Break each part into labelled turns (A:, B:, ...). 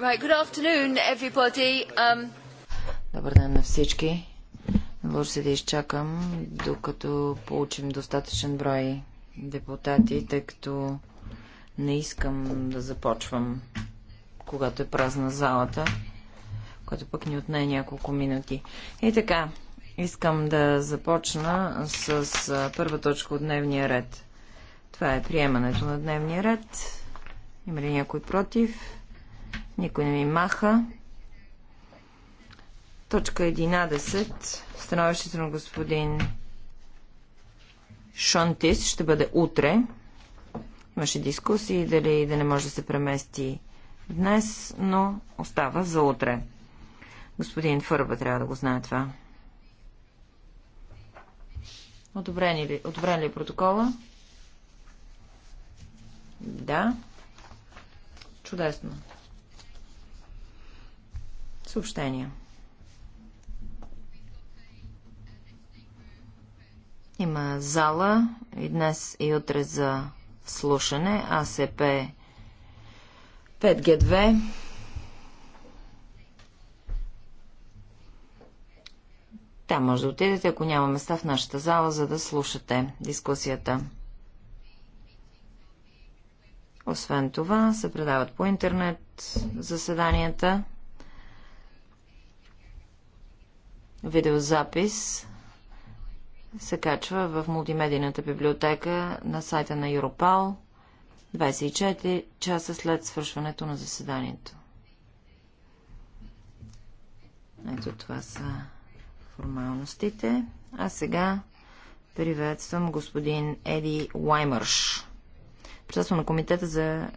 A: Right, um...
B: Добър ден на всички. Може се да изчакам, докато получим достатъчен брой депутати, тъй като не искам да започвам, когато е празна залата, което пък ни отне няколко минути. И така, искам да започна с първа точка от дневния ред. Това е приемането на дневния ред. Има ли някой против? Никой не ми маха. Точка 11. Становището на господин Шонтис ще бъде утре. Имаше дискусии дали да не може да се премести днес, но остава за утре. Господин Фърба трябва да го знае това. Одобрен ли, одобрен ли е протокола? Да. Чудесно. Съобщения. Има зала и днес и утре за слушане АСП 5G2. Там може да отидете, ако няма места в нашата зала, за да слушате дискусията. Освен това, се предават по интернет заседанията. видеозапис се качва в мултимедийната библиотека на сайта на Europal 24 часа след свършването на заседанието. Ето това са формалностите. А сега приветствам господин Еди Уаймърш, председател на Комитета за,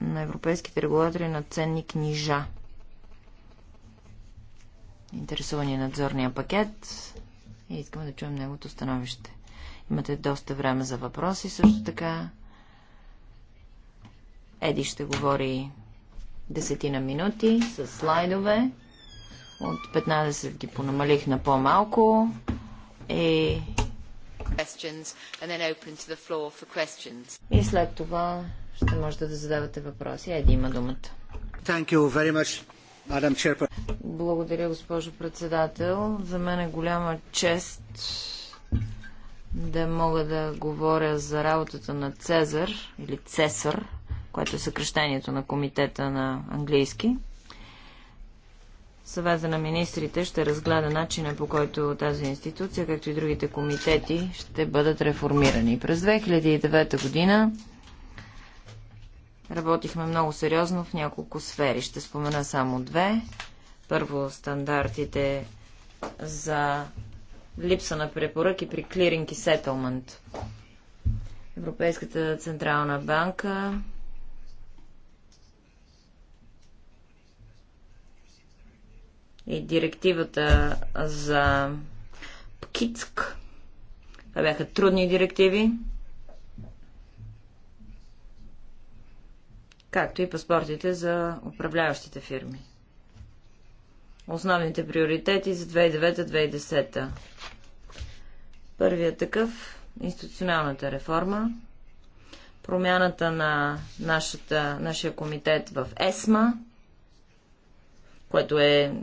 B: на европейските регулатори на ценни книжа интересувани надзорния пакет и искаме да чуем неговото становище. Имате доста време за въпроси също така. Еди ще говори десетина минути с слайдове. От 15 ги понамалих на по-малко. И... И след това ще можете да задавате въпроси. Еди има думата. Thank you very much. Благодаря, госпожо председател. За мен е голяма чест да мога да говоря за работата на Цезар или Цесар, което е съкрещението на комитета на английски. Съвета на министрите ще разгледа начина по който тази институция, както и другите комитети, ще бъдат реформирани. През 2009 година Работихме много сериозно в няколко сфери. Ще спомена само две. Първо, стандартите за липса на препоръки при клиринг и сетълмент. Европейската централна банка и директивата за ПКИЦК. Това бяха трудни директиви. както и паспортите за управляващите фирми. Основните приоритети за 2009-2010. Първият такъв институционалната реформа, промяната на нашата, нашия комитет в ЕСМА, което е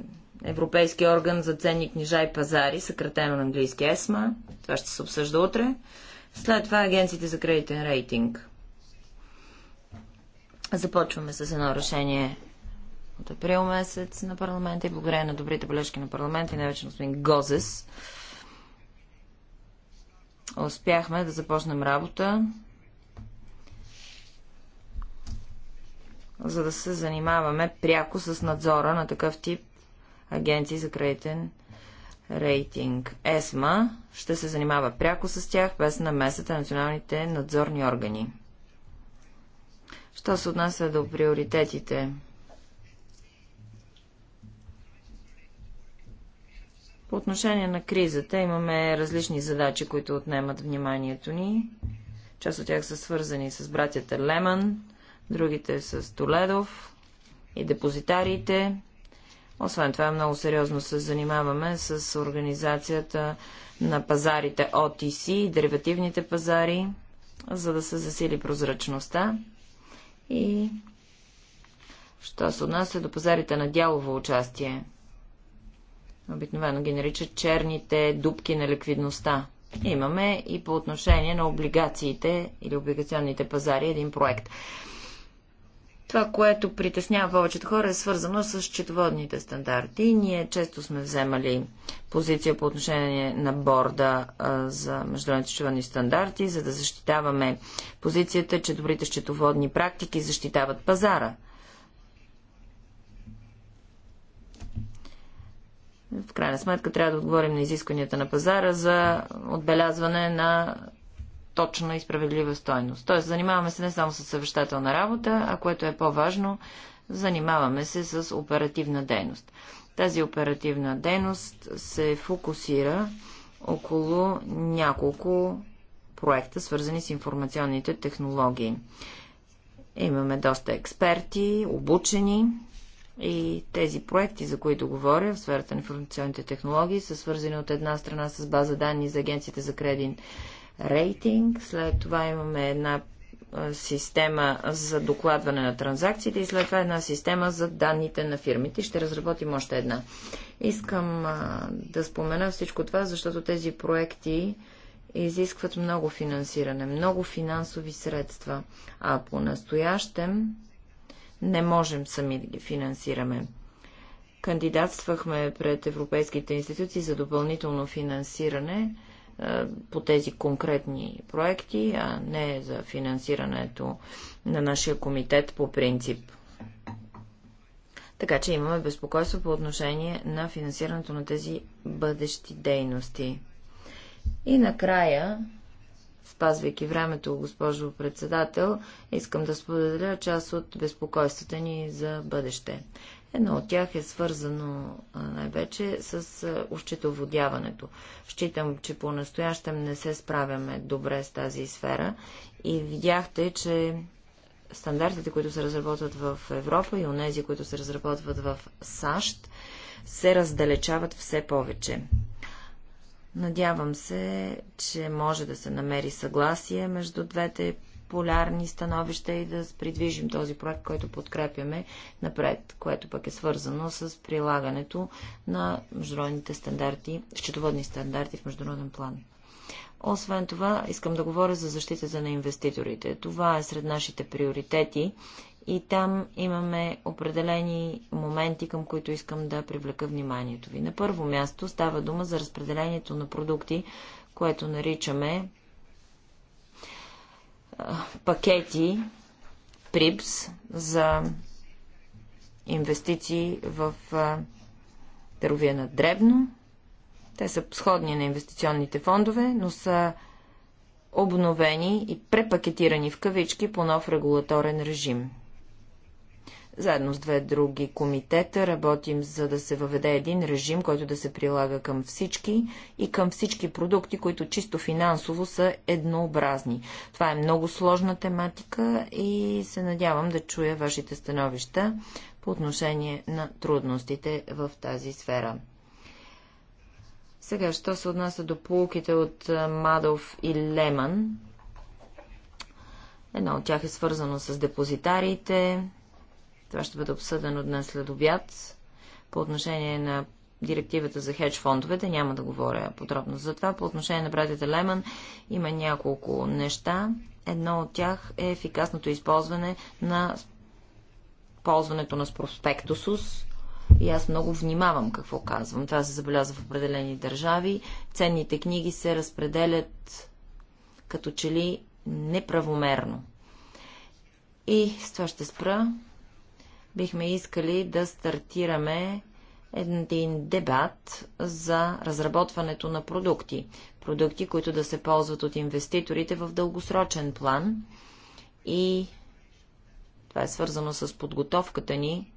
B: Европейски орган за ценни книжа и пазари, съкратено на английски ЕСМА. Това ще се обсъжда утре. След това агенциите за кредитен рейтинг. Започваме с едно решение от април месец на парламента и благодарение на добрите бележки на парламента и най-вече на господин Гозес успяхме да започнем работа, за да се занимаваме пряко с надзора на такъв тип агенции за кредитен рейтинг. ЕСМА ще се занимава пряко с тях без намесата на националните надзорни органи. Що се отнася до приоритетите? По отношение на кризата имаме различни задачи, които отнемат вниманието ни. Част от тях са свързани с братята Леман, другите с Толедов и депозитарите. Освен това, много сериозно се занимаваме с организацията на пазарите OTC и деривативните пазари, за да се засили прозрачността. И що се отнася до пазарите на дялово участие? Обикновено ги наричат черните дубки на ликвидността. Имаме и по отношение на облигациите или облигационните пазари един проект. Това, което притеснява повечето хора е свързано с четоводните стандарти. Ние често сме вземали позиция по отношение на борда а, за международните счетоводни стандарти, за да защитаваме позицията, че добрите счетоводни практики защитават пазара. В крайна сметка трябва да отговорим на изискванията на пазара за отбелязване на точна и справедлива стойност. Тоест, занимаваме се не само с съвещателна работа, а което е по-важно, занимаваме се с оперативна дейност. Тази оперативна дейност се фокусира около няколко проекта, свързани с информационните технологии. Имаме доста експерти, обучени и тези проекти, за които говоря в сферата на информационните технологии, са свързани от една страна с база данни за агенциите за кредит рейтинг, след това имаме една система за докладване на транзакциите и след това една система за данните на фирмите. Ще разработим още една. Искам да спомена всичко това, защото тези проекти изискват много финансиране, много финансови средства, а по-настоящем не можем сами да ги финансираме. Кандидатствахме пред европейските институции за допълнително финансиране е, по тези конкретни проекти, а не за финансирането на нашия комитет по принцип. Така че имаме безпокойство по отношение на финансирането на тези бъдещи дейности. И накрая, спазвайки времето, госпожо председател, искам да споделя част от безпокойствата ни за бъдеще. Едно от тях е свързано най-вече с ощетоводяването. Считам, че по-настоящем не се справяме добре с тази сфера и видяхте, че стандартите, които се разработват в Европа и онези, които се разработват в САЩ, се раздалечават все повече. Надявам се, че може да се намери съгласие между двете полярни становища и да придвижим този проект, който подкрепяме напред, което пък е свързано с прилагането на международните стандарти, счетоводни стандарти в международен план. Освен това, искам да говоря за защитата на инвеститорите. Това е сред нашите приоритети и там имаме определени моменти, към които искам да привлека вниманието ви. На първо място става дума за разпределението на продукти, което наричаме пакети ПРИПС за инвестиции в търговия на дребно. Те са сходни на инвестиционните фондове, но са обновени и препакетирани в кавички по нов регулаторен режим. Заедно с две други комитета работим за да се въведе един режим, който да се прилага към всички и към всички продукти, които чисто финансово са еднообразни. Това е много сложна тематика и се надявам да чуя вашите становища по отношение на трудностите в тази сфера. Сега, що се отнася до полуките от Мадов и Леман? Едно от тях е свързано с депозитарите, това ще бъде обсъдено днес след обяд. По отношение на директивата за хедж фондовете, няма да говоря подробно за това. По отношение на братята Леман има няколко неща. Едно от тях е ефикасното използване на ползването на проспектусус. И аз много внимавам какво казвам. Това се забелязва в определени държави. Ценните книги се разпределят като че ли неправомерно. И с това ще спра бихме искали да стартираме един дебат за разработването на продукти. Продукти, които да се ползват от инвеститорите в дългосрочен план. И това е свързано с подготовката ни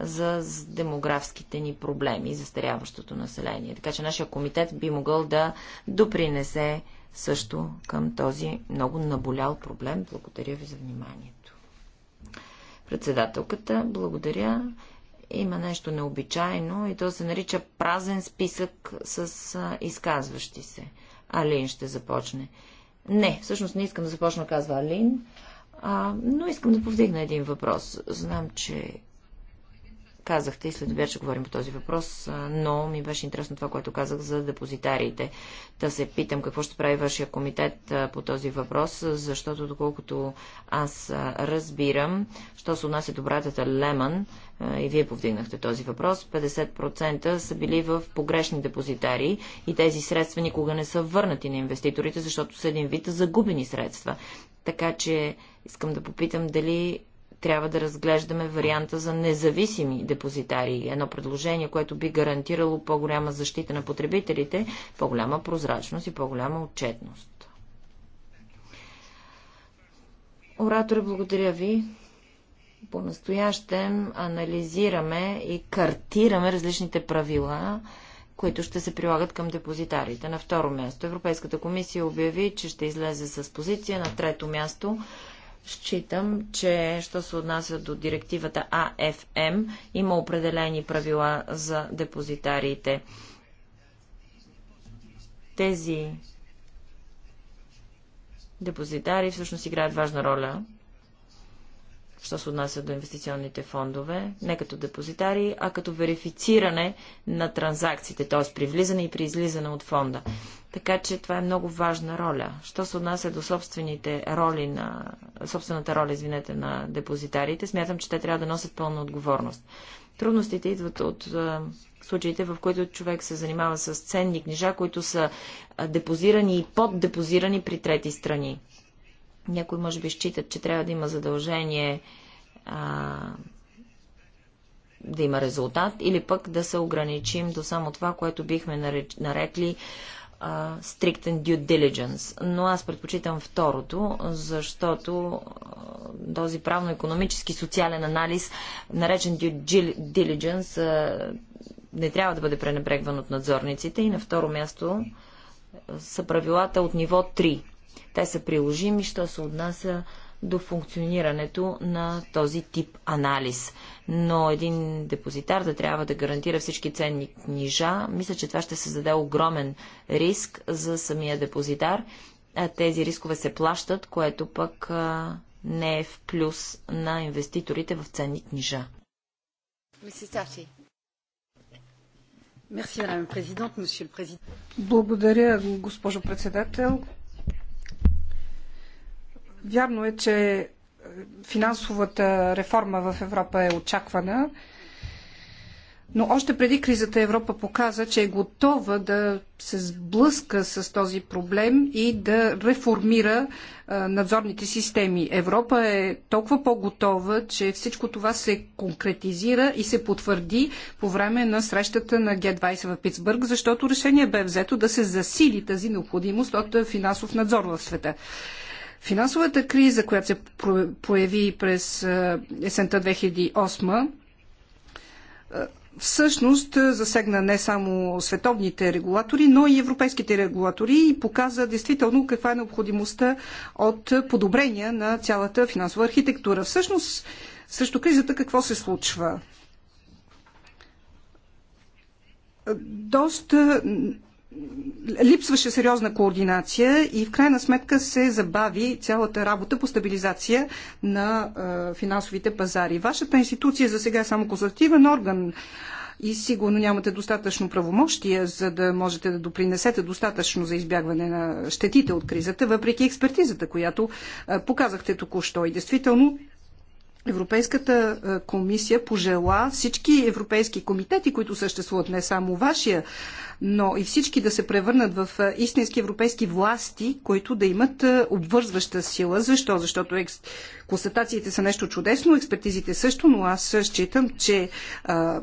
B: за демографските ни проблеми, застаряващото население. Така че нашия комитет би могъл да допринесе също към този много наболял проблем. Благодаря ви за вниманието. Председателката, благодаря. Има нещо необичайно и то се нарича празен списък с изказващи се. Алин ще започне. Не, всъщност не искам да започна, казва Алин. А, но искам да повдигна един въпрос. Знам, че казахте и след обяд ще говорим по този въпрос, но ми беше интересно това, което казах за депозитариите. Да се питам какво ще прави вашия комитет по този въпрос, защото доколкото аз разбирам, що се отнася до братята Леман, и вие повдигнахте този въпрос, 50% са били в погрешни депозитари и тези средства никога не са върнати на инвеститорите, защото са един вид загубени средства. Така че искам да попитам дали трябва да разглеждаме варианта за независими депозитари. Едно предложение, което би гарантирало по-голяма защита на потребителите, по-голяма прозрачност и по-голяма отчетност. Ораторе, благодаря ви. По-настоящем анализираме и картираме различните правила, които ще се прилагат към депозитарите. На второ място Европейската комисия обяви, че ще излезе с позиция. На трето място Считам, че що се отнася до директивата АФМ, има определени правила за депозитариите. Тези депозитари всъщност играят важна роля, що се отнася до инвестиционните фондове, не като депозитари, а като верифициране на транзакциите, т.е. при влизане и при излизане от фонда. Така че това е много важна роля. Що се отнася до собствените роли на, собствената роля извинете, на депозитарите, смятам, че те трябва да носят пълна отговорност. Трудностите идват от случаите, в които човек се занимава с ценни книжа, които са депозирани и поддепозирани при трети страни. Някои може би считат, че трябва да има задължение а, да има резултат или пък да се ограничим до само това, което бихме нарекли а, стриктен due diligence. Но аз предпочитам второто, защото а, този правно-економически социален анализ, наречен due diligence, а, не трябва да бъде пренебрегван от надзорниците. И на второ място са правилата от ниво 3. Те са приложими, що се отнася до функционирането на този тип анализ. Но един депозитар да трябва да гарантира всички ценни книжа, мисля, че това ще създаде огромен риск за самия депозитар. тези рискове се плащат, което пък не е в плюс на инвеститорите в ценни книжа.
C: Благодаря, госпожо председател. Вярно е, че е, финансовата реформа в Европа е очаквана, но още преди кризата Европа показа, че е готова да се сблъска с този проблем и да реформира е, надзорните системи. Европа е толкова по-готова, че всичко това се конкретизира и се потвърди по време на срещата на Г-20 в Питсбърг, защото решение бе взето да се засили тази необходимост от финансов надзор в света. Финансовата криза, която се появи през е, есента 2008, е, всъщност е, засегна не само световните регулатори, но и европейските регулатори и показа действително каква е необходимостта от подобрения на цялата финансова архитектура. Всъщност, срещу кризата какво се случва? Доста липсваше сериозна координация и в крайна сметка се забави цялата работа по стабилизация на финансовите пазари. Вашата институция за сега е само консултативен орган и сигурно нямате достатъчно правомощия, за да можете да допринесете достатъчно за избягване на щетите от кризата, въпреки експертизата, която показахте току-що. И действително Европейската комисия пожела всички европейски комитети, които съществуват, не само вашия, но и всички да се превърнат в истински европейски власти, които да имат обвързваща сила. Защо? Защото екс... констатациите са нещо чудесно, експертизите също, но аз считам, че а,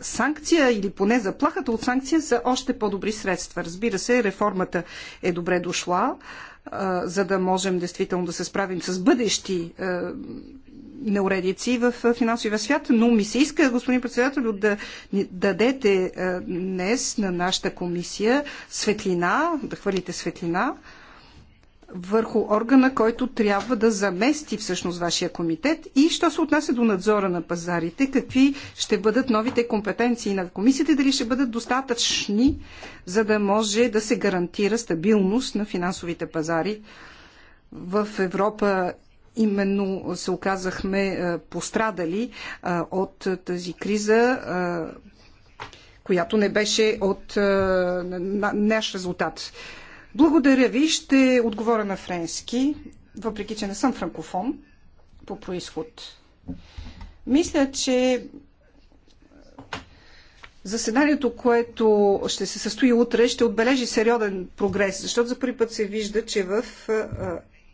C: санкция или поне заплахата от санкция са още по-добри средства. Разбира се, реформата е добре дошла за да можем действително да се справим с бъдещи неуредици в финансовия свят, но ми се иска, господин председател, да дадете днес на нашата комисия светлина, да хвърлите светлина върху органа, който трябва да замести всъщност вашия комитет и що се отнася до надзора на пазарите, какви ще бъдат новите компетенции на комисията, дали ще бъдат достатъчни, за да може да се гарантира стабилност на финансовите пазари в Европа именно се оказахме е, пострадали е, от тази криза, е, която не беше от наш резултат. Благодаря ви. Ще отговоря на френски, въпреки че не съм франкофон по происход. Мисля, че Заседанието, което ще се състои утре, ще отбележи сериоден прогрес, защото за първи път се вижда, че в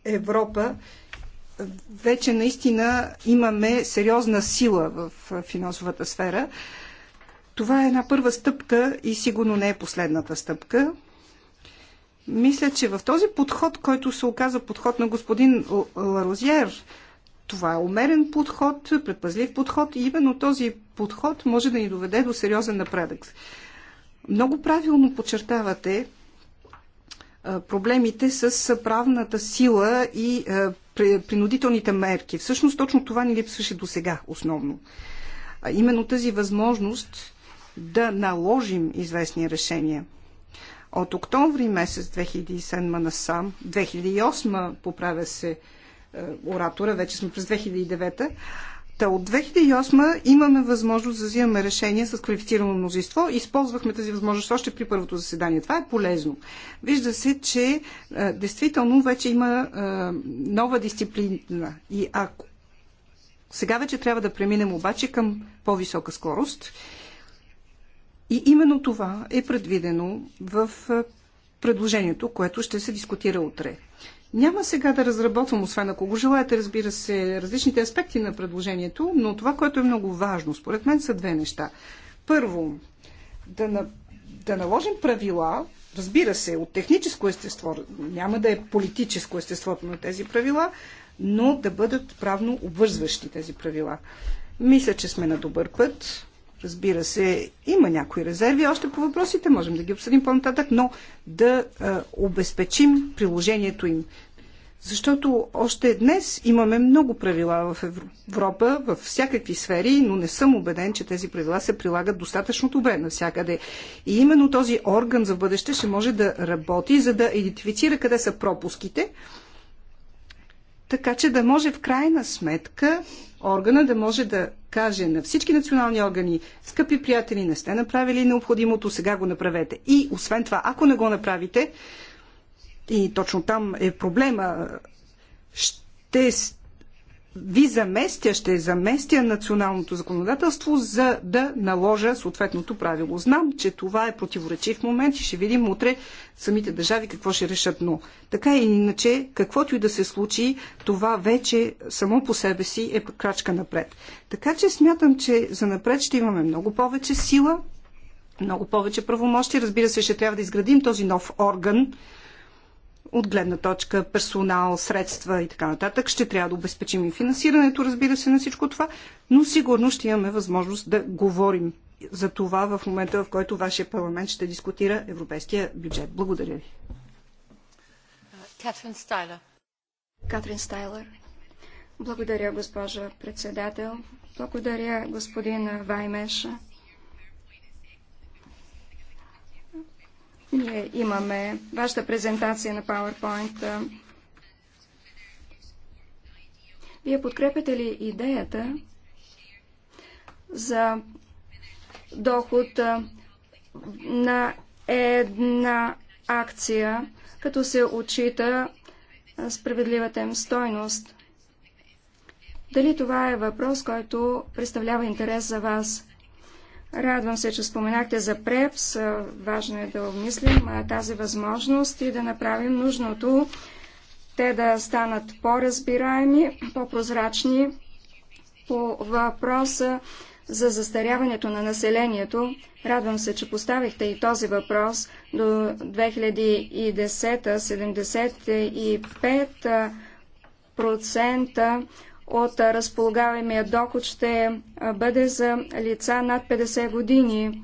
C: Европа вече наистина имаме сериозна сила в финансовата сфера. Това е една първа стъпка и сигурно не е последната стъпка. Мисля, че в този подход, който се оказа подход на господин Ларозиер, това е умерен подход, предпазлив подход и именно този подход може да ни доведе до сериозен напредък. Много правилно подчертавате проблемите с правната сила и принудителните мерки. Всъщност точно това ни липсваше до сега основно. А именно тази възможност да наложим известни решения. От октомври месец 2007 насам, 2008 поправя се е, оратора, вече сме през 2009, Та от 2008 имаме възможност да взимаме решение с квалифицирано мнозинство. Използвахме тази възможност още при първото заседание. Това е полезно. Вижда се, че а, е, действително вече има а, е, нова дисциплина. И ако сега вече трябва да преминем обаче към по-висока скорост. И именно това е предвидено в е, предложението, което ще се дискутира утре. Няма сега да разработвам, освен ако го желаете, разбира се, различните аспекти на предложението, но това, което е много важно, според мен, са две неща. Първо, да, на, да наложим правила, разбира се, от техническо естество, няма да е политическо естеството на тези правила, но да бъдат правно обвързващи тези правила. Мисля, че сме на добър път. Разбира се, има някои резерви, още по въпросите можем да ги обсъдим по-нататък, но да а, обезпечим приложението им. Защото още днес имаме много правила в Европа, в всякакви сфери, но не съм убеден, че тези правила се прилагат достатъчно добре навсякъде. И именно този орган за бъдеще ще може да работи, за да идентифицира къде са пропуските, така че да може в крайна сметка органа да може да каже на всички национални органи, скъпи приятели, не сте направили необходимото, сега го направете. И освен това, ако не го направите, и точно там е проблема, ще ви заместя, ще заместя националното законодателство, за да наложа съответното правило. Знам, че това е противоречив момент и ще видим утре самите държави какво ще решат. Но така и иначе, каквото и да се случи, това вече само по себе си е крачка напред. Така че смятам, че за напред ще имаме много повече сила, много повече правомощи. Разбира се, ще трябва да изградим този нов орган, от гледна точка персонал, средства и така нататък. Ще трябва да обезпечим и финансирането, разбира се, на всичко това, но сигурно ще имаме възможност да говорим за това в момента, в който вашия парламент ще дискутира европейския бюджет. Благодаря ви.
A: Катрин Стайлер.
D: Катрин Стайлер. Благодаря, госпожа председател. Благодаря, господин Ваймеша. Ние имаме вашата презентация на PowerPoint. Вие подкрепяте ли идеята за доход на една акция, като се отчита справедливата им стойност? Дали това е въпрос, който представлява интерес за вас? Радвам се, че споменахте за ПРЕПС. Важно е да обмислим тази възможност и да направим нужното те да станат по-разбираеми, по-прозрачни по въпроса за застаряването на населението. Радвам се, че поставихте и този въпрос до 2010-75% от разполагаемия доход ще бъде за лица над 50 години.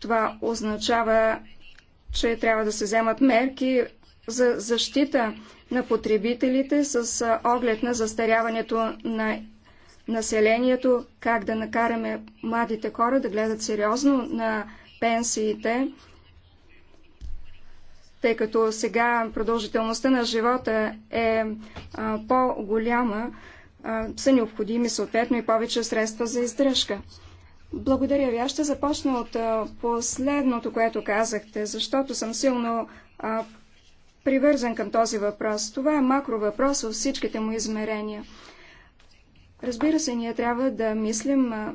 D: Това означава, че трябва да се вземат мерки за защита на потребителите с оглед на застаряването на населението, как да накараме младите хора да гледат сериозно на пенсиите, тъй като сега продължителността на живота е по-голяма са необходими съответно и повече средства за издръжка. Благодаря ви. Аз ще започна от последното, което казахте, защото съм силно а, привързан към този въпрос. Това е макро въпрос във всичките му измерения. Разбира се, ние трябва да мислим а,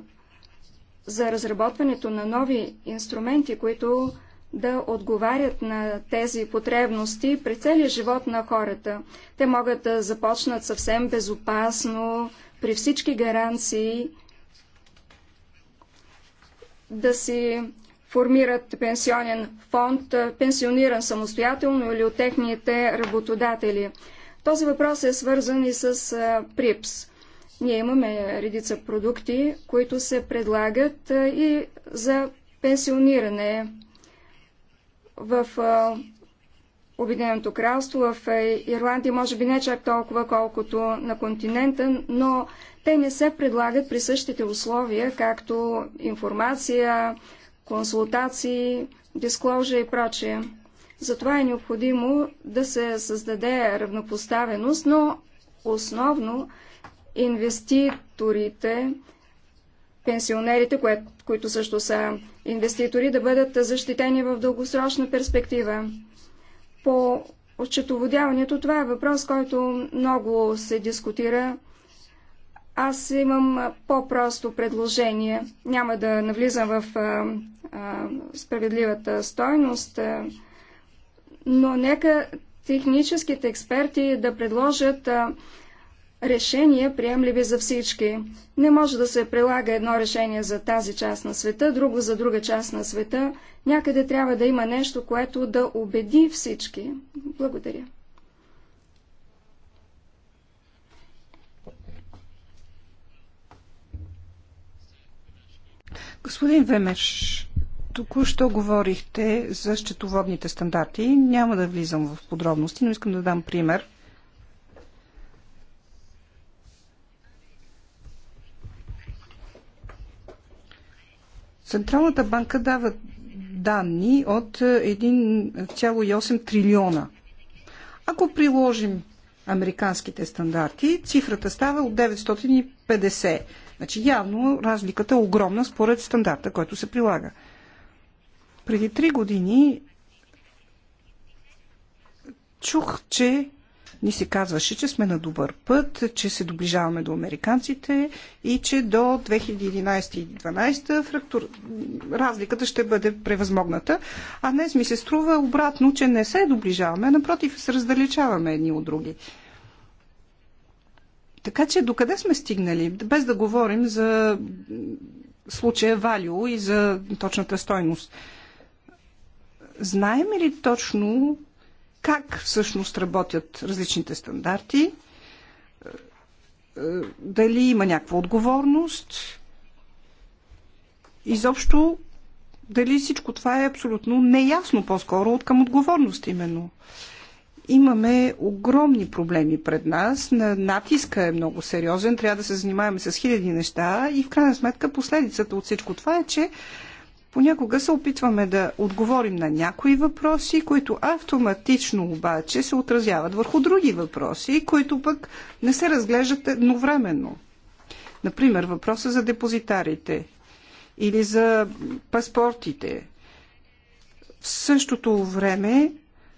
D: за разработването на нови инструменти, които да отговарят на тези потребности при целия живот на хората. Те могат да започнат съвсем безопасно, при всички гаранции, да си формират пенсионен фонд, пенсиониран самостоятелно или от техните работодатели. Този въпрос е свързан и с ПРИПС. Ние имаме редица продукти, които се предлагат и за пенсиониране в Обединеното кралство, в Ирландия, може би не чак толкова, колкото на континента, но те не се предлагат при същите условия, както информация, консултации, дисклоужа и прочее. Затова е необходимо да се създаде равнопоставеност, но основно инвеститорите пенсионерите, кое, които също са инвеститори, да бъдат защитени в дългосрочна перспектива. По отчетоводяването, това е въпрос, който много се дискутира. Аз имам по-просто предложение. Няма да навлизам в а, а, справедливата стойност, а, но нека техническите експерти да предложат а, решения, приемливи за всички. Не може да се прилага едно решение за тази част на света, друго за друга част на света. Някъде трябва да има нещо, което да убеди всички. Благодаря.
C: Господин Вемеш, току-що говорихте за счетоводните стандарти. Няма да влизам в подробности, но искам да дам пример – Централната банка дава данни от 1,8 трилиона. Ако приложим американските стандарти, цифрата става от 950. Значи явно разликата е огромна според стандарта, който се прилага. Преди три години чух, че ни се казваше, че сме на добър път, че се доближаваме до американците и че до 2011 и 2012 фрактур... разликата ще бъде превъзмогната. А днес ми се струва обратно, че не се доближаваме, а напротив се раздалечаваме едни от други. Така че докъде сме стигнали? Без да говорим за случая Валио и за точната стойност. Знаем ли точно как всъщност работят различните стандарти, е, дали има някаква отговорност, изобщо дали всичко това е абсолютно неясно по-скоро от към отговорност именно. Имаме огромни проблеми пред нас. Натиска е много сериозен. Трябва да се занимаваме с хиляди неща. И в крайна сметка последицата от всичко това е, че Понякога се опитваме да отговорим на някои въпроси, които автоматично обаче се отразяват върху други въпроси, които пък не се разглеждат едновременно. Например, въпроса за депозитарите или за паспортите. В същото време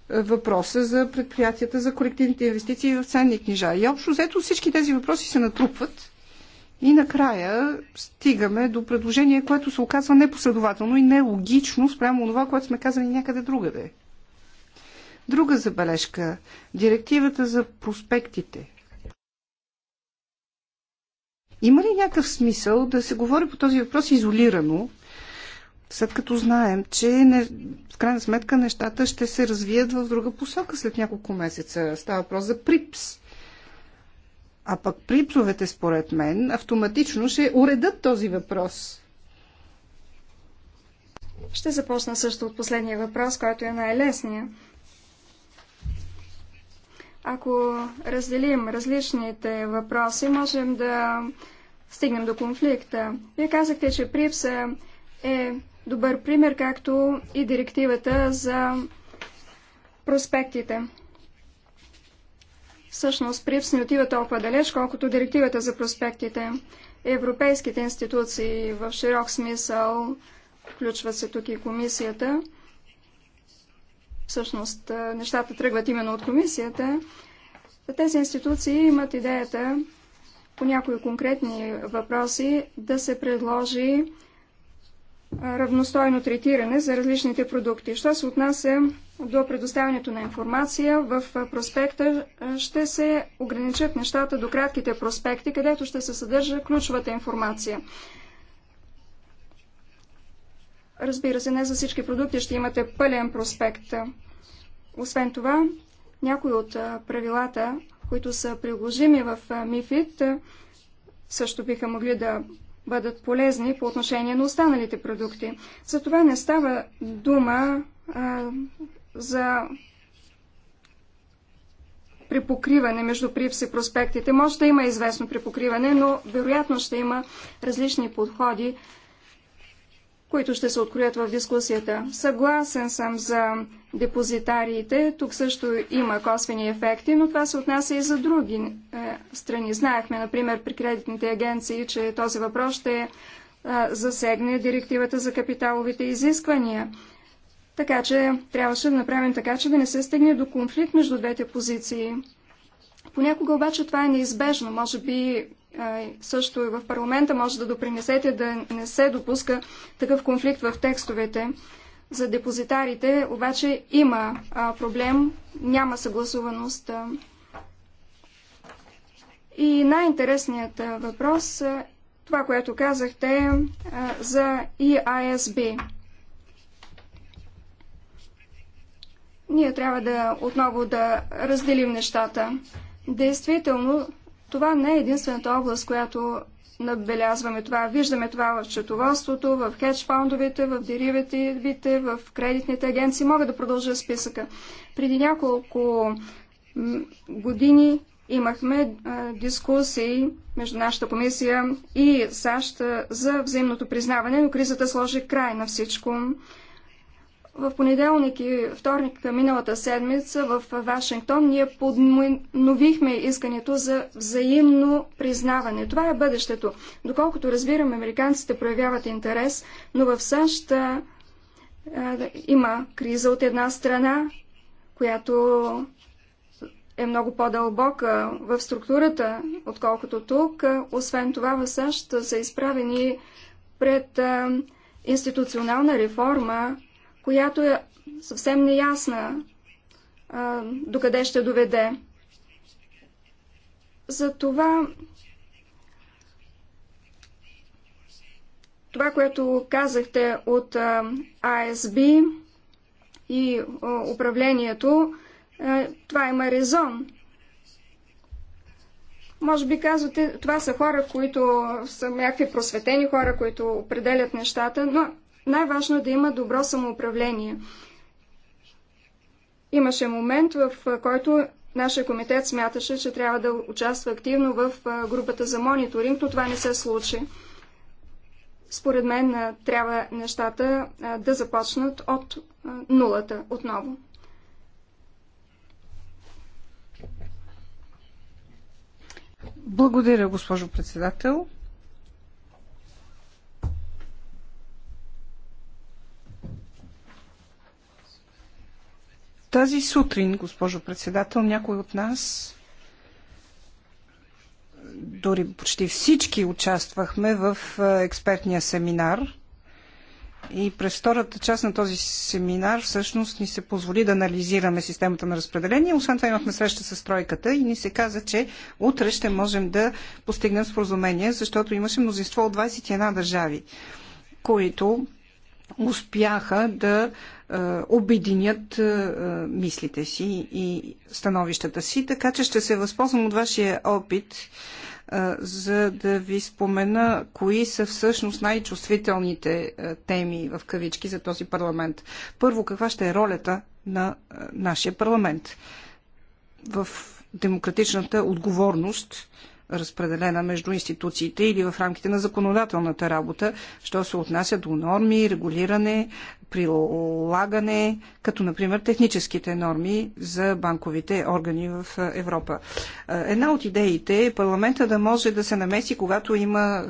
C: е, въпроса за предприятията за колективните инвестиции в ценни книжа. И общо взето всички тези въпроси се натрупват и накрая стигаме до предложение, което се оказва непоследователно и нелогично спрямо това, което сме казали някъде другаде. Друга забележка – директивата за проспектите. Има ли някакъв смисъл да се говори по този въпрос изолирано, след като знаем, че не, в крайна сметка нещата ще се развият в друга посока след няколко месеца? Става въпрос за ПРИПС – а пък припсовете, според мен, автоматично ще уредат този въпрос. Ще започна също от последния въпрос,
D: който е най-лесния. Ако разделим различните въпроси, можем да стигнем до конфликта. Вие казахте, че Припса е добър пример, както и директивата за проспектите. Всъщност, ПРИПС не отива толкова далеч, колкото директивата за проспектите. Европейските институции в широк смисъл, включват се тук и комисията, всъщност нещата тръгват именно от комисията, тези институции имат идеята по някои конкретни въпроси да се предложи равностойно третиране за различните продукти. Що се отнася до предоставянето на информация в проспекта ще се ограничат нещата до кратките проспекти, където ще се съдържа ключовата информация. Разбира се, не за всички продукти ще имате пълен проспект. Освен това, някои от правилата, които са приложими в МИФИД, също биха могли да бъдат полезни по отношение на останалите продукти. За това не става дума за припокриване между ПРИПС и проспектите. Може да има известно припокриване, но вероятно ще има различни подходи, които ще се откроят в дискусията. Съгласен съм за депозитариите. Тук също има косвени ефекти, но това се отнася и за други е, страни. Знаехме, например, при кредитните агенции, че този въпрос ще е, засегне директивата за капиталовите изисквания. Така че трябваше да направим така, че да не се стигне до конфликт между двете позиции. Понякога обаче това е неизбежно. Може би също и в парламента може да допринесете да не се допуска такъв конфликт в текстовете. За депозитарите обаче има проблем, няма съгласуваност. И най-интересният въпрос това, което казахте за EISB. ние трябва да отново да разделим нещата. Действително, това не е единствената област, която набелязваме това. Виждаме това в счетоводството, в хедж фондовете, в деривативите, в кредитните агенции. Мога да продължа списъка. Преди няколко години имахме дискусии между нашата комисия и САЩ за взаимното признаване, но кризата сложи край на всичко. В понеделник и вторник миналата седмица в Вашингтон ние подновихме искането за взаимно признаване. Това е бъдещето. Доколкото разбирам, американците проявяват интерес, но в САЩ а, да, има криза от една страна, която е много по-дълбока в структурата, отколкото тук. Освен това, в САЩ са изправени пред институционална реформа, която е съвсем неясна а, докъде ще доведе. Затова това, което казахте от а, АСБ и а, управлението, а, това има резон. Може би казвате, това са хора, които са някакви просветени хора, които определят нещата, но най-важно е да има добро самоуправление. Имаше момент, в който нашия комитет смяташе, че трябва да участва активно в групата за мониторинг, но това не се случи. Според мен трябва нещата да започнат от нулата
C: отново. Благодаря, госпожо председател. Тази сутрин, госпожо председател, някой от нас, дори почти всички участвахме в е, експертния семинар и през втората част на този семинар всъщност ни се позволи да анализираме системата на разпределение. Освен това имахме среща с тройката и ни се каза, че утре ще можем да постигнем споразумение, защото имаше мнозинство от 21 държави, които успяха да е, обединят е, мислите си и становищата си, така че ще се възползвам от вашия опит е, за да ви спомена кои са всъщност най-чувствителните теми в кавички за този парламент. Първо, каква ще е ролята на нашия парламент в демократичната отговорност разпределена между институциите или в рамките на законодателната работа, що се отнася до норми, регулиране, прилагане, като например техническите норми за банковите органи в Европа. Една от идеите е парламента да може да се намеси, когато има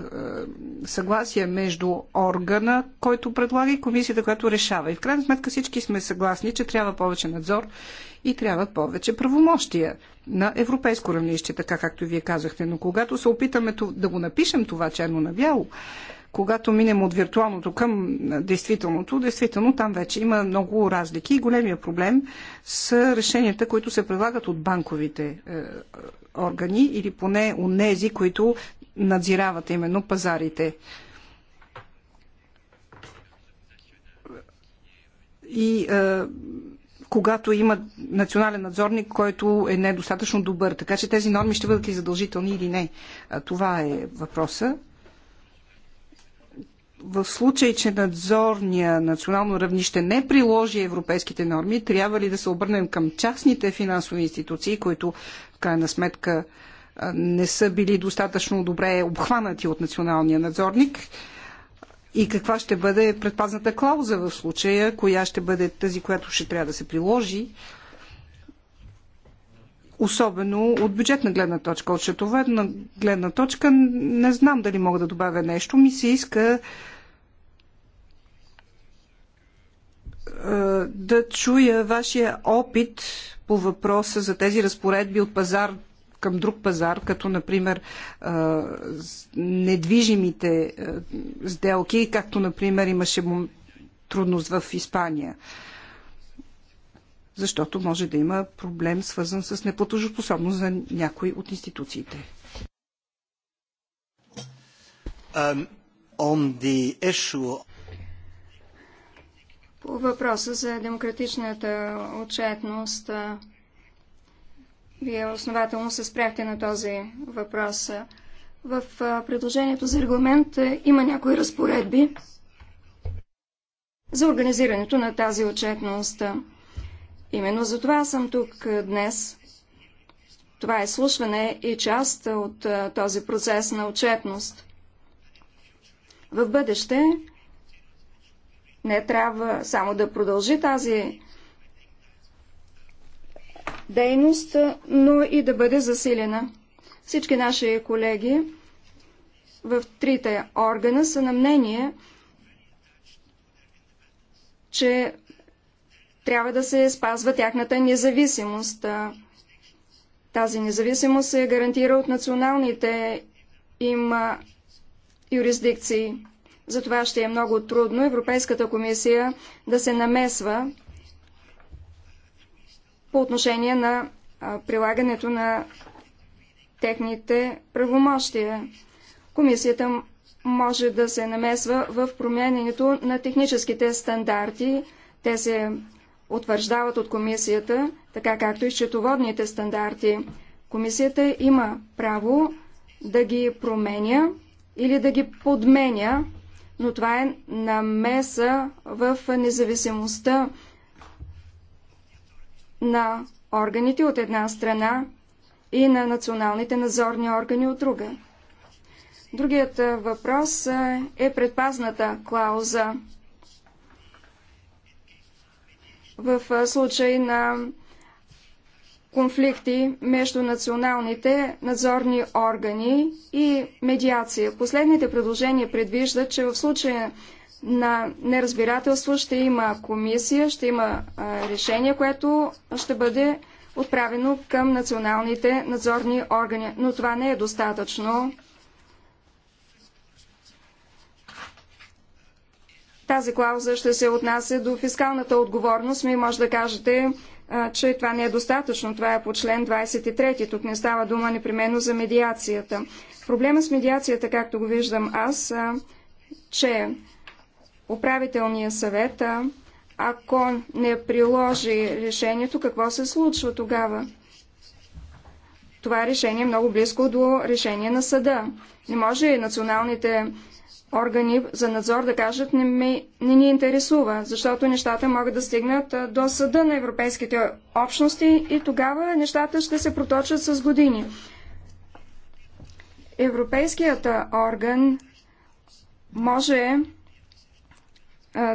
C: съгласие между органа, който предлага и комисията, която решава. И в крайна сметка всички сме съгласни, че трябва повече надзор и трябва повече правомощия на европейско равнище, така както вие казахте. Но когато се опитаме да го напишем това черно на бяло, когато минем от виртуалното към действителното, действително там вече има много разлики и големия проблем са решенията, които се предлагат от банковите е, органи или поне от нези, които надзирават именно пазарите. И е, когато има национален надзорник, който е недостатъчно добър. Така че тези норми ще бъдат ли задължителни или не? Това е въпроса в случай, че надзорния национално равнище не приложи европейските норми, трябва ли да се обърнем към частните финансови институции, които в крайна сметка не са били достатъчно добре обхванати от националния надзорник? И каква ще бъде предпазната клауза в случая, коя ще бъде тази, която ще трябва да се приложи особено от бюджетна гледна точка, от счетоведна гледна точка, не знам дали мога да добавя нещо. Ми се иска е, да чуя вашия опит по въпроса за тези разпоредби от пазар към друг пазар, като например е, недвижимите е, сделки, както например имаше трудност в Испания защото може да има проблем свързан с неплатежоспособност за някои от институциите. Um, issue...
D: По въпроса за демократичната отчетност, вие основателно се спряхте на този въпрос. В предложението за регламент има някои разпоредби за организирането на тази отчетност. Именно за това съм тук е, днес. Това е слушване и част от е, този процес на отчетност. В бъдеще не трябва само да продължи тази дейност, но и да бъде засилена. Всички наши колеги в трите органа са на мнение, че трябва да се спазва тяхната независимост. Тази независимост се гарантира от националните им юрисдикции. Затова ще е много трудно Европейската комисия да се намесва по отношение на прилагането на техните правомощия. Комисията може да се намесва в промененето на техническите стандарти. Те се утвърждават от комисията, така както и счетоводните стандарти. Комисията има право да ги променя или да ги подменя, но това е намеса в независимостта на органите от една страна и на националните надзорни органи от друга. Другият въпрос е предпазната клауза в случай на конфликти между националните надзорни органи и медиация. Последните предложения предвиждат, че в случая на неразбирателство ще има комисия, ще има решение, което ще бъде отправено към националните надзорни органи. Но това не е достатъчно. Тази клауза ще се отнася до фискалната отговорност. Ми може да кажете, че това не е достатъчно. Това е по член 23. Тук не става дума непременно за медиацията. Проблема с медиацията, както го виждам аз, че управителният съвет, ако не приложи решението, какво се случва тогава? Това решение е много близко до решение на съда. Не може националните органи за надзор да кажат не, ми, не ни интересува, защото нещата могат да стигнат до съда на европейските общности и тогава нещата ще се проточат с години. Европейският орган може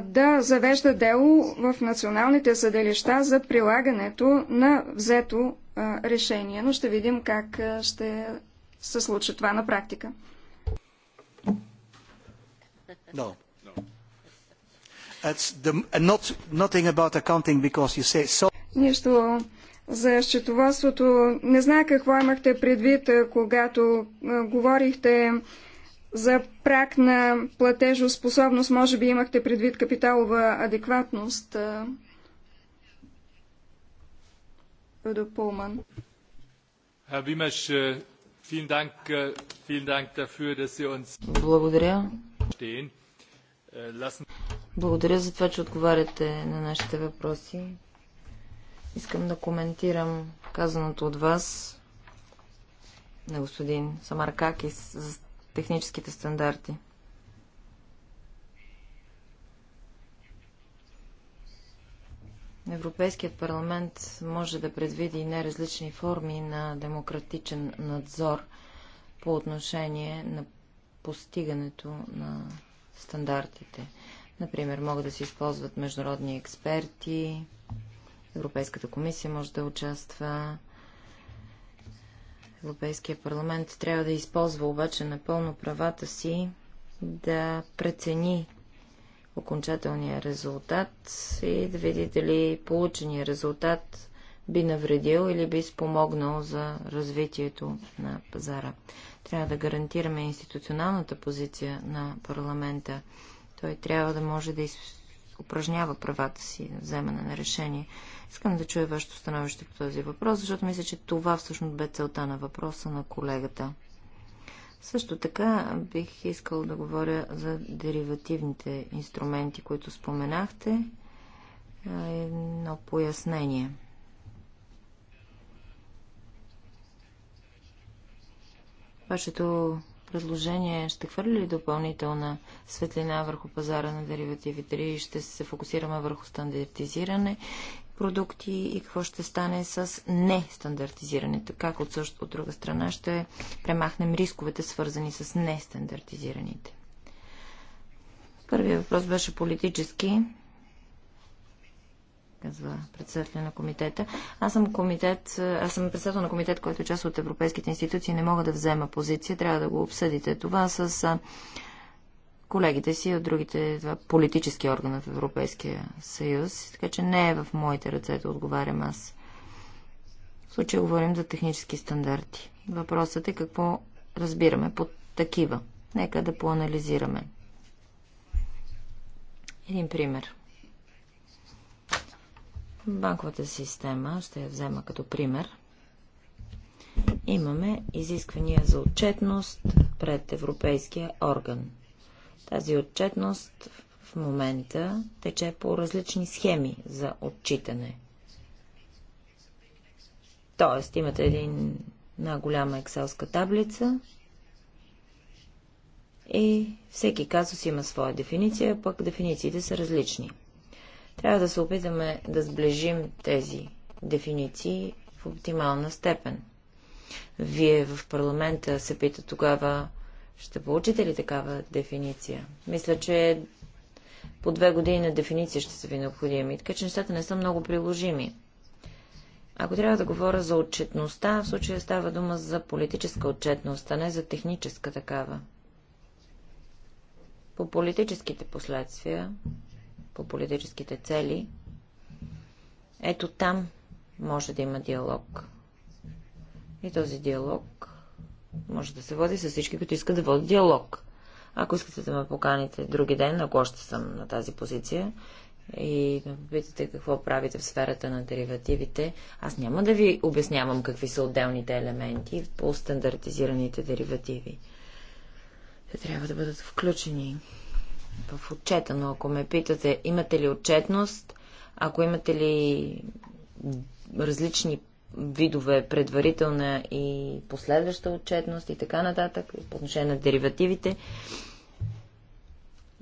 D: да завежда дело в националните съделища за прилагането на взето решение, но ще видим как ще се случи това на практика.
C: No. That's the, not, nothing about accounting because you say so.
D: Нищо за счетоводството. Не знае какво имахте предвид, когато говорихте за прак на платежоспособност. Може би имахте предвид капиталова адекватност. Рудо Пулман.
A: Äh, äh, Благодаря. Е,
B: Благодаря за това, че отговаряте на нашите въпроси. Искам да коментирам казаното от вас на господин Самаркакис за техническите стандарти. Европейският парламент може да предвиди неразлични форми на демократичен надзор по отношение на постигането на стандартите. Например, могат да се използват международни експерти, Европейската комисия може да участва, Европейския парламент трябва да използва обаче напълно правата си да прецени окончателния резултат и да види дали получения резултат би навредил или би спомогнал за развитието на пазара. Трябва да гарантираме институционалната позиция на парламента. Той трябва да може да упражнява правата си на вземане на решение. Искам да чуя вашето становище по този въпрос, защото мисля, че това всъщност бе целта на въпроса на колегата. Също така бих искал да говоря за деривативните инструменти, които споменахте. Едно пояснение. Вашето предложение ще хвърли ли допълнителна светлина върху пазара на деривативите и ще се фокусираме върху стандартизиране продукти и какво ще стане с нестандартизираните? Как от, също, от друга страна ще премахнем рисковете, свързани с нестандартизираните? Първият въпрос беше политически казва председателя на комитета. Аз съм комитет, аз съм председател на комитет, който е част от европейските институции, не мога да взема позиция, трябва да го обсъдите това с колегите си от другите два политически органа в Европейския съюз, така че не е в моите ръце да отговарям аз. В случай говорим за технически стандарти. Въпросът е какво разбираме под такива. Нека да поанализираме. Един пример – Банковата система, ще я взема като пример. Имаме изисквания за отчетност пред Европейския орган. Тази отчетност в момента тече по различни схеми за отчитане. Тоест, имате един, на голяма екселска таблица и всеки казус има своя дефиниция, пък дефинициите са различни. Трябва да се опитаме да сближим тези дефиниции в оптимална степен. Вие в парламента се пита тогава, ще получите ли такава дефиниция? Мисля, че по две години на дефиниция ще са ви необходими, така че нещата не са много приложими. Ако трябва да говоря за отчетността, в случая става дума за политическа отчетност, а не за техническа такава. По политическите последствия по политическите цели, ето там може да има диалог. И този диалог може да се води с всички, които искат да водят диалог. Ако искате да ме поканите други ден, ако още съм на тази позиция, и ме попитате какво правите в сферата на деривативите, аз няма да ви обяснявам какви са отделните елементи по стандартизираните деривативи. Те трябва да бъдат включени в отчета, но ако ме питате, имате ли отчетност, ако имате ли различни видове предварителна и последваща отчетност и така нататък, по отношение на деривативите.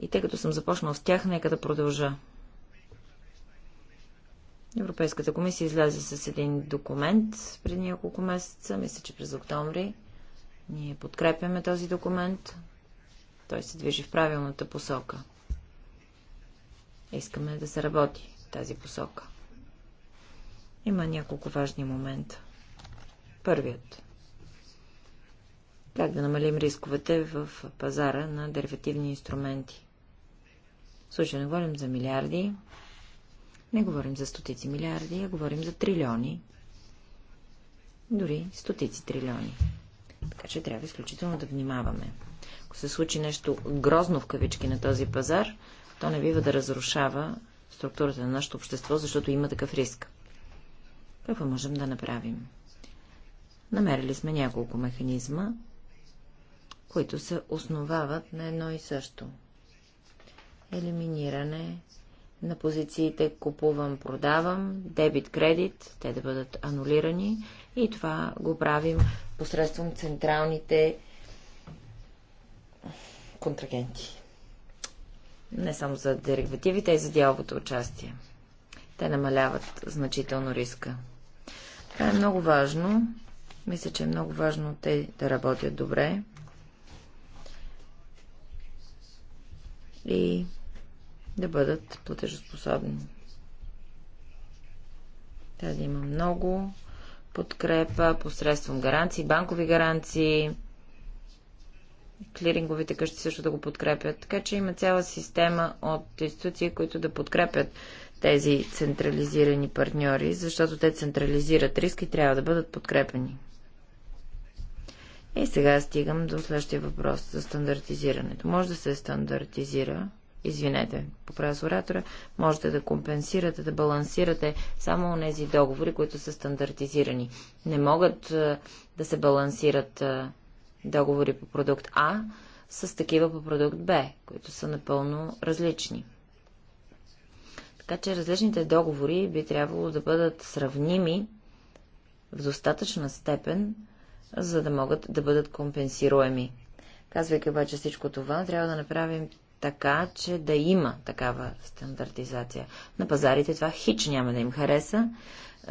B: И тъй като съм започнал с тях, нека да продължа. Европейската комисия излезе с един документ преди няколко месеца, мисля, че през октомври. Ние подкрепяме този документ. Той се движи в правилната посока. Искаме да се работи в тази посока. Има няколко важни момента. Първият. Как да намалим рисковете в пазара на деривативни инструменти? В случай не говорим за милиарди, не говорим за стотици милиарди, а говорим за трилиони, дори стотици трилиони. Така че трябва изключително да внимаваме. Ако се случи нещо грозно в кавички на този пазар, то не бива да разрушава структурата на нашето общество, защото има такъв риск. Какво можем да направим? Намерили сме няколко механизма, които се основават на едно и също. Елиминиране на позициите купувам, продавам, дебит, кредит, те да бъдат анулирани и това го правим посредством централните контрагенти. Не само за деривативите, а и за дяловото участие. Те намаляват значително риска. Това е много важно. Мисля, че е много важно те да работят добре. И да бъдат платежоспособни. Трябва да има много подкрепа посредством гаранции, банкови гаранции, клиринговите къщи също да го подкрепят. Така че има цяла система от институции, които да подкрепят тези централизирани партньори, защото те централизират риски и трябва да бъдат подкрепени. И сега стигам до следващия въпрос за стандартизирането. Може да се стандартизира, извинете, поправя с оратора, можете да компенсирате, да балансирате само тези договори, които са стандартизирани. Не могат да се балансират договори по продукт А с такива по продукт Б, които са напълно различни. Така че различните договори би трябвало да бъдат сравними в достатъчна степен, за да могат да бъдат компенсируеми. Казвайки обаче всичко това, трябва да направим така, че да има такава стандартизация. На пазарите това хич няма да им хареса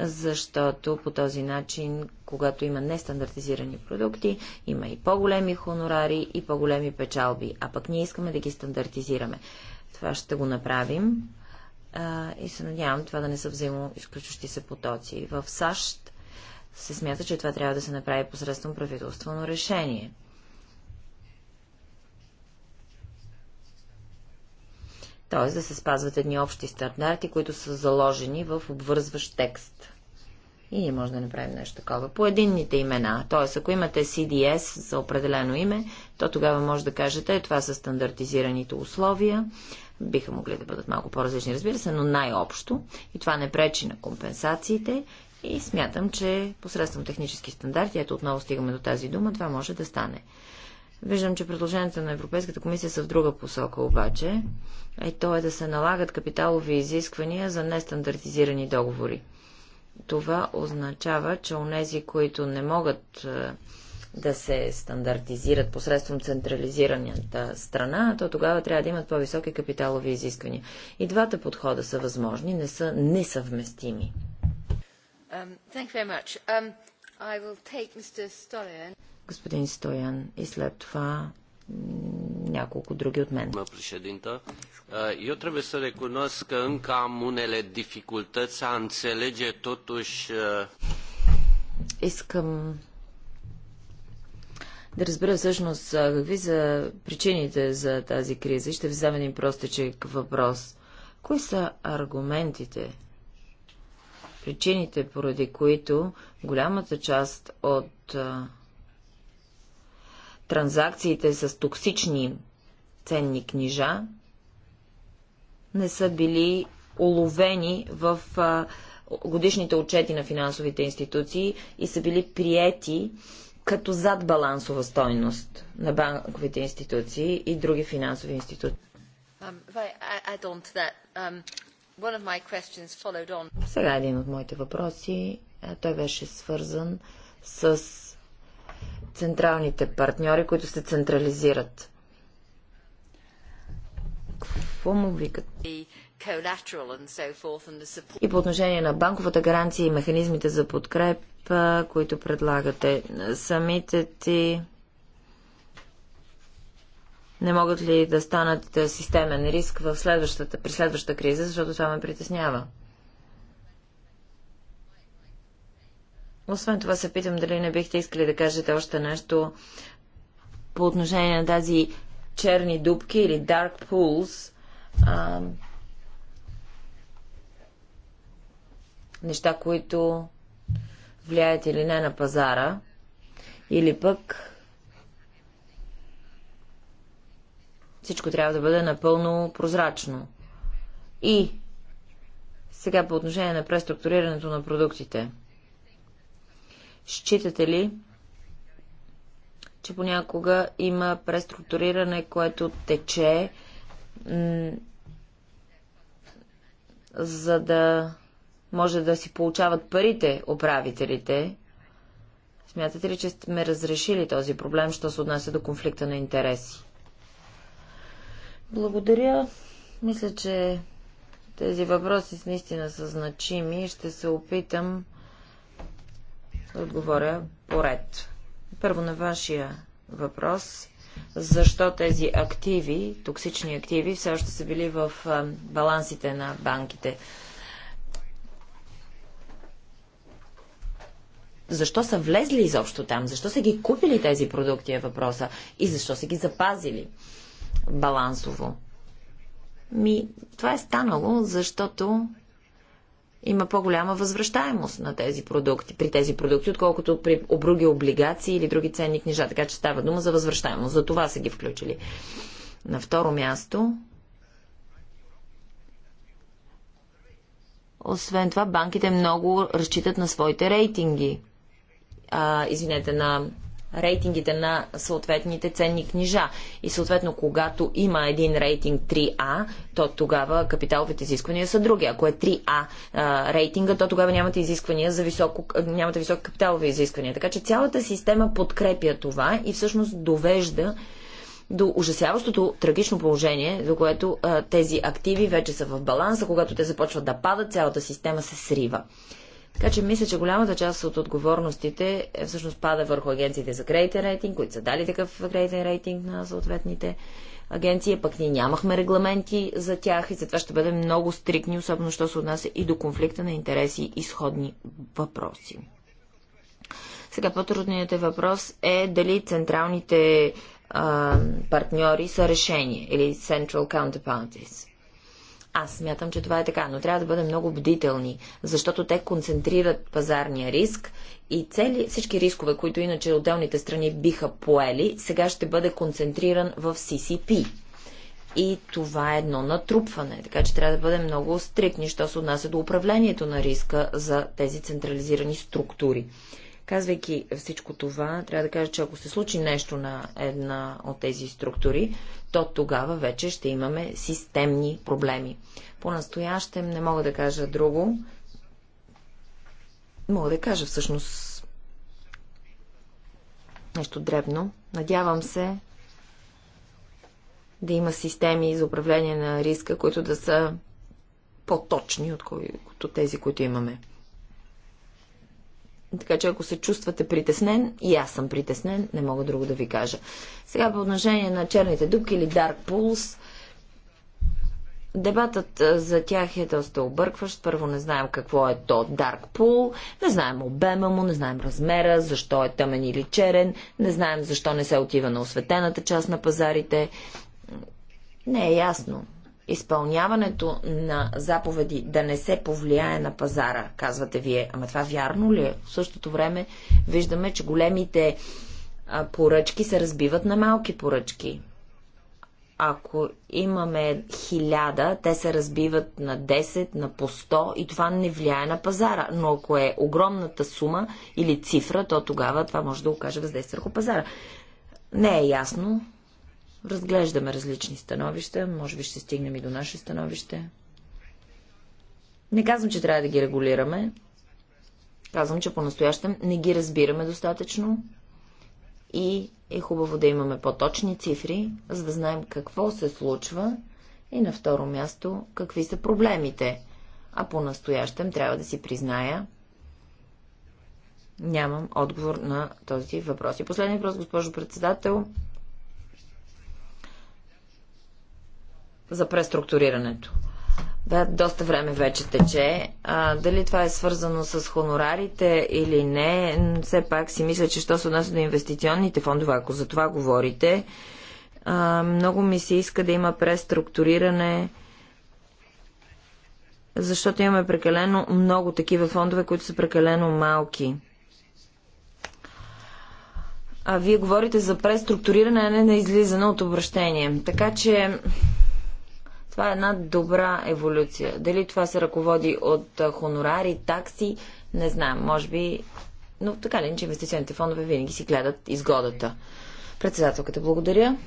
B: защото по този начин, когато има нестандартизирани продукти, има и по-големи хонорари и по-големи печалби, а пък ние искаме да ги стандартизираме. Това ще го направим а, и се надявам това да не са взаимоизключващи се потоци. В САЩ се смята, че това трябва да се направи посредством правителствено решение. т.е. да се спазват едни общи стандарти, които са заложени в обвързващ текст. И ние може да направим нещо такова. По единните имена. Т.е. ако имате CDS за определено име, то тогава може да кажете, е, това са стандартизираните условия. Биха могли да бъдат малко по-различни, разбира се, но най-общо. И това не пречи на компенсациите. И смятам, че посредством технически стандарти, ето отново стигаме до тази дума, това може да стане. Виждам, че предложенията на Европейската комисия са в друга посока обаче, и то е да се налагат капиталови изисквания за нестандартизирани договори. Това означава, че онези, които не могат е, да се стандартизират посредством централизираната страна, то тогава трябва да имат по-високи капиталови изисквания. И двата подхода са възможни, не са несъвместими.
A: Um, um,
B: Господин Стоян и след това няколко други от мен.
C: Uh, eu să recunosc că încă am unele dificultăți a înțelege totuși... Uh,
B: Искам да разбера всъщност uh, какви са причините за тази криза. Ще ви задам един простичък въпрос. Кои са аргументите, причините, поради които голямата част от транзакциите с токсични ценни книжа не са били уловени в годишните отчети на финансовите институции и са били приети като зад балансова стойност на банковите институции и други финансови институции.
A: Um, um,
B: Сега един от моите въпроси, той беше свързан с централните партньори, които се централизират. Какво му викат? И по отношение на банковата гаранция и механизмите за подкрепа, които предлагате, самите ти не могат ли да станат системен риск в следващата, при следващата криза, защото това ме притеснява. Освен това се питам дали не бихте искали да кажете още нещо по отношение на тази черни дубки или dark pools. А, неща, които влияят или не на пазара, или пък всичко трябва да бъде напълно прозрачно. И сега по отношение на преструктурирането на продуктите. Считате ли, че понякога има преструктуриране, което тече, за да може да си получават парите управителите? Смятате ли, че сме разрешили този проблем, що се отнася до конфликта на интереси? Благодаря. Мисля, че тези въпроси наистина са значими. Ще се опитам отговоря поред. Първо на вашия въпрос защо тези активи, токсични активи, все още са били в балансите на банките. Защо са влезли изобщо там? Защо са ги купили тези продукти е въпроса? И защо са ги запазили балансово? Ми, това е станало, защото има по-голяма възвръщаемост на тези продукти, при тези продукти, отколкото при обруги облигации или други ценни книжа. Така че става дума за възвръщаемост. За това са ги включили. На второ място, освен това, банките много разчитат на своите рейтинги. А, извинете, на рейтингите на съответните ценни книжа. И съответно, когато има един рейтинг 3А, то тогава капиталовите изисквания са други. Ако е 3А а, рейтинга, то тогава нямате изисквания за високо, нямате високи капиталови изисквания. Така че цялата система подкрепя това и всъщност довежда до ужасяващото трагично положение, до което а, тези активи вече са в баланса, когато те започват да падат, цялата система се срива. Така че мисля, че голямата част от отговорностите е, всъщност пада върху агенциите за кредитен рейтинг, които са дали такъв кредитен рейтинг на съответните агенции, пък ние нямахме регламенти за тях и затова ще бъдем много стрикни, особено що се отнася и до конфликта на интереси и сходни въпроси. Сега по-трудният въпрос е дали централните а, партньори са решение или Central Counterparties. Аз смятам, че това е така, но трябва да бъдем много бдителни, защото те концентрират пазарния риск и цели, всички рискове, които иначе отделните страни биха поели, сега ще бъде концентриран в CCP. И това е едно натрупване, така че трябва да бъдем много стрикни, що се отнася до управлението на риска за тези централизирани структури. Казвайки всичко това, трябва да кажа, че ако се случи нещо на една от тези структури, то тогава вече ще имаме системни проблеми. По-настоящем не мога да кажа друго. Мога да кажа всъщност нещо дребно. Надявам се да има системи за управление на риска, които да са по-точни, от тези, които имаме. Така че ако се чувствате притеснен, и аз съм притеснен, не мога друго да ви кажа. Сега по отношение на черните дубки или Dark Pools, Дебатът за тях е доста объркващ. Първо не знаем какво е то Dark Pool, не знаем обема му, не знаем размера, защо е тъмен или черен, не знаем защо не се отива на осветената част на пазарите. Не е ясно изпълняването на заповеди да не се повлияе на пазара, казвате вие. Ама това вярно ли е? В същото време виждаме, че големите поръчки се разбиват на малки поръчки. Ако имаме хиляда, те се разбиват на 10, на по 100 и това не влияе на пазара. Но ако е огромната сума или цифра, то тогава това може да окаже въздействие върху пазара. Не е ясно Разглеждаме различни становища, може би ще стигнем и до наше становище. Не казвам, че трябва да ги регулираме. Казвам, че по-настоящем не ги разбираме достатъчно и е хубаво да имаме по-точни цифри, за да знаем какво се случва и на второ място какви са проблемите. А по-настоящем трябва да си призная, нямам отговор на този въпрос. И последния въпрос, госпожо председател, за преструктурирането. Да, доста време вече тече. А, дали това е свързано с хонорарите или не, все пак си мисля, че що се отнася до инвестиционните фондове, ако за това говорите, а, много ми се иска да има преструктуриране, защото имаме прекалено много такива фондове, които са прекалено малки. А вие говорите за преструктуриране, а не на излизане от обращение. Така че това е една добра еволюция. Дали това се ръководи от хонорари, такси, не знам. Може би... Но така ли, че инвестиционните фондове винаги си гледат изгодата. Председателката, благодаря.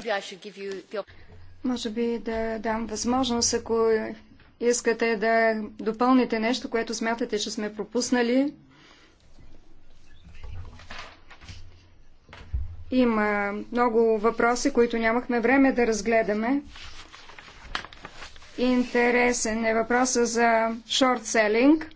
D: Може би да дам възможност, ако искате да допълните нещо, което смятате, че сме пропуснали. Има много въпроси, които нямахме време да разгледаме. Интересен е въпроса за шорт-селинг.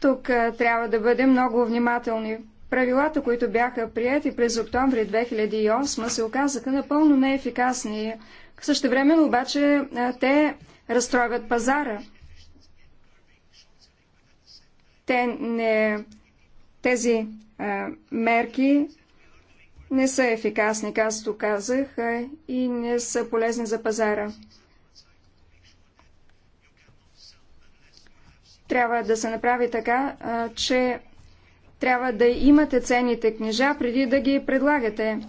D: Тук трябва да бъдем много внимателни. Правилата, които бяха прияти през октомври 2008, се оказаха напълно неефикасни. Също време обаче те разтрогат пазара. Те не, тези а, мерки не са ефикасни, както казах, и не са полезни за пазара. трябва да се направи така, че трябва да имате ценните книжа преди да ги предлагате.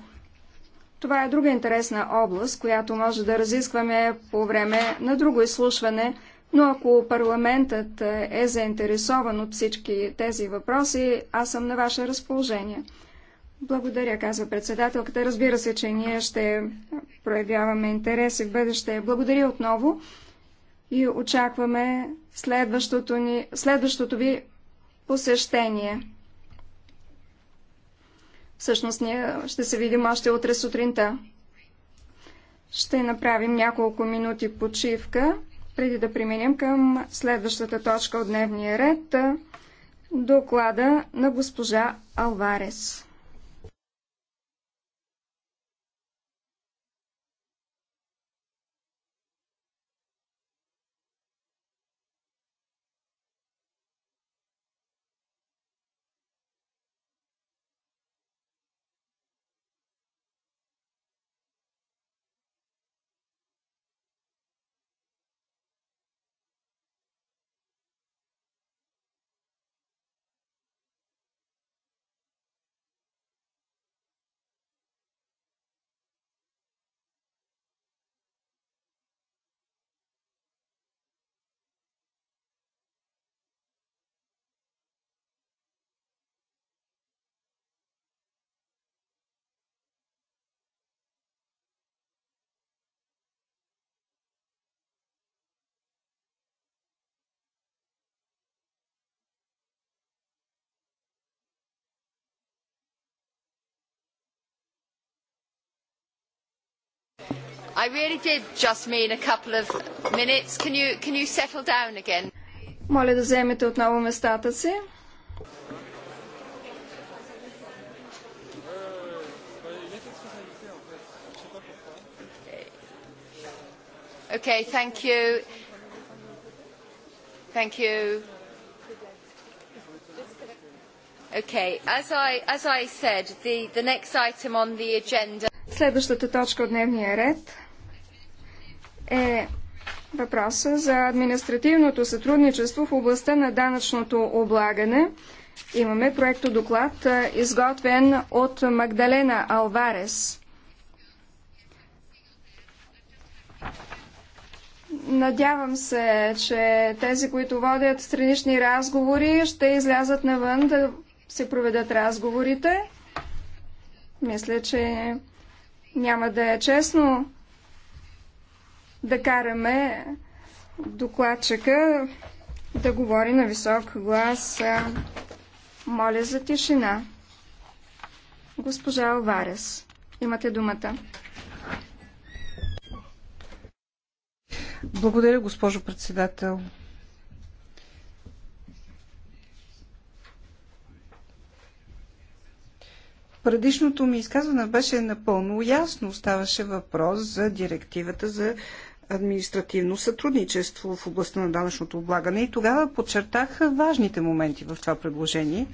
D: Това е друга интересна област, която може да разискваме по време на друго изслушване, но ако парламентът е заинтересован от всички тези въпроси, аз съм на ваше разположение. Благодаря, казва председателката. Разбира се, че ние ще проявяваме интереси в бъдеще. Благодаря отново и очакваме следващото, ни, следващото ви посещение. Всъщност ние ще се видим още утре сутринта. Ще направим няколко минути почивка, преди да преминем към следващата точка от дневния ред доклада на госпожа Алварес.
A: I really did just mean a couple of minutes. Can you, can you settle down again?
D: Моля да вземете отново местата си.
A: Okay, thank you. Thank you. Okay, as I, as I said, the, the next item on the agenda...
D: Следващата точка от дневния ред е въпроса за административното сътрудничество в областта на данъчното облагане. Имаме проекто доклад, изготвен от Магдалена Алварес. Надявам се, че тези, които водят странични разговори, ще излязат навън да се проведат разговорите. Мисля, че няма да е честно да караме докладчика да говори на висок глас. Моля за тишина. Госпожа Оварес, имате думата.
C: Благодаря, госпожо председател. предишното ми изказване беше напълно ясно. Оставаше въпрос за директивата за административно сътрудничество в областта на данъчното облагане и тогава подчертах важните моменти в това предложение.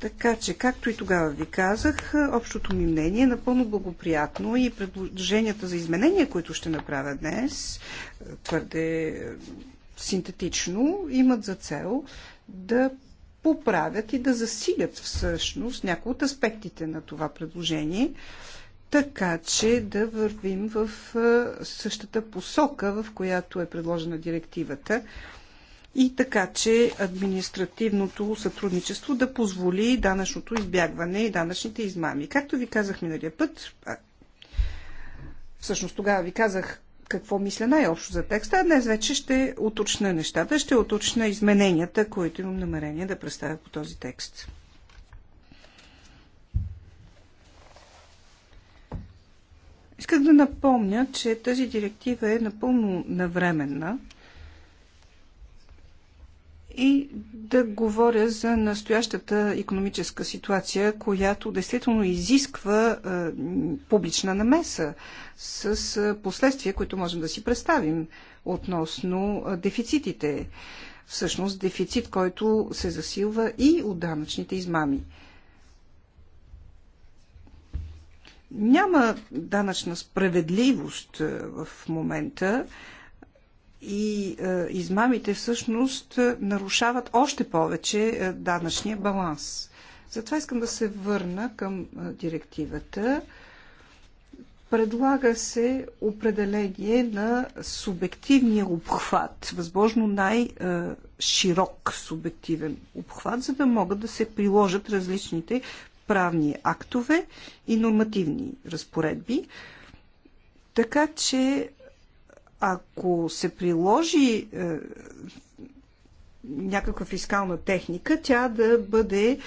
C: Така че, както и тогава ви казах, общото ми мнение е напълно благоприятно и предложенията за изменения, които ще направя днес, твърде е, синтетично, имат за цел да поправят и да засилят всъщност някои от аспектите на това предложение, така че да вървим в същата посока, в която е предложена директивата и така, че административното сътрудничество да позволи данъчното избягване и данъчните измами. Както ви казах миналия път, всъщност тогава ви казах какво мисля най-общо за текста, а днес вече ще уточна нещата, ще уточна измененията, които имам намерение да представя по този текст. Исках да напомня, че тази директива е напълно навременна и да говоря за настоящата економическа ситуация, която действително изисква е, публична намеса с е, последствия, които можем да си представим относно е, дефицитите. Всъщност дефицит, който се засилва и от данъчните измами. Няма данъчна справедливост е, в момента и е, измамите всъщност е, нарушават още повече данъчния баланс. Затова искам да се върна към директивата. Предлага се определение на субективния обхват, възможно най-широк субективен обхват, за да могат да се приложат различните правни актове и нормативни разпоредби. Така че ако се приложи е, някаква фискална техника, тя да бъде е,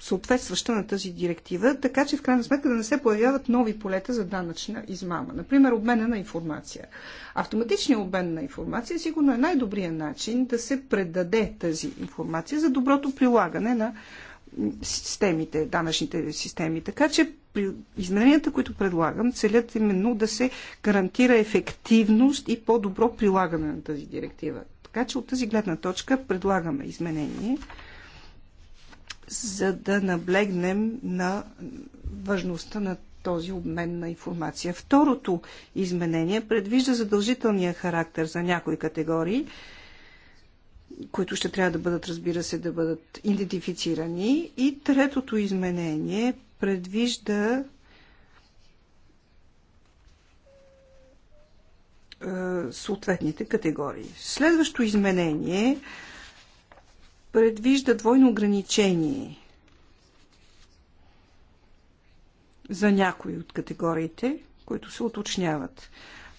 C: съответстваща на тази директива, така че в крайна сметка да не се появяват нови полета за данъчна измама. Например, обмена на информация. Автоматичният обмен на информация сигурно е най-добрият начин да се предаде тази информация за доброто прилагане на системите, данъчните системи. Така че при измененията, които предлагам, целят именно да се гарантира ефективност и по-добро прилагане на тази директива. Така че от тази гледна точка предлагаме изменение, за да наблегнем на важността на този обмен на информация. Второто изменение предвижда задължителния характер за някои категории – които ще трябва да бъдат, разбира се, да бъдат идентифицирани. И третото изменение предвижда е, съответните категории. Следващото изменение предвижда двойно ограничение за някои от категориите, които се уточняват.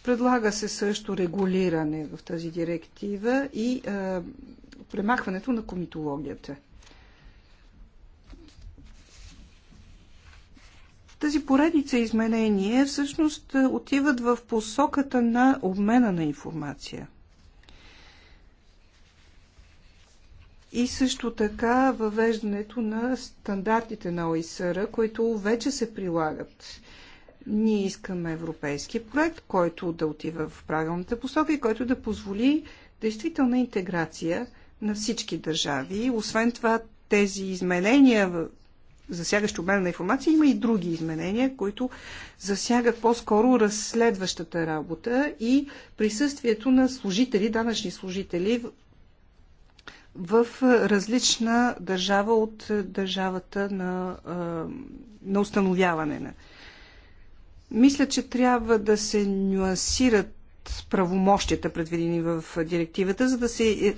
C: Предлага се също регулиране в тази директива и а, премахването на комитологията. Тази поредица изменения всъщност отиват в посоката на обмена на информация. И също така въвеждането на стандартите на ОИСР, които вече се прилагат ние искаме европейски проект, който да отива в правилната посока и който да позволи действителна интеграция на всички държави. Освен това, тези изменения, засягащи обмен на информация, има и други изменения, които засягат по-скоро разследващата работа и присъствието на служители, данъчни служители в различна държава от държавата на, на установяване на мисля, че трябва да се нюансират правомощията, предвидени в директивата, за да се е,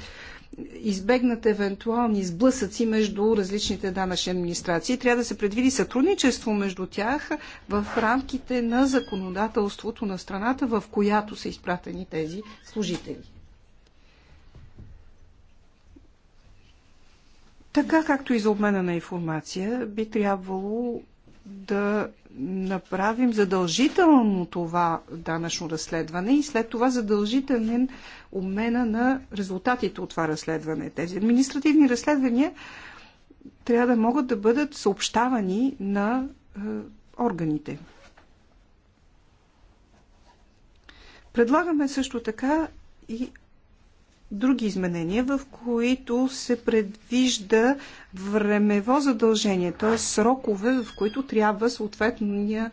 C: избегнат евентуални сблъсъци между различните данъчни администрации. Трябва да се предвиди сътрудничество между тях в рамките на законодателството на страната, в която са изпратени тези служители. Така както и за обмена на информация, би трябвало да направим задължително това данъчно разследване и след това задължителен обмена на резултатите от това разследване. Тези административни разследвания трябва да могат да бъдат съобщавани на е, органите. Предлагаме също така и други изменения, в които се предвижда времево задължение, т.е. срокове, в които трябва съответните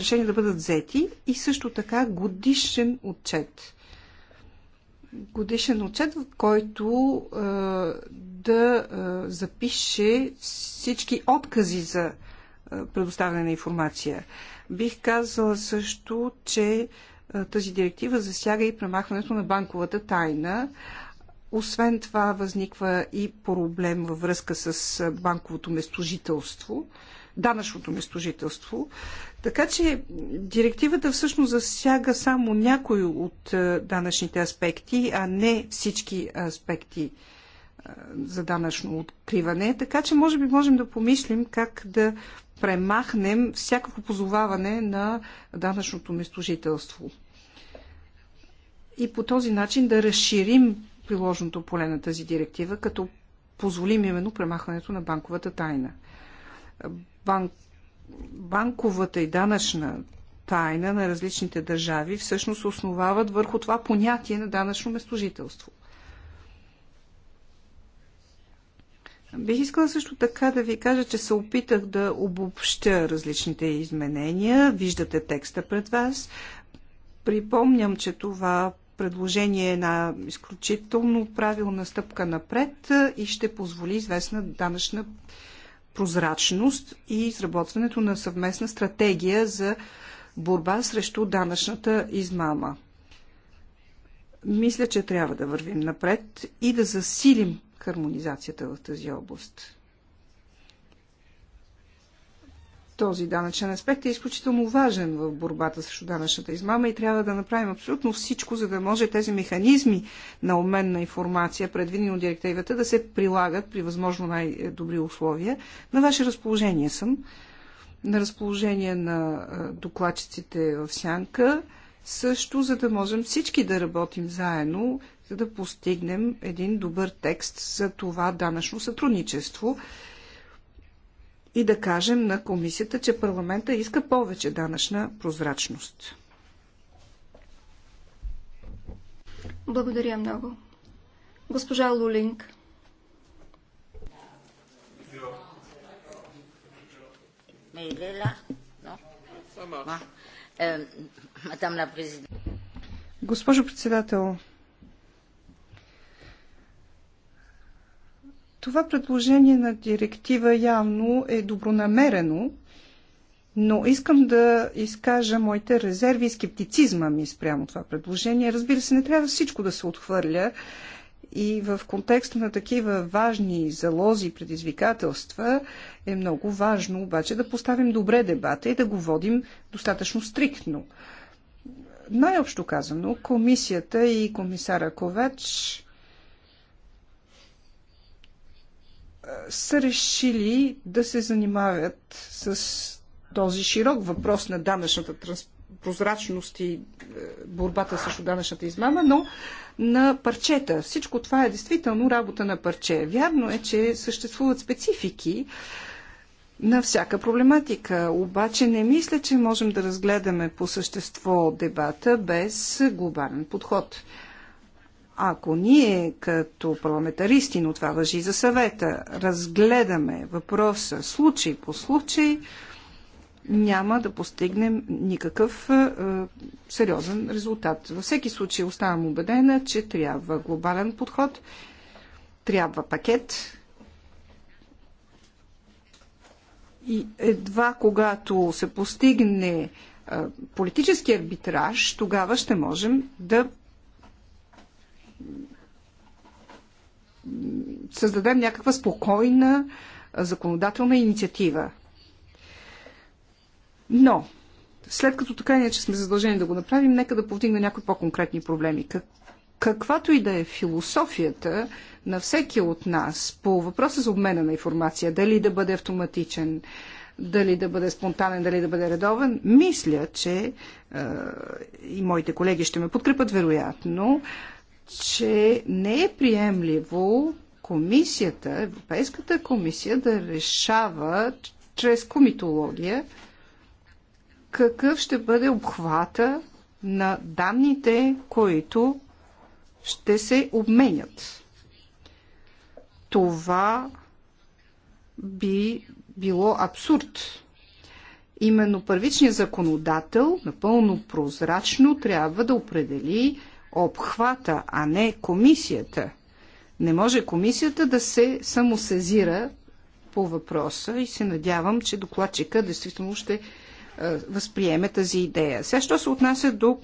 C: решения да бъдат взети и също така годишен отчет. Годишен отчет, в който да запише всички откази за предоставяне на информация. Бих казала също, че тази директива засяга и премахването на банковата тайна. Освен това възниква и проблем във връзка с банковото местожителство, данъчното местожителство. Така че директивата всъщност засяга само някои от данъчните аспекти, а не всички аспекти за данъчно откриване. Така че може би можем да помислим как да премахнем всякакво позоваване на данъчното местожителство и по този начин да разширим приложното поле на тази директива, като позволим именно премахването на банковата тайна. Банк, банковата и данъчна тайна на различните държави всъщност основават върху това понятие на данъчно местожителство. Бих искала също така да ви кажа, че се опитах да обобщя различните изменения. Виждате текста пред вас. Припомням, че това предложение е на изключително правилна стъпка напред и ще позволи известна данъчна прозрачност и изработването на съвместна стратегия за борба срещу данъчната измама. Мисля, че трябва да вървим напред и да засилим хармонизацията в тази област. Този данъчен аспект е изключително важен в борбата срещу данъчната измама и трябва да направим абсолютно всичко, за да може тези механизми на обмен на информация, предвидени от директивата, да се прилагат при възможно най-добри условия. На ваше разположение съм, на разположение на докладчиците в Сянка, също за да можем всички да работим заедно, за да постигнем един добър текст за това данъчно сътрудничество и да кажем на комисията, че парламента иска повече данъчна прозрачност.
D: Благодаря много. Госпожа Лулинг.
C: Госпожо председател, Това предложение на директива явно е добронамерено, но искам да изкажа моите резерви и скептицизма ми спрямо това предложение. Разбира се, не трябва всичко да се отхвърля и в контекста на такива важни залози и предизвикателства е много важно обаче да поставим добре дебата и да го водим достатъчно стриктно. Най-общо казано, комисията и комисара Ковач са решили да се занимават с този широк въпрос на данъчната прозрачност и е, борбата срещу данъчната измама, но на парчета. Всичко това е действително работа на парче. Вярно е, че съществуват специфики на всяка проблематика, обаче не мисля, че можем да разгледаме по същество дебата без глобален подход. Ако ние като парламентаристи, но това въжи за съвета, разгледаме въпроса случай по случай, няма да постигнем никакъв е, сериозен резултат. Във всеки случай оставам убедена, че трябва глобален подход, трябва пакет и едва когато се постигне е, политически арбитраж, тогава ще можем да създадем някаква спокойна законодателна инициатива. Но, след като така иначе сме задължени да го направим, нека да повдигнем някои по-конкретни проблеми. Как, каквато и да е философията на всеки от нас по въпроса за обмена на информация, дали да бъде автоматичен, дали да бъде спонтанен, дали да бъде редовен, мисля, че е, и моите колеги ще ме подкрепят вероятно, е, че не е приемливо комисията, Европейската комисия да решава чрез комитология какъв ще бъде обхвата на данните, които ще се обменят. Това би било абсурд. Именно първичният законодател напълно прозрачно трябва да определи обхвата, а не комисията. Не може комисията да се самосезира по въпроса и се надявам, че докладчика действително ще а, е, възприеме тази идея. Сега, що се отнася до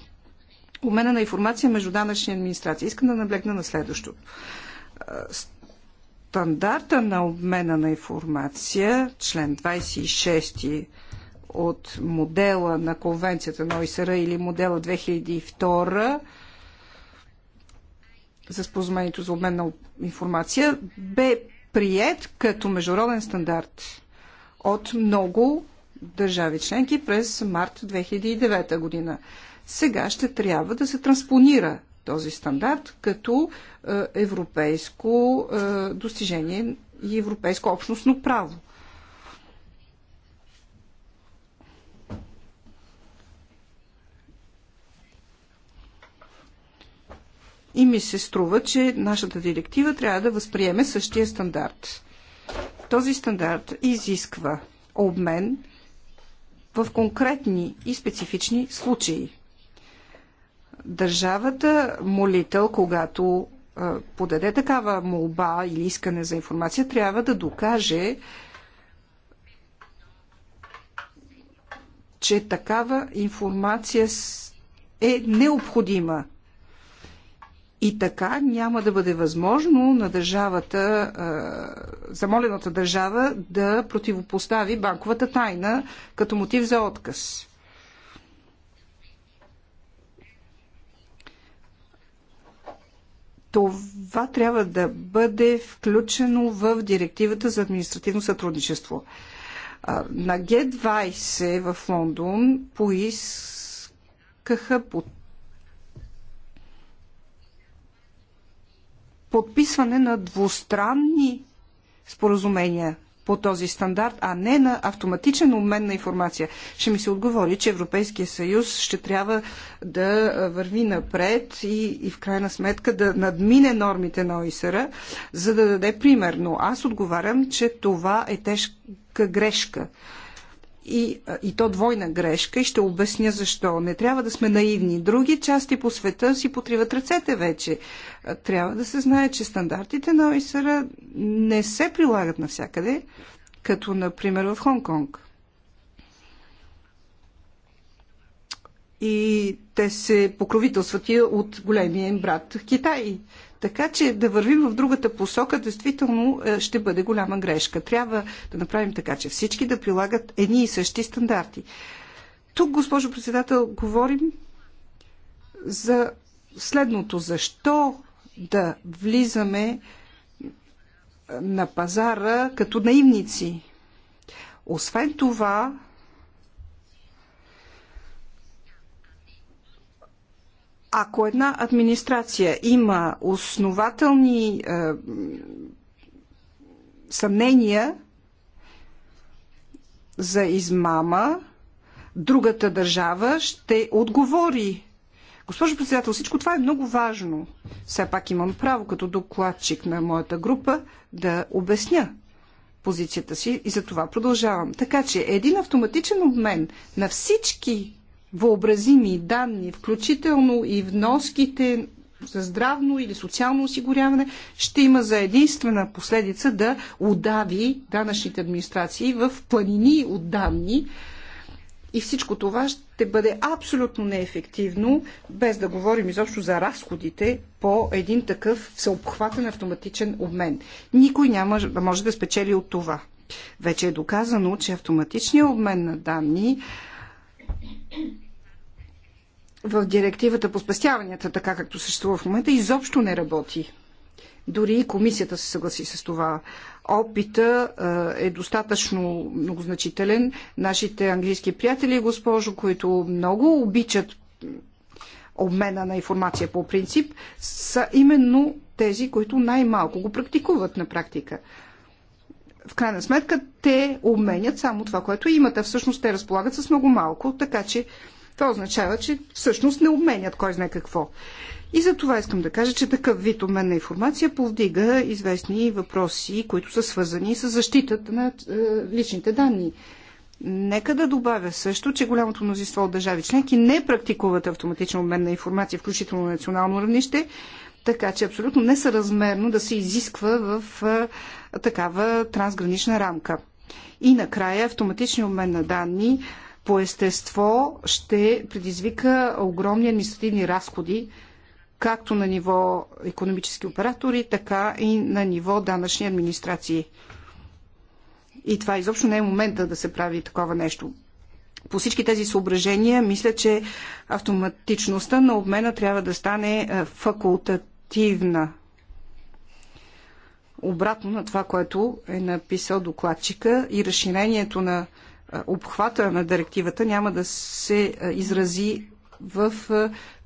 C: обмена на информация между данъчни администрации, искам да наблегна на следващото. Е, стандарта на обмена на информация, член 26 от модела на конвенцията на ОИСР или модела 2002 за споразумението за обмен на информация бе прият като международен стандарт от много държави членки през март 2009 година. Сега ще трябва да се транспонира този стандарт като е, европейско е, достижение и европейско общностно право. И ми се струва, че нашата директива трябва да възприеме същия стандарт. Този стандарт изисква обмен в конкретни и специфични случаи. Държавата молител, когато подаде такава молба или искане за информация, трябва да докаже, че такава информация е необходима и така няма да бъде възможно на държавата, замолената държава да противопостави банковата тайна като мотив за отказ. Това трябва да бъде включено в директивата за административно сътрудничество. На Г20 в Лондон поискаха, под подписване на двустранни споразумения по този стандарт, а не на автоматичен обмен на информация. Ще ми се отговори, че Европейския съюз ще трябва да върви напред и, и в крайна сметка да надмине нормите на ОИСР, за да даде пример. Но аз отговарям, че това е тежка грешка и, и то двойна грешка и ще обясня защо. Не трябва да сме наивни. Други части по света си потриват ръцете вече. Трябва да се знае, че стандартите на ОИСР не се прилагат навсякъде, като например в Хонг-Конг. И те се покровителстват и от големия им брат Китай. Така че да вървим в другата посока, действително е, ще бъде голяма грешка. Трябва да направим така, че всички да прилагат едни и същи стандарти. Тук, госпожо председател, говорим за следното. Защо да влизаме на пазара като наивници? Освен това, Ако една администрация има основателни е, съмнения за измама, другата държава ще отговори. Госпожо председател, всичко това е много важно. Все пак имам право като докладчик на моята група да обясня позицията си и за това продължавам. Така че един автоматичен обмен на всички въобразими данни, включително и вноските за здравно или социално осигуряване, ще има за единствена последица да удави данъчните администрации в планини от данни. И всичко това ще бъде абсолютно неефективно, без да говорим изобщо за разходите по един такъв всеобхватен автоматичен обмен. Никой няма да може да спечели от това. Вече е доказано, че автоматичният обмен на данни в директивата по спестяванията, така както съществува в момента, изобщо не работи. Дори и комисията се съгласи с това. Опита е, е достатъчно многозначителен. Нашите английски приятели, госпожо, които много обичат обмена на информация по принцип, са именно тези, които най-малко го практикуват на практика. В крайна сметка, те обменят само това, което имат, а всъщност те разполагат с много малко, така че това означава, че всъщност не обменят кой знае какво. И за това искам да кажа, че такъв вид обмен на информация повдига известни въпроси, които са свързани с защитата на е, личните данни. Нека да добавя също, че голямото мнозинство от държави членки не практикуват автоматичен обмен на информация, включително на национално равнище, така че абсолютно несъразмерно да се изисква в е, такава трансгранична рамка. И накрая автоматичният обмен на данни по естество ще предизвика огромни административни разходи, както на ниво економически оператори, така и на ниво данъчни администрации. И това изобщо не е момента да се прави такова нещо. По всички тези съображения, мисля, че автоматичността на обмена трябва да стане е, факултативна. Обратно на това, което е написал докладчика и разширението на обхвата на директивата няма да се изрази в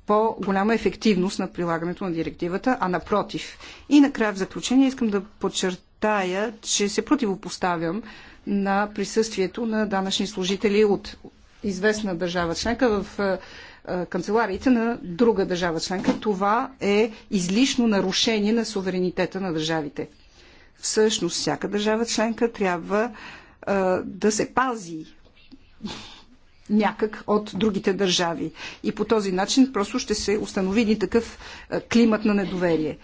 C: по-голяма ефективност на прилагането на директивата, а напротив. И накрая в заключение искам да подчертая, че се противопоставям на присъствието на данъчни служители от известна държава членка в канцелариите на друга държава членка. Това е излишно нарушение на суверенитета на държавите. Всъщност, всяка държава членка трябва да се пази някак от другите държави. И по този начин просто ще се установи един такъв климат на недоверие.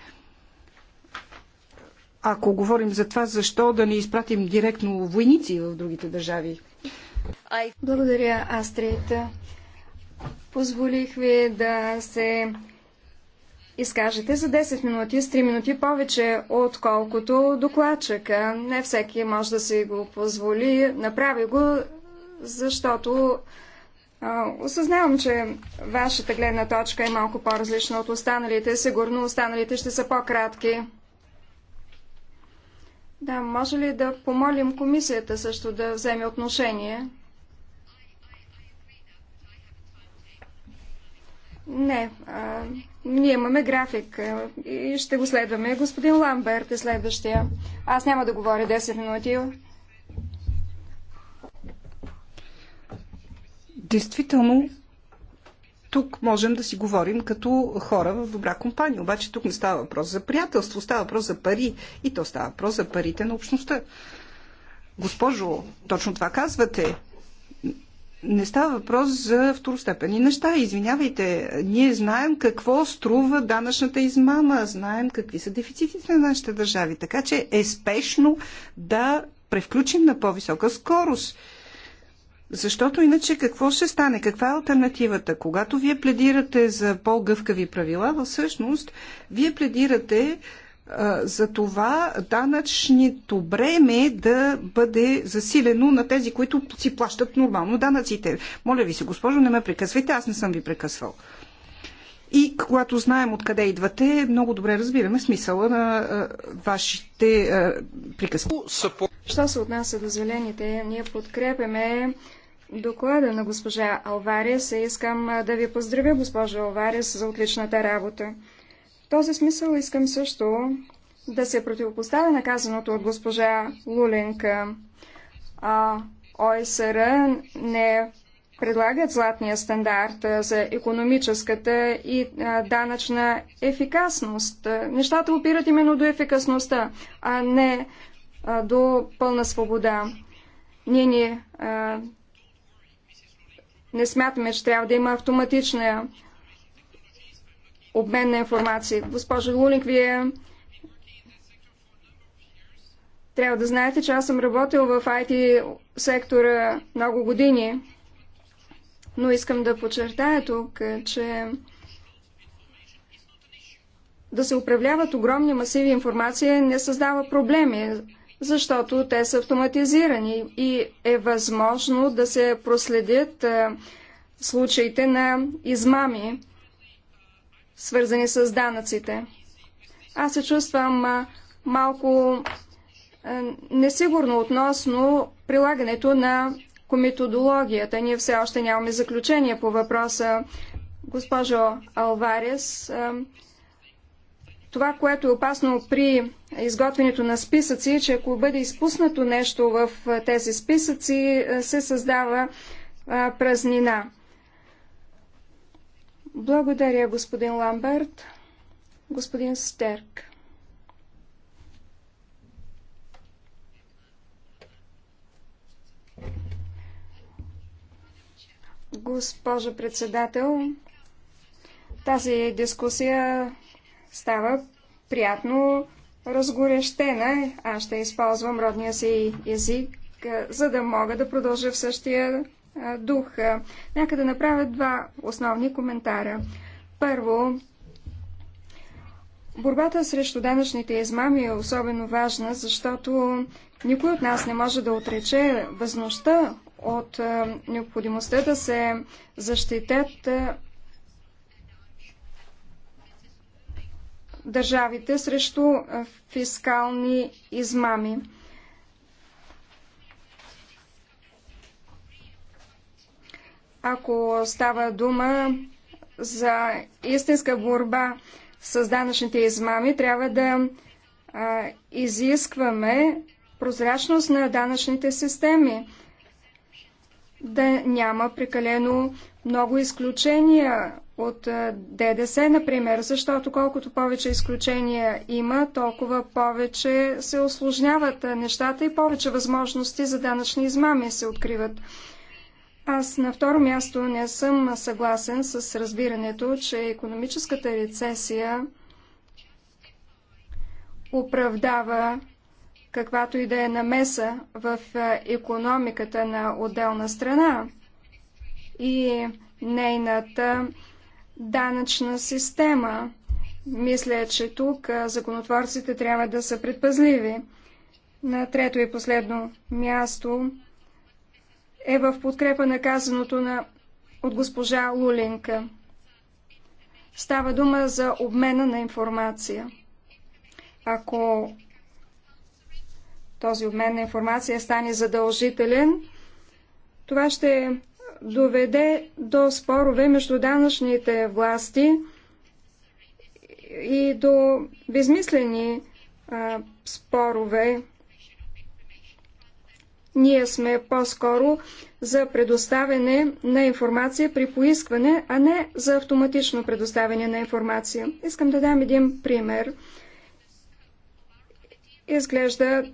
C: Ако говорим за това, защо да не изпратим директно войници в другите държави?
D: Благодаря, астрията. Позволих ви да се изкажете за 10 минути с 3 минути повече, отколкото докладчика. Не всеки може да си го позволи. Направи го, защото а, осъзнавам, че вашата гледна точка е малко по-различна от останалите. Сигурно останалите ще са по-кратки. Да, може ли да помолим комисията също да вземе отношение? Не, а, ние имаме график а, и ще го следваме. Господин Ламберт е следващия. Аз няма да говоря 10 минути.
C: Действително, тук можем да си говорим като хора в добра компания. Обаче тук не става въпрос за приятелство, става въпрос за пари. И то става въпрос за парите на общността. Госпожо, точно това казвате не става въпрос за второстепени неща. Извинявайте, ние знаем какво струва данъчната измама, знаем какви са дефицитите на нашите държави. Така че е спешно да превключим на по-висока скорост. Защото иначе какво ще стане? Каква е альтернативата? Когато вие пледирате за по-гъвкави правила, всъщност вие пледирате за това данъчното бреме да бъде засилено на тези, които си плащат нормално данъците. Моля ви се, госпожо, не ме прекъсвайте, аз не съм ви прекъсвал. И когато знаем откъде идвате, много добре разбираме смисъла на а, вашите а, приказки. Що се отнася до зелените, ние подкрепяме
D: доклада на госпожа Алварес и искам да ви поздравя, госпожа Алварес, за отличната работа този смисъл искам също да се противопоставя наказаното от госпожа Луленка. А, ОСР не предлагат златния стандарт за економическата и данъчна ефикасност. Нещата опират именно до ефикасността, а не до пълна свобода. Ние не, не смятаме, че трябва да има автоматична обмен на информация. Госпожо Луник, вие трябва да знаете, че аз съм работил в IT сектора много години, но искам да подчертая тук, че да се управляват огромни масиви информация не създава проблеми, защото те са автоматизирани и е възможно да се проследят случаите на измами свързани с данъците. Аз се чувствам малко несигурно относно прилагането на комитодологията. Ние все още нямаме заключение по въпроса. Госпожо Алварес, това, което е опасно при изготвянето на списъци, е, че ако бъде изпуснато нещо в тези списъци, се създава празнина. Благодаря, господин Ламберт. Господин Стерк. Госпожо председател, тази дискусия става приятно разгорещена. Аз ще използвам родния си език, за да мога да продължа в същия дух. Нека да направя два основни коментара. Първо, борбата срещу данъчните измами е особено важна, защото никой от нас не може да отрече възможността от необходимостта да се защитят държавите срещу фискални измами. ако става дума за истинска борба с данъчните измами, трябва да а, изискваме прозрачност на данъчните системи, да няма прекалено много изключения от ДДС, например, защото колкото повече изключения има, толкова повече се осложняват нещата и повече възможности за данъчни измами се откриват. Аз на второ място не съм съгласен с разбирането, че економическата рецесия оправдава каквато и да е намеса в економиката на отделна страна и нейната данъчна система. Мисля, че тук законотворците трябва да са предпазливи. На трето и последно място е в подкрепа на казаното на, от госпожа Лулинка. Става дума за обмена на информация. Ако този обмен на информация стане задължителен, това ще доведе до спорове между данъчните власти и до безмислени а, спорове ние сме по-скоро за предоставяне на информация при поискване, а не за автоматично предоставяне на информация. Искам да дам един пример. Изглежда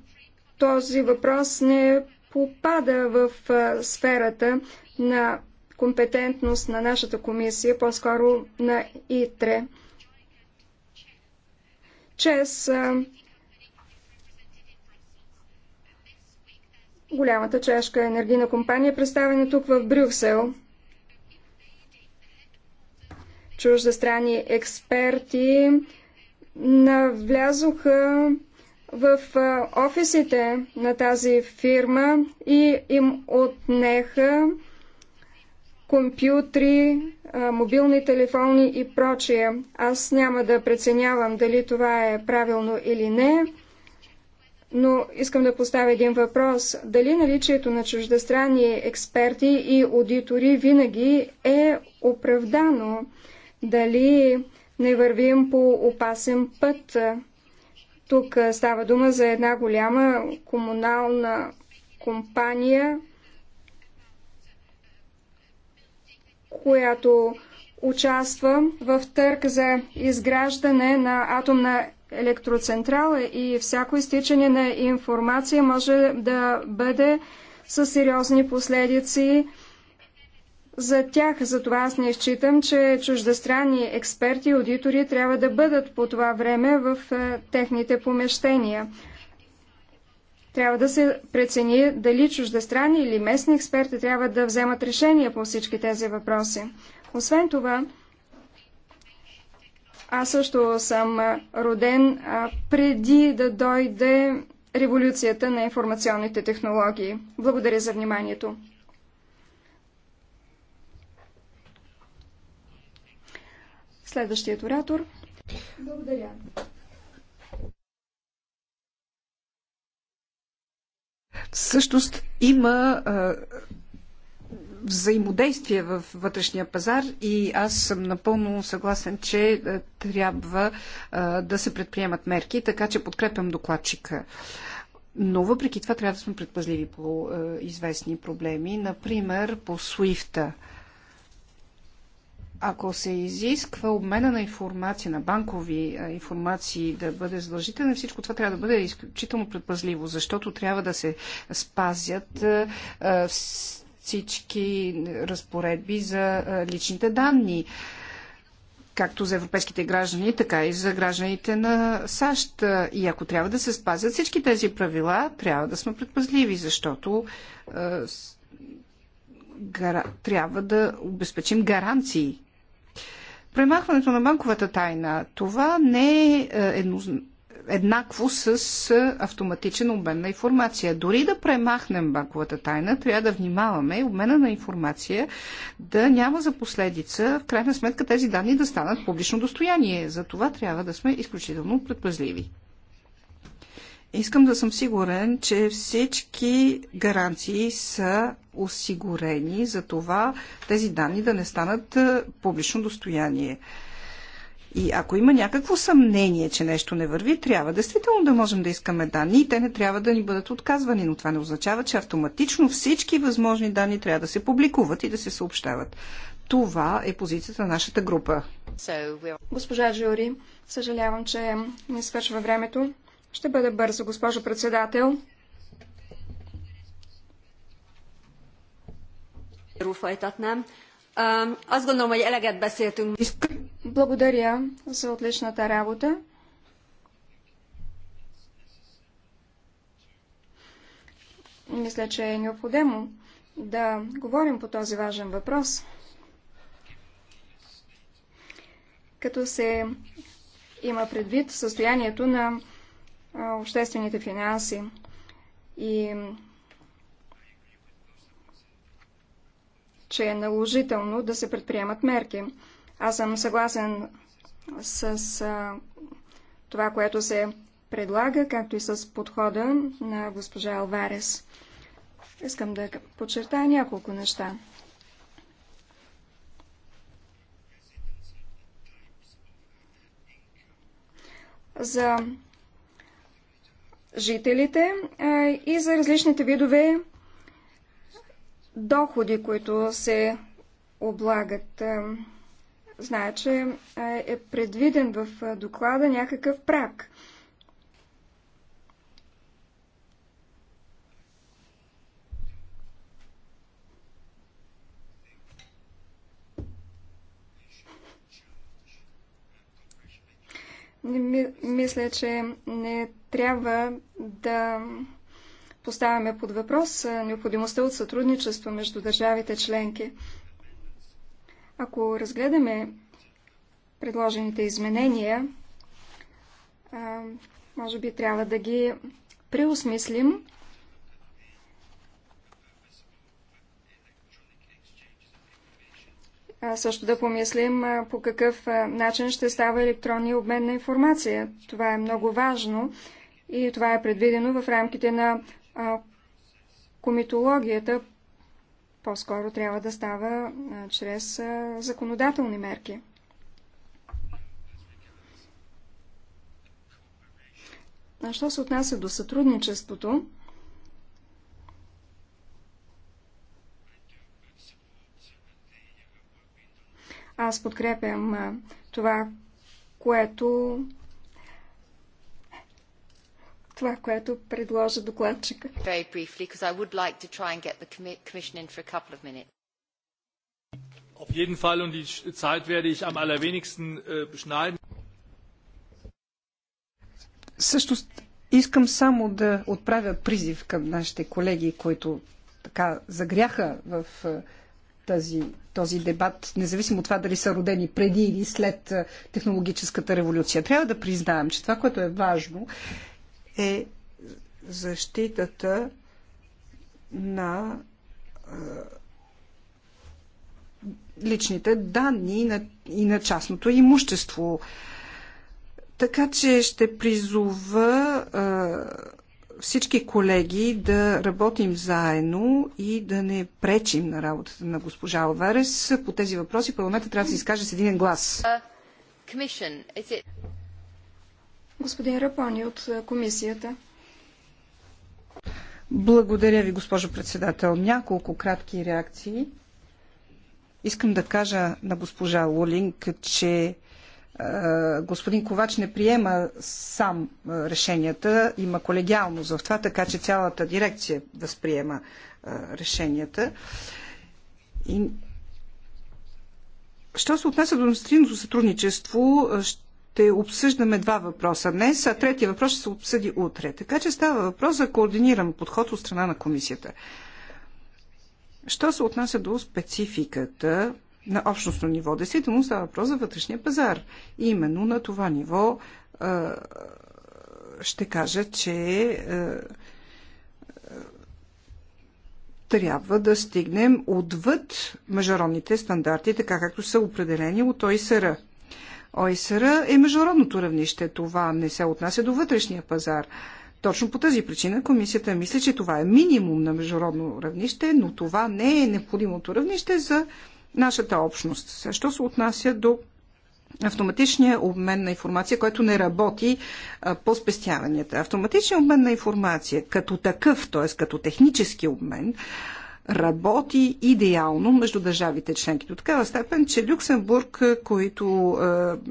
D: този въпрос не попада в сферата на компетентност на нашата комисия, по-скоро на ИТРЕ. ЧЕС голямата чешка е енергийна компания, представена тук в Брюксел. Чуждестранни експерти навлязоха в офисите на тази фирма и им отнеха компютри, мобилни телефони и прочие. Аз няма да преценявам дали това е правилно или не но искам да поставя един въпрос. Дали наличието на чуждестранни експерти и аудитори винаги е оправдано? Дали не вървим по опасен път? Тук става дума за една голяма комунална компания, която участва в търк за изграждане на атомна електроцентрала и всяко изтичане на информация може да бъде със сериозни последици за тях. Затова аз не считам, че чуждестранни експерти и аудитори трябва да бъдат по това време в е, техните помещения. Трябва да се прецени дали чуждестранни или местни експерти трябва да вземат решения по всички тези въпроси. Освен това, аз също съм роден преди да дойде революцията на информационните технологии. Благодаря за вниманието. Следващият оратор. Благодаря.
C: Всъщност има взаимодействие в вътрешния пазар и аз съм напълно съгласен, че е, трябва е, да се предприемат мерки, така че подкрепям докладчика. Но въпреки това трябва да сме предпазливи по е, известни проблеми. Например, по Суифта. Ако се изисква обмена на информация, на банкови информации да бъде задължителен, всичко това трябва да бъде изключително предпазливо, защото трябва да се спазят всички разпоредби за личните данни както за европейските граждани, така и за гражданите на САЩ. И ако трябва да се спазят всички тези правила, трябва да сме предпазливи, защото трябва да обезпечим гаранции. Премахването на банковата тайна, това не е едно еднакво с автоматичен обмен на информация. Дори да премахнем банковата тайна, трябва да внимаваме обмена на информация да няма за последица, в крайна сметка, тези данни да станат публично достояние. За това трябва да сме изключително предпазливи. Искам да съм сигурен, че всички гаранции са осигурени за това тези данни да не станат публично достояние. И ако има някакво съмнение, че нещо не върви, трябва действително да можем да искаме данни и те не трябва да ни бъдат отказвани, но това не означава, че автоматично всички възможни данни трябва да се публикуват и да се съобщават. Това е позицията на нашата група.
D: Госпожа Жори, съжалявам, че не свършва времето. Ще бъда бързо, госпожо председател. Rófajtatnám. Аз gondolom, hogy eleget beszéltünk. Благодаря за отличната работа. Мисля, че е необходимо да говорим по този важен въпрос. Като се има предвид състоянието на обществените финанси и че е наложително да се предприемат мерки. Аз съм съгласен с а, това, което се предлага, както и с подхода на госпожа Алварес. Искам да подчертая няколко неща. За жителите и за различните видове доходи, които се облагат. Значи че е, е предвиден в е, доклада някакъв прак. Мисля, че не трябва да поставяме под въпрос необходимостта от сътрудничество между държавите членки. Ако разгледаме предложените изменения, може би трябва да ги преосмислим. Също да помислим по какъв начин ще става електронния обмен на информация. Това е много важно и това е предвидено в рамките на а комитологията по-скоро трябва да става а, чрез а, законодателни мерки. А що се отнася до сътрудничеството, аз подкрепям това, което това, което
A: предложа докладчика. Very briefly, because I would like to try and get the commission in for a couple of minutes. Auf jeden Fall und die Zeit werde ich am allerwenigsten äh, beschneiden.
C: Също искам само да отправя призив към нашите колеги, които така загряха в е, тази, този дебат, независимо от това дали са родени преди или след е, технологическата революция. Трябва да признаем, че това, което е важно, е защитата на личните данни и на, и на частното имущество. Така че ще призова е, всички колеги да работим заедно и да не пречим на работата на госпожа Алварес. По тези въпроси парламента трябва да се изкаже с един глас
D: господин Рапони от е, комисията.
C: Благодаря ви, госпожо председател. Няколко кратки реакции. Искам да кажа на госпожа Лулинг, че е, господин Ковач не приема сам е, решенията, има колегиалност в това, така че цялата дирекция възприема решенията. И Що се отнася до административното сътрудничество, ще ще обсъждаме два въпроса днес, а третия въпрос ще се обсъди утре. Така че става въпрос за координиран подход от страна на комисията. Що се отнася до спецификата на общностно ниво? Действително става въпрос за вътрешния пазар. И именно на това ниво ще кажа, че трябва да стигнем отвъд международните стандарти, така както са определени от ОИСР. ОСР е международното равнище. Това не се отнася до вътрешния пазар. Точно по тази причина комисията мисли, че това е минимум на международно равнище, но това не е необходимото равнище за нашата общност. Също се отнася до автоматичния обмен на информация, който не работи а, по спестяванията. Автоматичният обмен на информация като такъв, т.е. като технически обмен, работи идеално между държавите членки. До такава степен, че Люксембург, които е,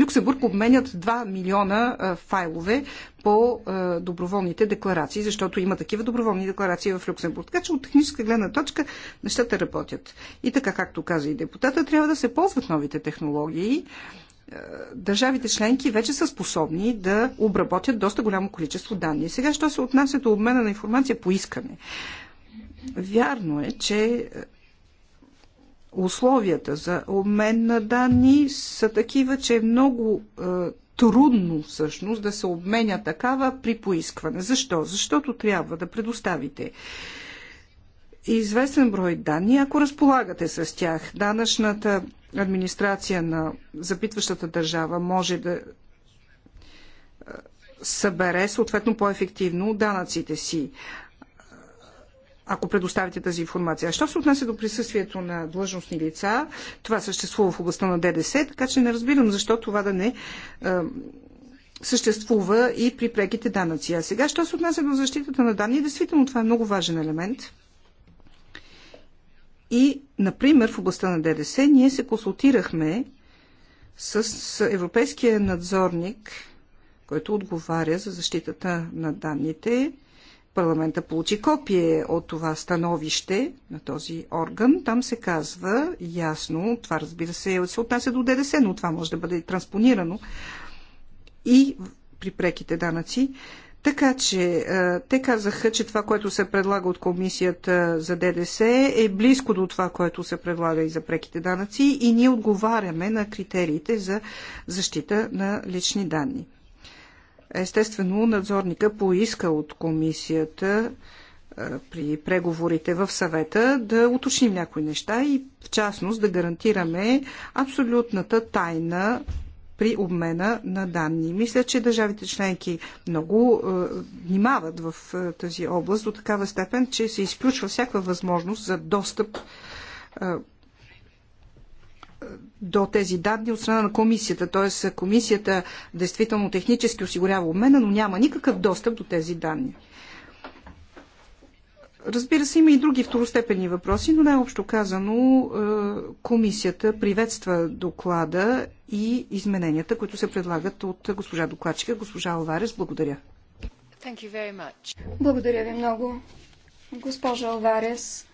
C: Люксембург обменят 2 милиона е, файлове по е, доброволните декларации, защото има такива доброволни декларации в Люксембург. Така че от техническа гледна точка нещата работят. И така, както каза и депутата, трябва да се ползват новите технологии държавите членки вече са способни да обработят доста голямо количество данни. Сега, що се отнася до обмена на информация по искане? Вярно е, че е, условията за обмен на данни са такива, че е много е, трудно всъщност да се обменя такава при поискване. Защо? Защото трябва да предоставите известен брой данни, ако разполагате с тях. Данъчната администрация на запитващата държава може да събере съответно по-ефективно данъците си, ако предоставите тази информация. А що се отнася до присъствието на длъжностни лица, това съществува в областта на ДДС, така че не разбирам защо това да не съществува и при преките данъци. А сега, що се отнася до защитата на данни, действително това е много важен елемент. И, например, в областта на ДДС ние се консултирахме с европейския надзорник, който отговаря за защитата на данните. Парламента получи копие от това становище на този орган. Там се казва ясно, това разбира се се отнася до ДДС, но това може да бъде транспонирано и при преките данъци. Така че те казаха, че това, което се предлага от комисията за ДДС е близко до това, което се предлага и за преките данъци и ние отговаряме на критериите за защита на лични данни. Естествено, надзорника поиска от комисията при преговорите в съвета да уточним някои неща и в частност да гарантираме абсолютната тайна при обмена на данни. Мисля, че държавите членки много е, внимават в е, тази област до такава степен, че се изключва всяка възможност за достъп е, до тези данни от страна на комисията. Т.е. комисията действително технически осигурява обмена, но няма никакъв достъп до тези данни. Разбира се, има и други второстепени въпроси, но най-общо казано е, комисията приветства доклада и измененията, които се предлагат от госпожа докладчика, госпожа Алварес. Благодаря.
D: Благодаря ви много. Госпожа Алварес,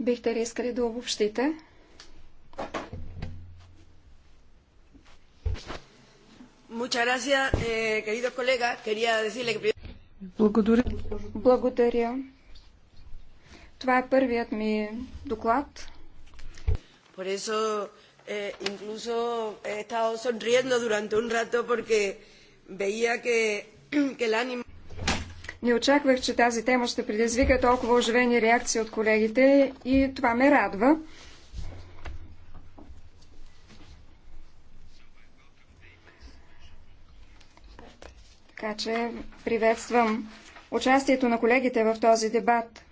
D: бихте ли искали да обобщите?
B: Eh,
D: Благодаря. Благодаря. Това е първият ми доклад.
B: Por eso eh,
D: incluso he estado sonriendo durante un rato porque veía que, que el ánimo... Не очаквах, че тази тема ще предизвика толкова оживени реакции от колегите и това ме радва. Така че приветствам участието на колегите в този дебат.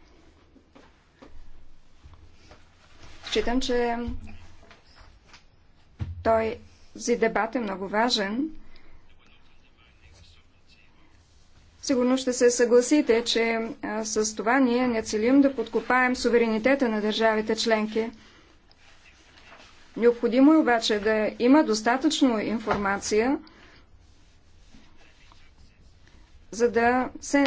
D: Считам, че той за дебат е много важен. Сигурно ще се съгласите, че а, с това ние не целим да подкопаем суверенитета на държавите членки. Необходимо е обаче да има достатъчно информация, за да се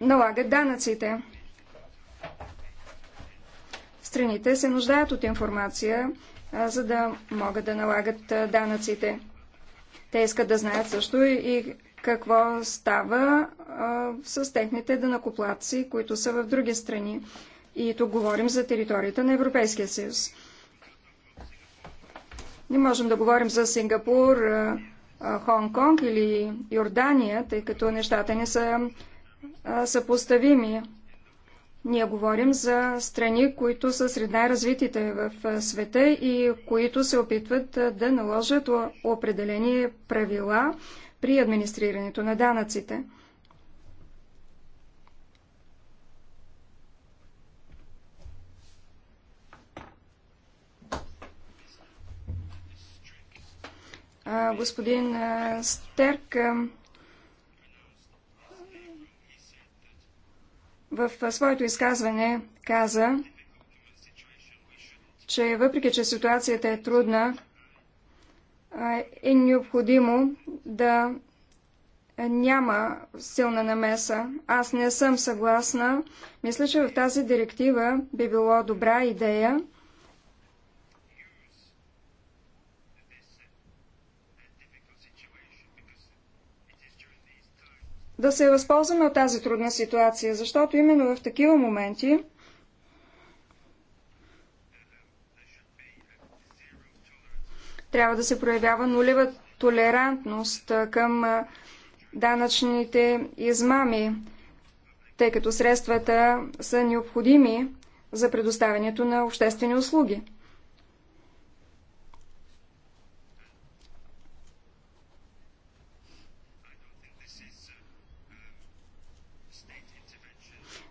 D: налагат данъците. Страните се нуждаят от информация, за да могат да налагат данъците. Те искат да знаят също и какво става а, с техните данакоплаци, които са в други страни. И тук говорим за територията на Европейския съюз. Не можем да говорим за Сингапур, Хонг-Конг или Йордания, тъй като нещата не са съпоставими. Ние говорим за страни, които са сред най-развитите в света и които се опитват да наложат определени правила при администрирането на данъците. Господин Стерк, в своето изказване каза, че въпреки, че ситуацията е трудна, е необходимо да няма силна намеса. Аз не съм съгласна. Мисля, че в тази директива би било добра идея да се възползваме от тази трудна ситуация, защото именно в такива моменти трябва да се проявява нулева толерантност към данъчните измами, тъй като средствата са необходими за предоставянето на обществени услуги.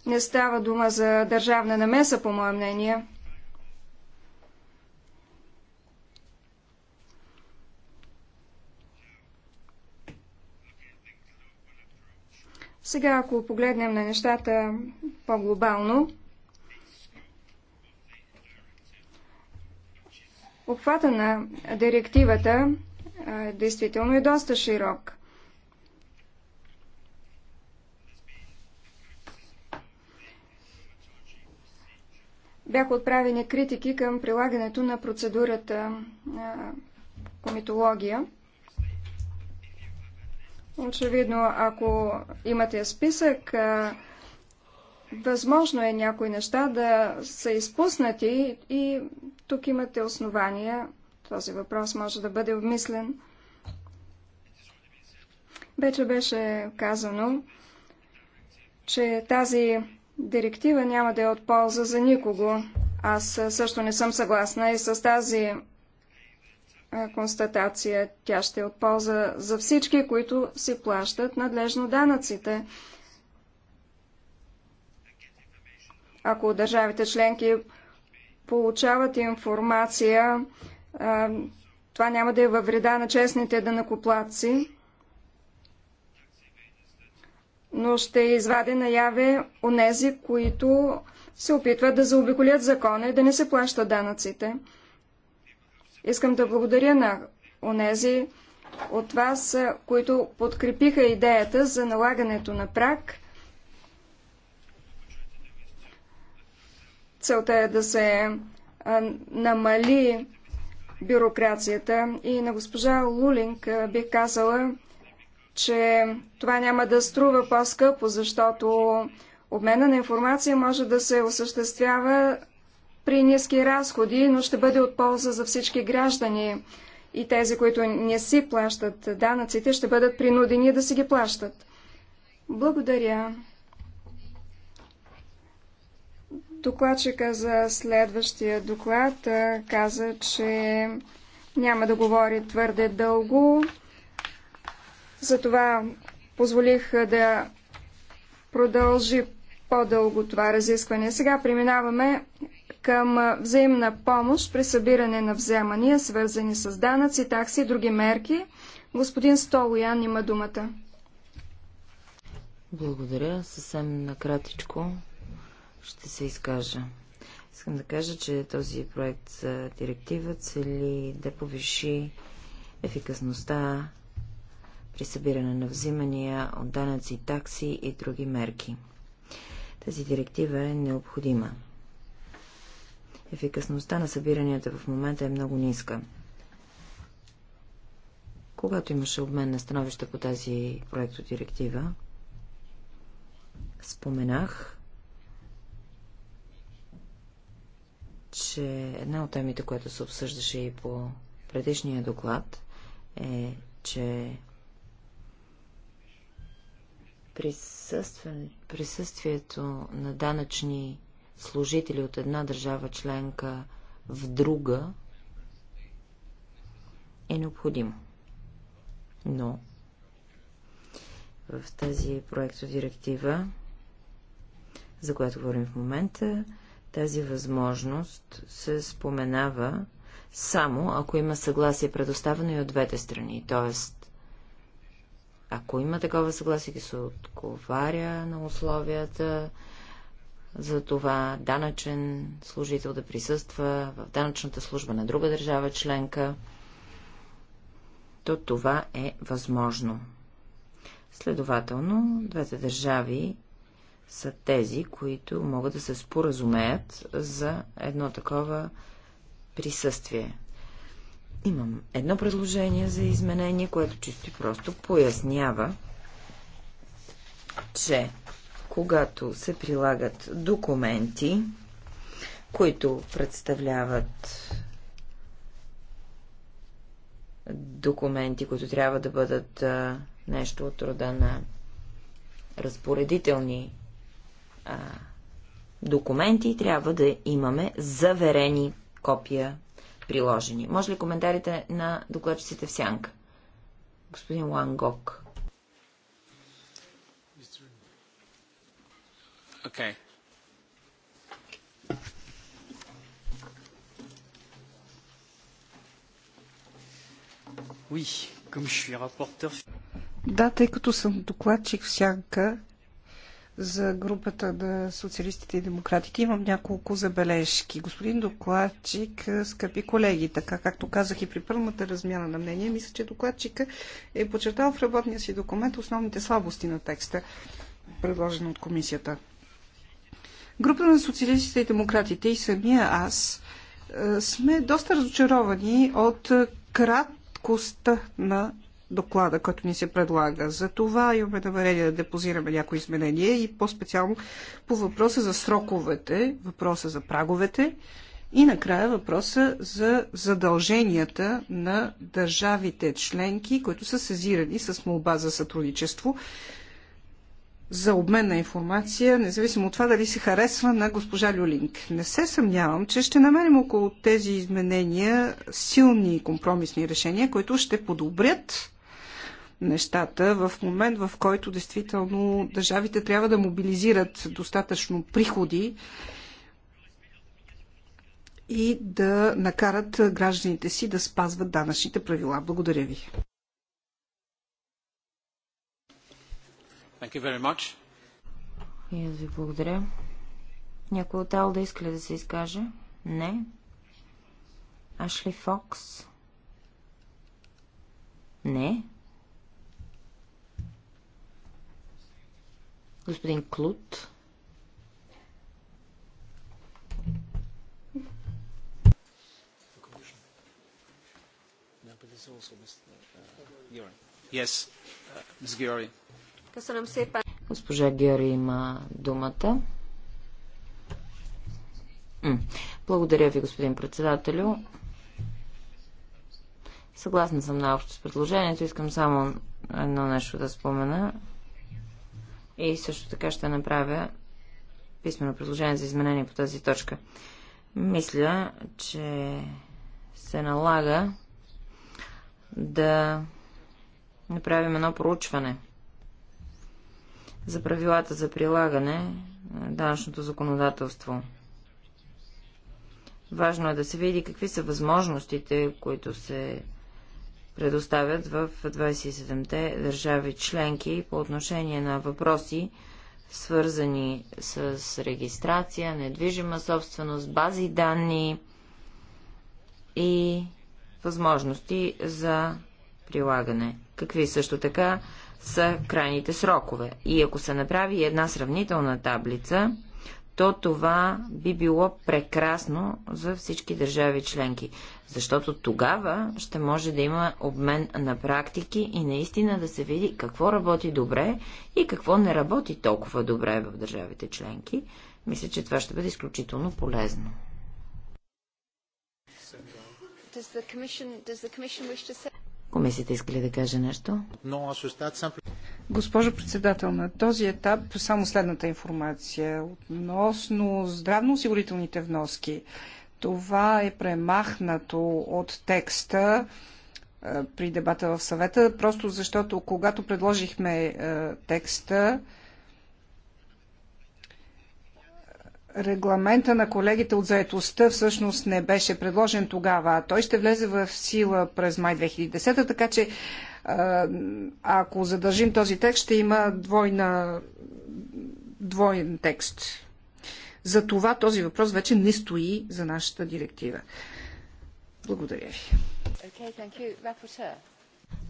D: Не става дума за държавна намеса, по мое мнение. Сега, ако погледнем на нещата по-глобално, обхвата на директивата действително е доста широк. бяха отправени критики към прилагането на процедурата а, комитология. Очевидно, ако имате списък, а, възможно е някои неща да са изпуснати и тук имате основания. Този въпрос може да бъде обмислен. Вече беше казано, че тази директива няма да е от полза за никого. Аз също не съм съгласна и с тази констатация. Тя ще е от полза за всички, които си плащат надлежно данъците. Ако държавите членки получават информация, това няма да е във вреда на честните данъкоплатци но ще извади наяве онези, които се опитват да заобиколят закона и да не се плащат данъците. Искам да благодаря на онези от вас, които подкрепиха идеята за налагането на прак. Целта е да се намали бюрокрацията и на госпожа Лулинг бих казала, че това няма да струва по-скъпо, защото обмена на информация може да се осъществява при ниски разходи, но ще бъде от полза за всички граждани и тези, които не си плащат данъците, ще бъдат принудени да си ги плащат. Благодаря. Докладчика за следващия доклад каза, че няма да говори твърде дълго. Затова позволих да продължи по-дълго това разискване. Сега преминаваме към взаимна помощ при събиране на вземания, свързани с данъци, такси и други мерки. Господин Столоян има думата.
B: Благодаря. Съвсем накратичко ще се изкажа. Искам да кажа, че този проект за директива цели да повиши ефикасността при събиране на взимания от данъци, такси и други мерки. Тази директива е необходима. Ефикасността на събиранията в момента е много ниска. Когато имаше обмен на становища по тази директива. споменах, че една от темите, която се обсъждаше и по предишния доклад, е, че Присъствен... Присъствието на данъчни служители от една държава членка в друга е необходимо. Но в тази проектодиректива, за която говорим в момента, тази възможност се споменава само ако има съгласие предоставено и от двете страни, т.е ако има такова съгласие, ги се отговаря на условията за това данъчен служител да присъства в данъчната служба на друга държава членка, то това е възможно. Следователно, двете държави са тези, които могат да се споразумеят за едно такова присъствие. Имам едно предложение за изменение, което чисто и просто пояснява, че когато се прилагат документи, които представляват документи, които трябва да бъдат нещо от рода на разпоредителни документи, трябва да имаме заверени копия приложени. Може ли коментарите на докладчиците в сянка? Господин Лангок.
A: Okay. Oui, comme je suis rapporteur.
C: Да, тъй като съм докладчик в сянка, за групата на социалистите и демократите имам няколко забележки. Господин докладчик, е, скъпи колеги, така както казах и при първата размяна на мнение, мисля, че докладчика е подчертал в работния си документ основните слабости на текста, предложен от комисията. Групата на социалистите и демократите и самия аз е, сме доста разочаровани от краткостта на доклада, който ни се предлага. За това имаме намерение да депозираме някои изменения и по-специално по въпроса за сроковете, въпроса за праговете и накрая въпроса за задълженията на държавите членки, които са сезирани с молба за сътрудничество за обмен на информация, независимо от това дали се харесва на госпожа Люлинг. Не се съмнявам, че ще намерим около тези изменения силни компромисни решения, които ще подобрят нещата в момент, в който действително държавите трябва да мобилизират достатъчно приходи и да накарат гражданите си да спазват данъчните правила. Благодаря ви. Thank you very much.
B: И аз ви благодаря. Някой от Алда иска ли да се изкаже? Не. Ашли Фокс? Не. Господин Клут. Госпожа Геори има думата. Благодаря ви, господин председателю. Съгласна съм на общо с предложението. Искам само едно нещо да спомена. И също така ще направя писмено предложение за изменение по тази точка. Мисля, че се налага да направим едно проучване за правилата за прилагане на данъчното законодателство. Важно е да се види какви са възможностите, които се предоставят в 27-те държави членки по отношение на въпроси, свързани с регистрация, недвижима собственост, бази данни и възможности за прилагане. Какви също така са крайните срокове. И ако се направи една сравнителна таблица, то това би било прекрасно за всички държави членки, защото тогава ще може да има обмен на практики и наистина да се види какво работи добре и какво не работи толкова добре в държавите членки. Мисля, че това ще бъде изключително полезно. Комисията искали да каже нещо? Госпожо председател, на този
C: етап само следната информация относно здравноосигурителните вноски. Това е премахнато от текста е, при дебата в съвета, просто защото когато предложихме е, текста, регламента на колегите от заетостта всъщност не беше предложен тогава, той ще влезе в сила през май 2010, така че ако задържим този текст, ще има двойна, двоен текст. За това този въпрос вече не стои за нашата директива.
B: Благодаря ви.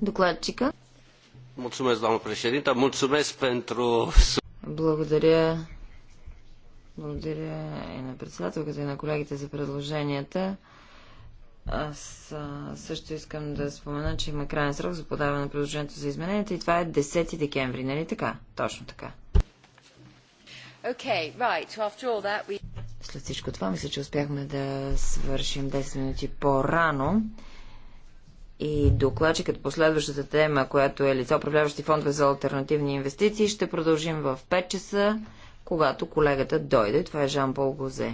B: Докладчика. Благодаря, благодаря и на председателката и на колегите за предложенията. Аз а, също искам да спомена, че има крайен срок за подаване на предложението за измененията и това е 10 декември, нали така? Точно така.
A: Okay, right. After all that, we...
B: След всичко това, мисля, че успяхме да свършим 10 минути по-рано. И докладчикът по следващата тема, която е лица, управляващи фондове за альтернативни инвестиции, ще продължим в 5 часа когато колегата дойде. Това е Жан Пол Гозе.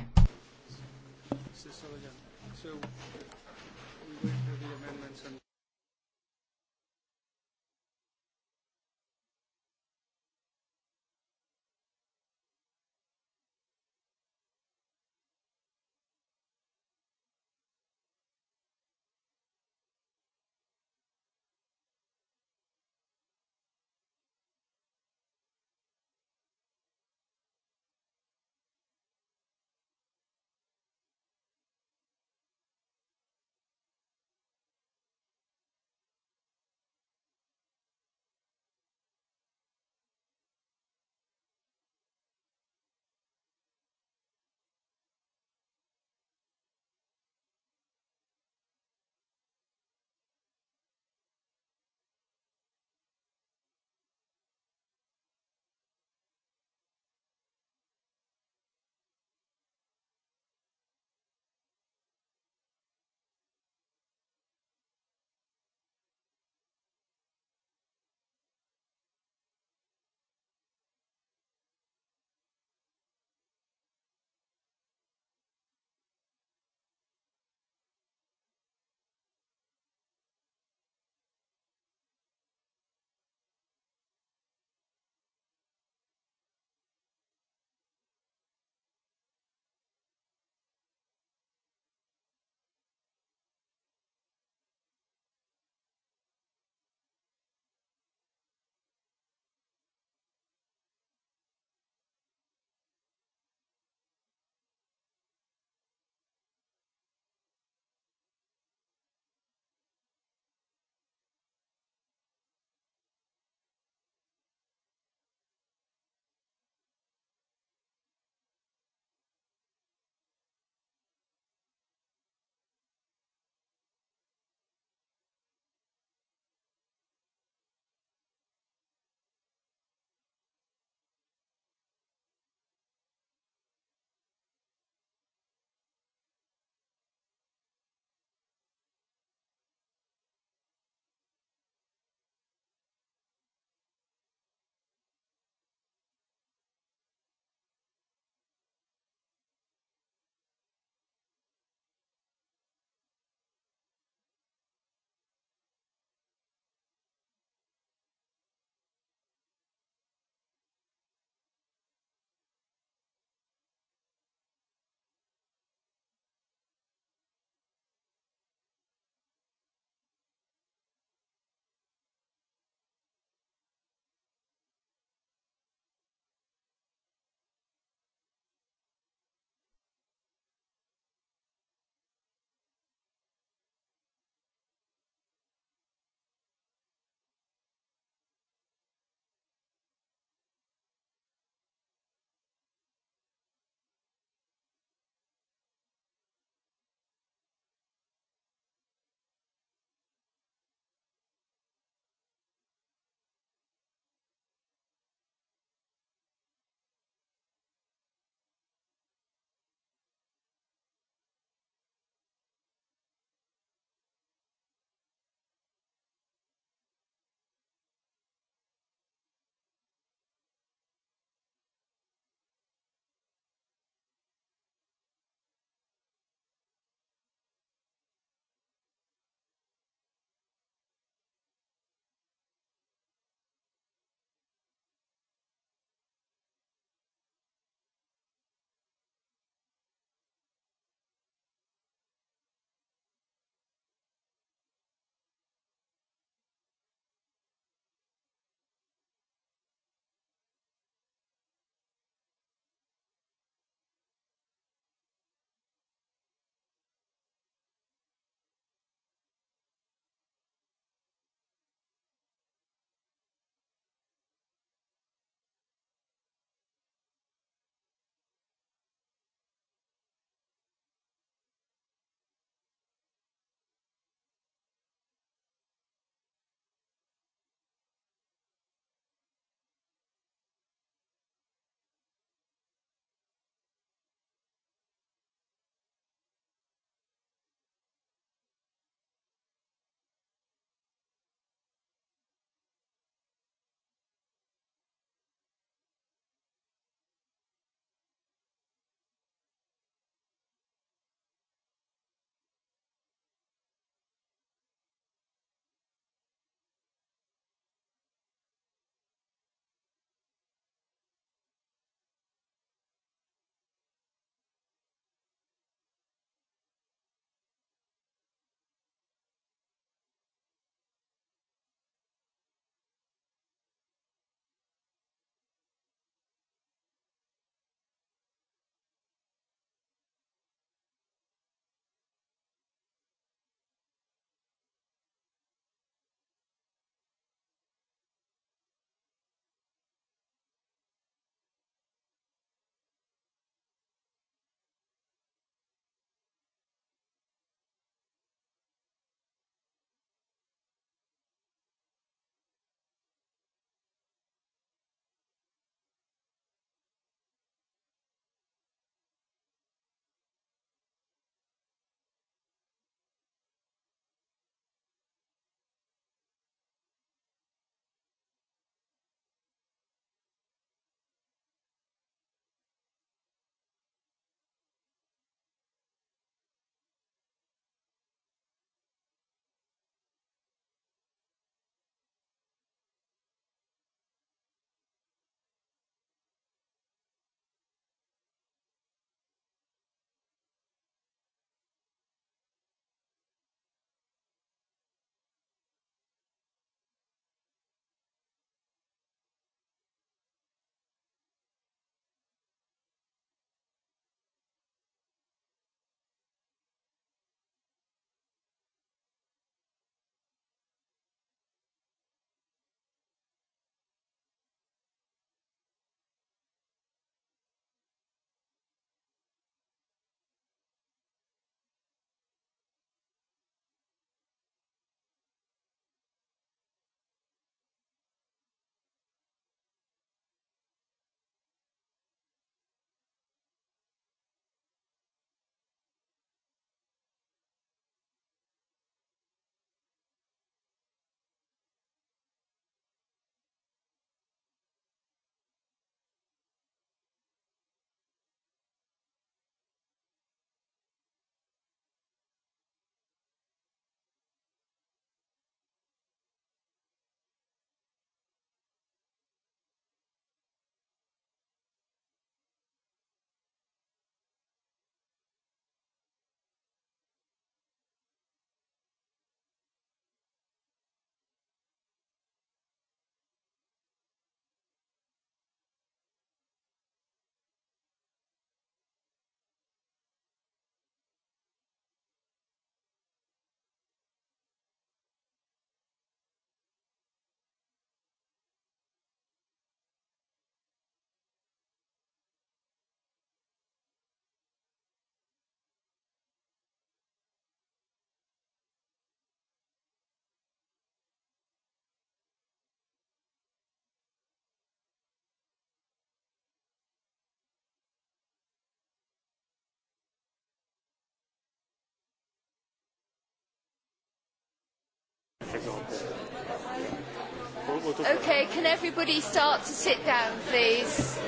A: Okay, can everybody start to sit down, please?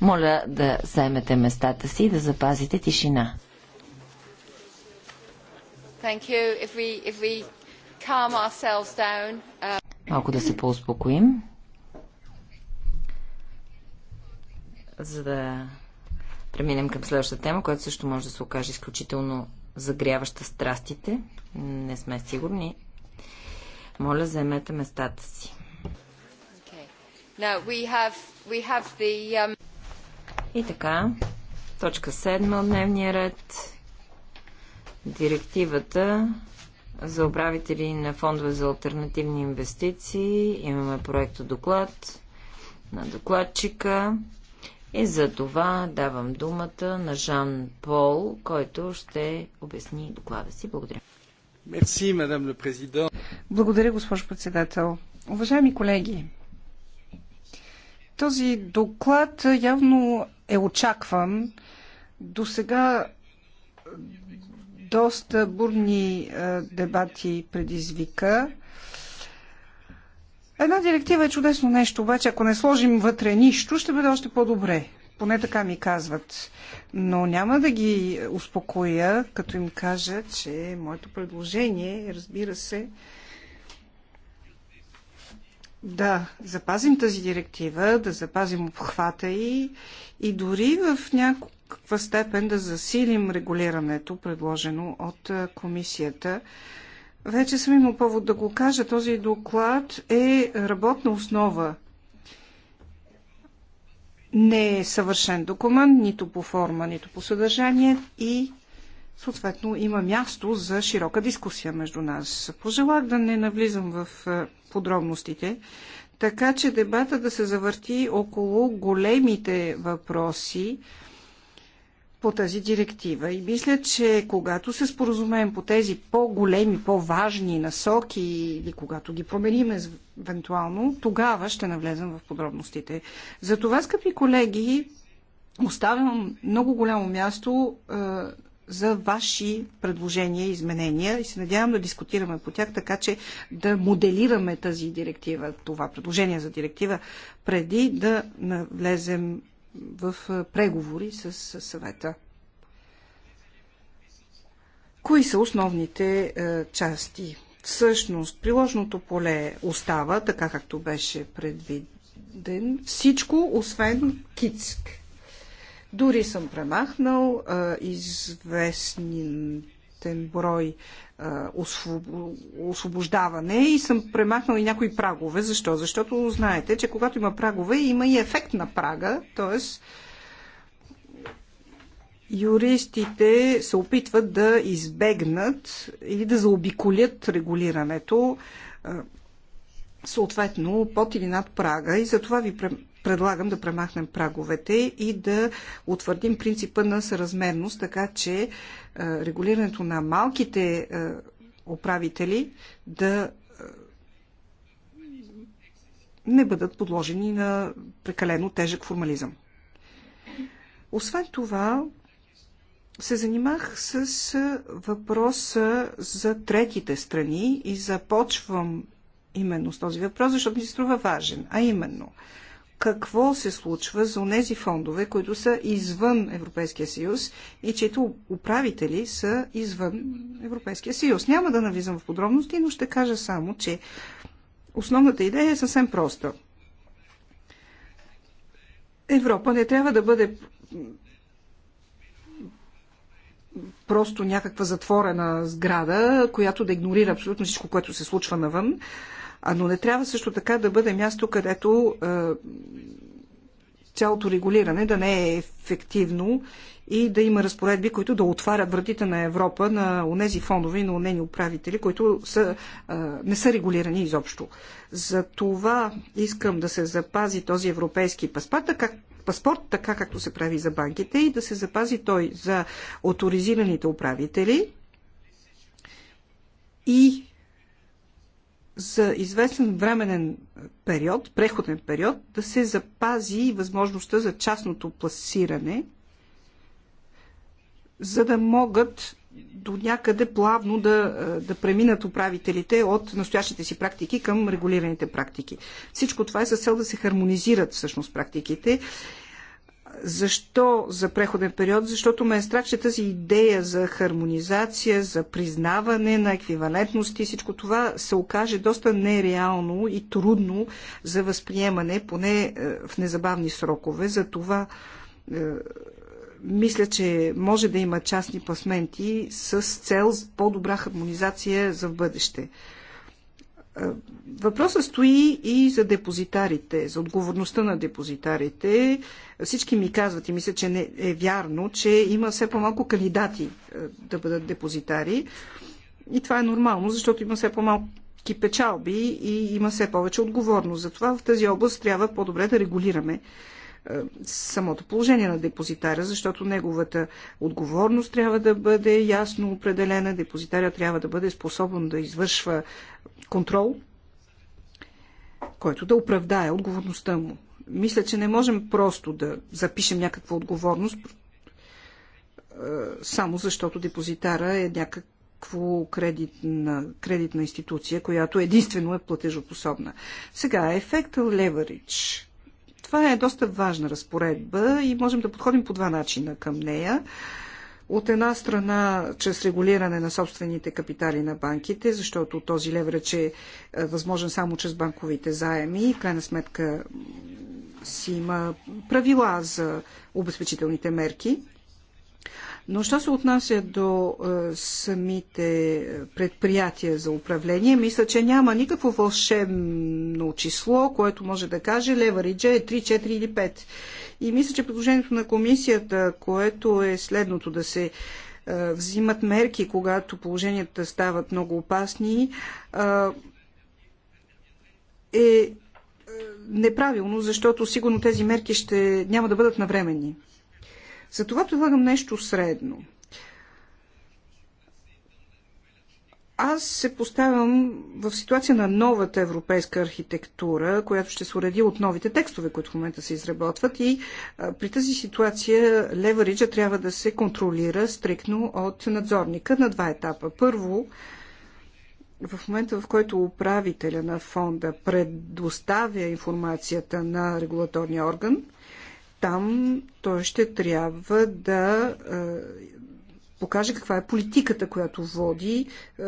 B: Моля да заемете местата си и да запазите тишина.
A: Thank you. If we, if we calm ourselves down, uh...
B: Малко да се по-успокоим. За да преминем към следващата тема, която също може да се окаже изключително загряваща страстите. Не сме сигурни. Моля, заемете местата си.
A: Okay. We have, we have the, um...
B: И така, точка 7 от дневния ред. Директивата за управители на фондове за альтернативни инвестиции. Имаме проекто доклад на докладчика. И за това давам думата на Жан Пол, който ще обясни доклада си. Благодаря. Мерси, мадам ле президент.
C: Благодаря, госпожо председател. Уважаеми колеги, този доклад явно е очакван. До сега доста бурни дебати предизвика. Една директива е чудесно нещо, обаче ако не сложим вътре нищо, ще бъде още по-добре. Поне така ми казват. Но няма да ги успокоя, като им кажа, че моето предложение, е, разбира се, да запазим тази директива, да запазим обхвата и, и дори в някаква степен да засилим регулирането, предложено от комисията. Вече съм имал повод да го кажа. Този доклад е работна основа. Не е съвършен документ, нито по форма, нито по съдържание и съответно има място за широка дискусия между нас. Пожелах да не навлизам в е, подробностите, така че дебата да се завърти около големите въпроси, по тази директива. И мисля, че когато се споразумеем по тези по-големи, по-важни насоки или когато ги променим евентуално, тогава ще навлезем в подробностите. За това, скъпи колеги, оставям много голямо място е, за ваши предложения и изменения и се надявам да дискутираме по тях, така че да моделираме тази директива, това предложение за директива, преди да навлезем в преговори с съвета. Кои са основните части? Всъщност, приложното поле остава, така както беше предвиден, всичко, освен Кицк. Дори съм премахнал а, известен брой освобождаване и съм премахнал и някои прагове. Защо? Защото знаете, че когато има прагове, има и ефект на прага, т.е. юристите се опитват да избегнат или да заобиколят регулирането съответно под или над прага и затова ви предлагам да премахнем праговете и да утвърдим принципа на съразмерност, така че е, регулирането на малките е, управители да е, не бъдат подложени на прекалено тежък формализъм. Освен това, се занимах с въпроса за третите страни и започвам именно с този въпрос, защото ми се струва важен. А именно, какво се случва за тези фондове, които са извън Европейския съюз и чието управители са извън Европейския съюз. Няма да навлизам в подробности, но ще кажа само, че основната идея е съвсем проста. Европа не трябва да бъде просто някаква затворена сграда, която да игнорира абсолютно всичко, което се случва навън. А, но не трябва също така да бъде място, където е, цялото регулиране да не е ефективно и да има разпоредби, които да отварят вратите на Европа на онези фондове и на онени управители, които са, е, не са регулирани изобщо. За това искам да се запази този европейски паспорт, така, паспорт, така както се прави за банките и да се запази той за авторизираните управители и за известен временен период, преходен период, да се запази възможността за частното пласиране, за да могат до някъде плавно да, да преминат управителите от настоящите си практики към регулираните практики. Всичко това е с цел да се хармонизират всъщност практиките защо за преходен период? Защото ме е страх, че тази идея за хармонизация, за признаване на еквивалентности, всичко това се окаже доста нереално и трудно за възприемане, поне е, в незабавни срокове. За това е, мисля, че може да има частни пасменти с цел по-добра хармонизация за в бъдеще. Е, въпросът стои и за депозитарите, за отговорността на депозитарите. Всички ми казват и мисля, че не е вярно, че има все по-малко кандидати е, да бъдат депозитари. И това е нормално, защото има все по-малки печалби и има все повече отговорност. Затова в тази област трябва по-добре да регулираме е, самото положение на депозитара, защото неговата отговорност трябва да бъде ясно определена, депозитаря трябва да бъде способен да извършва контрол, който да оправдае отговорността му. Мисля, че не можем просто да запишем някаква отговорност, е, само защото депозитара е някакво кредитна, кредитна институция, която единствено е платежоспособна. Сега, ефектът леверидж това е доста важна разпоредба и можем да подходим по два начина към нея. От една страна, чрез регулиране на собствените капитали на банките, защото този левреч е възможен само чрез банковите заеми и в крайна сметка си има правила за обезпечителните мерки – но що се отнася до е, самите предприятия за управление, мисля, че няма никакво вълшебно число, което може да каже левариджа е 3, 4 или 5. И мисля, че предложението на комисията, което е следното да се е, взимат мерки, когато положенията стават много опасни, е, е, е неправилно, защото сигурно тези мерки ще няма да бъдат навременни. Затова предлагам нещо средно. аз се поставям в ситуация на новата европейска архитектура, която ще се уреди от новите текстове, които в момента се изработват и а, при тази ситуация левериджа трябва да се контролира стрикно от надзорника на два етапа. Първо, в момента в който управителя на фонда предоставя информацията на регулаторния орган, там той ще трябва да е, покаже каква е политиката, която води, е,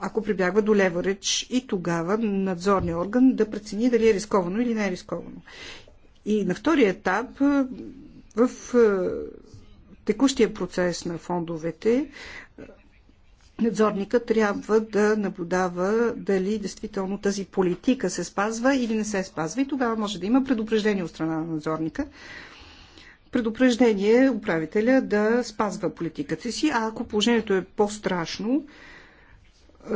C: ако прибягва до леверидж и тогава надзорния орган да прецени дали е рисковано или не е рисковано. И на втория етап е, в текущия процес на фондовете надзорника трябва да наблюдава дали действително тази политика се спазва или не се спазва. И тогава може да има предупреждение от страна на надзорника. Предупреждение управителя да спазва политиката си, а ако положението е по-страшно, е,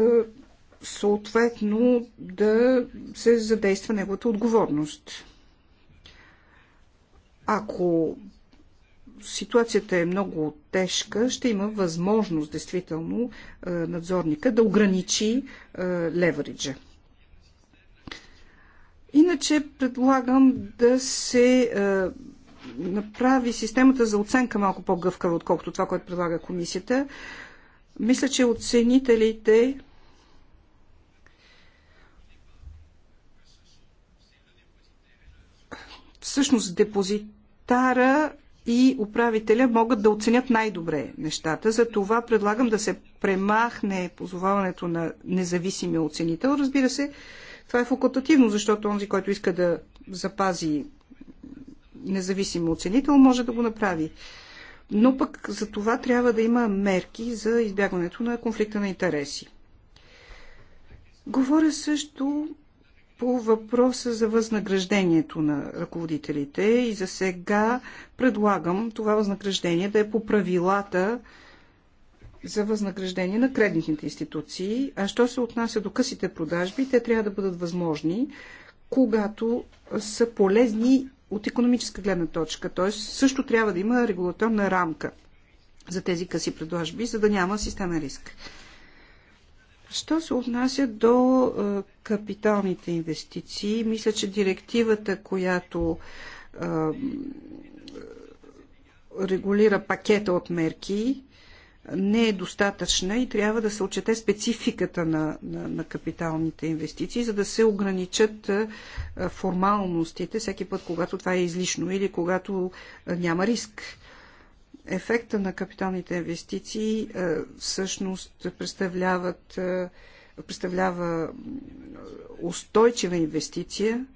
C: съответно да се задейства неговата отговорност. Ако ситуацията е много тежка, ще има възможност, действително, е, надзорника да ограничи е, левериджа. Иначе предлагам да се е, направи системата за оценка малко по-гъвкава, отколкото това, което предлага комисията. Мисля, че оценителите всъщност депозитара и управителя могат да оценят най-добре нещата. За това предлагам да се премахне позоваването на независимия оценител. Разбира се, това е факултативно, защото онзи, който иска да запази независим оценител, може да го направи. Но пък за това трябва да има мерки за избягването на конфликта на интереси. Говоря също по въпроса за възнаграждението на ръководителите и за сега предлагам това възнаграждение да е по правилата за възнаграждение на кредитните институции, а що се отнася до късите продажби, те трябва да бъдат възможни, когато са полезни от економическа гледна точка. Т.е. също трябва да има регулаторна рамка за тези къси продажби, за да няма системен риск. Що се отнася до е, капиталните инвестиции, мисля, че директивата, която е, регулира пакета от мерки, не е достатъчна и трябва да се отчете спецификата на, на, на капиталните инвестиции, за да се ограничат е, формалностите всеки път, когато това е излишно или когато няма риск ефекта на капиталните инвестиции е, всъщност представляват, е, представлява устойчива инвестиция.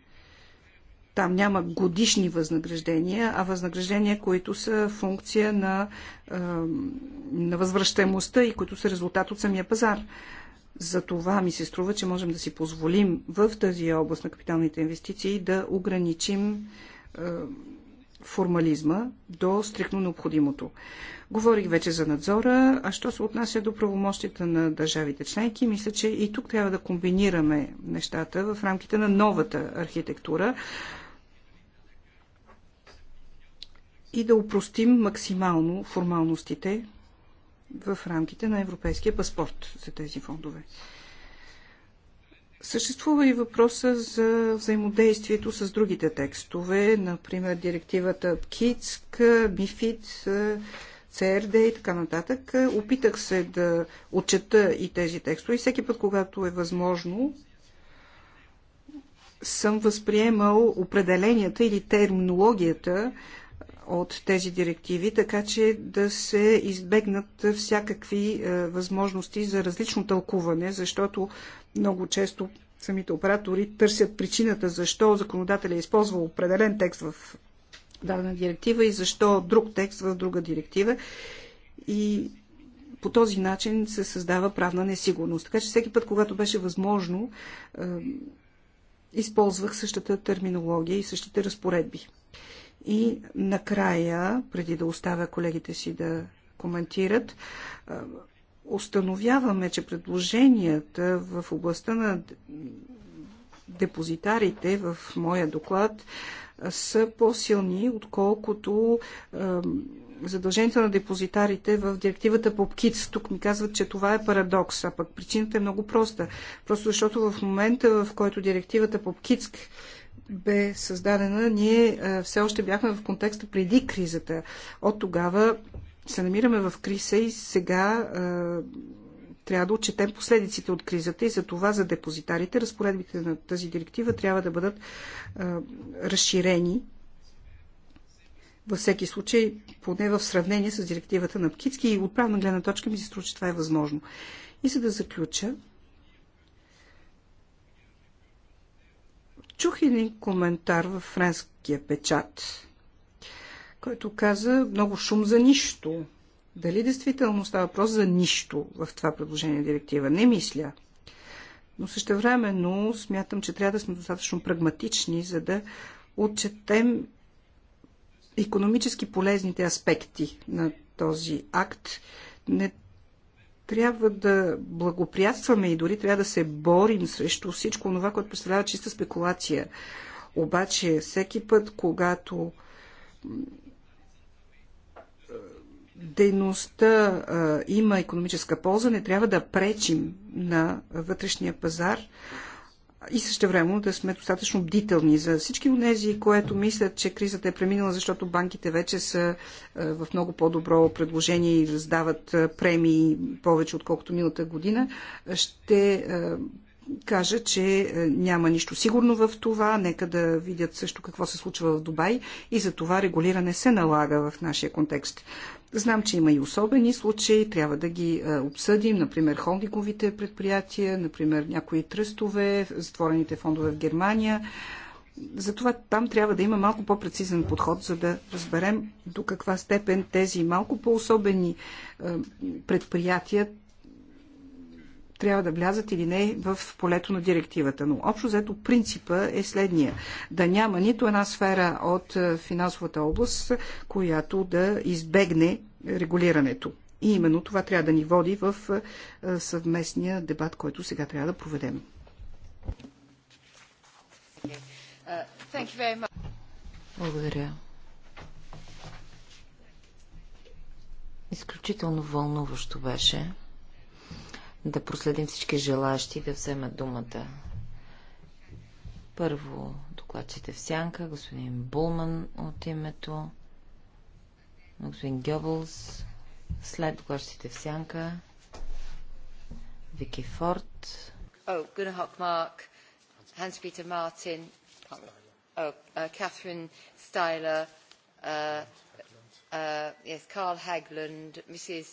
C: Там няма годишни възнаграждения, а възнаграждения, които са функция на, е, на възвръщаемостта и които са резултат от самия пазар. За това ми се струва, че можем да си позволим в тази област на капиталните инвестиции да ограничим формализма до стрикно необходимото. Говорих вече за надзора, а що се отнася до правомощите на държавите членки, мисля, че и тук трябва да комбинираме нещата в рамките на новата архитектура и да упростим максимално формалностите в рамките на европейския паспорт за тези фондове. Съществува и въпроса за взаимодействието с другите текстове, например директивата КИЦК, БИФИД, ЦРД и така нататък. Опитах се да отчета и тези текстове и всеки път, когато е възможно, съм възприемал определенията или терминологията от тези директиви, така че да се избегнат всякакви е, възможности за различно тълкуване, защото много често самите оператори търсят причината защо законодателя е използвал определен текст в дадена директива и защо друг текст в друга директива. И по този начин се създава правна несигурност. Така че всеки път, когато беше възможно, е, използвах същата терминология и същите разпоредби. И накрая, преди да оставя колегите си да коментират, е, установяваме, че предложенията в областта на депозитарите в моя доклад са по-силни, отколкото задълженията на депозитарите в директивата по ПКИЦ. Тук ми казват, че това е парадокс, а пък причината е много проста. Просто защото в момента, в който директивата по ПКИЦ бе създадена, ние все още бяхме в контекста преди кризата. От тогава се намираме в криза и сега а, трябва да отчетем последиците от кризата и за това за депозитарите разпоредбите на тази директива трябва да бъдат а, разширени във всеки случай, поне в сравнение с директивата на Пкицки и от правна гледна точка ми се струва, че това е възможно. И за да заключа, чух един коментар във френския печат, който каза много шум за нищо. Дали действително става въпрос за нищо в това предложение директива? Не мисля. Но същевременно смятам, че трябва да сме достатъчно прагматични, за да отчетем економически полезните аспекти на този акт. Не трябва да благоприятстваме и дори трябва да се борим срещу всичко това, което представлява чиста спекулация. Обаче всеки път, когато дейността а, има економическа полза, не трябва да пречим на вътрешния пазар и също време да сме достатъчно бдителни за всички от тези, което мислят, че кризата е преминала, защото банките вече са в много по-добро предложение и раздават премии повече, отколкото миналата година. Ще кажа, че няма нищо сигурно в това. Нека да видят също какво се случва в Дубай и за това регулиране се налага в нашия контекст. Знам, че има и особени случаи, трябва да ги е, обсъдим, например холдинговите предприятия, например някои тръстове, затворените фондове в Германия. Затова там трябва да има малко по-прецизен подход, за да разберем до каква степен тези малко по-особени е, предприятия трябва да влязат или не в полето на директивата. Но общо взето принципа е следния. Да няма нито една сфера от е, финансовата област, която да избегне регулирането. И именно това трябва да ни води в е, е, съвместния дебат, който сега трябва да проведем.
B: Благодаря. Изключително вълнуващо беше да проследим всички желащи да вземат думата. Първо докладчите в сянка, господин Булман от името, господин Гьобълс, след докладчите в сянка, Вики Форд.
A: О, Гуна Ханс Питер Мартин, Катрин Стайлер, yes, Carl Haglund, Mrs.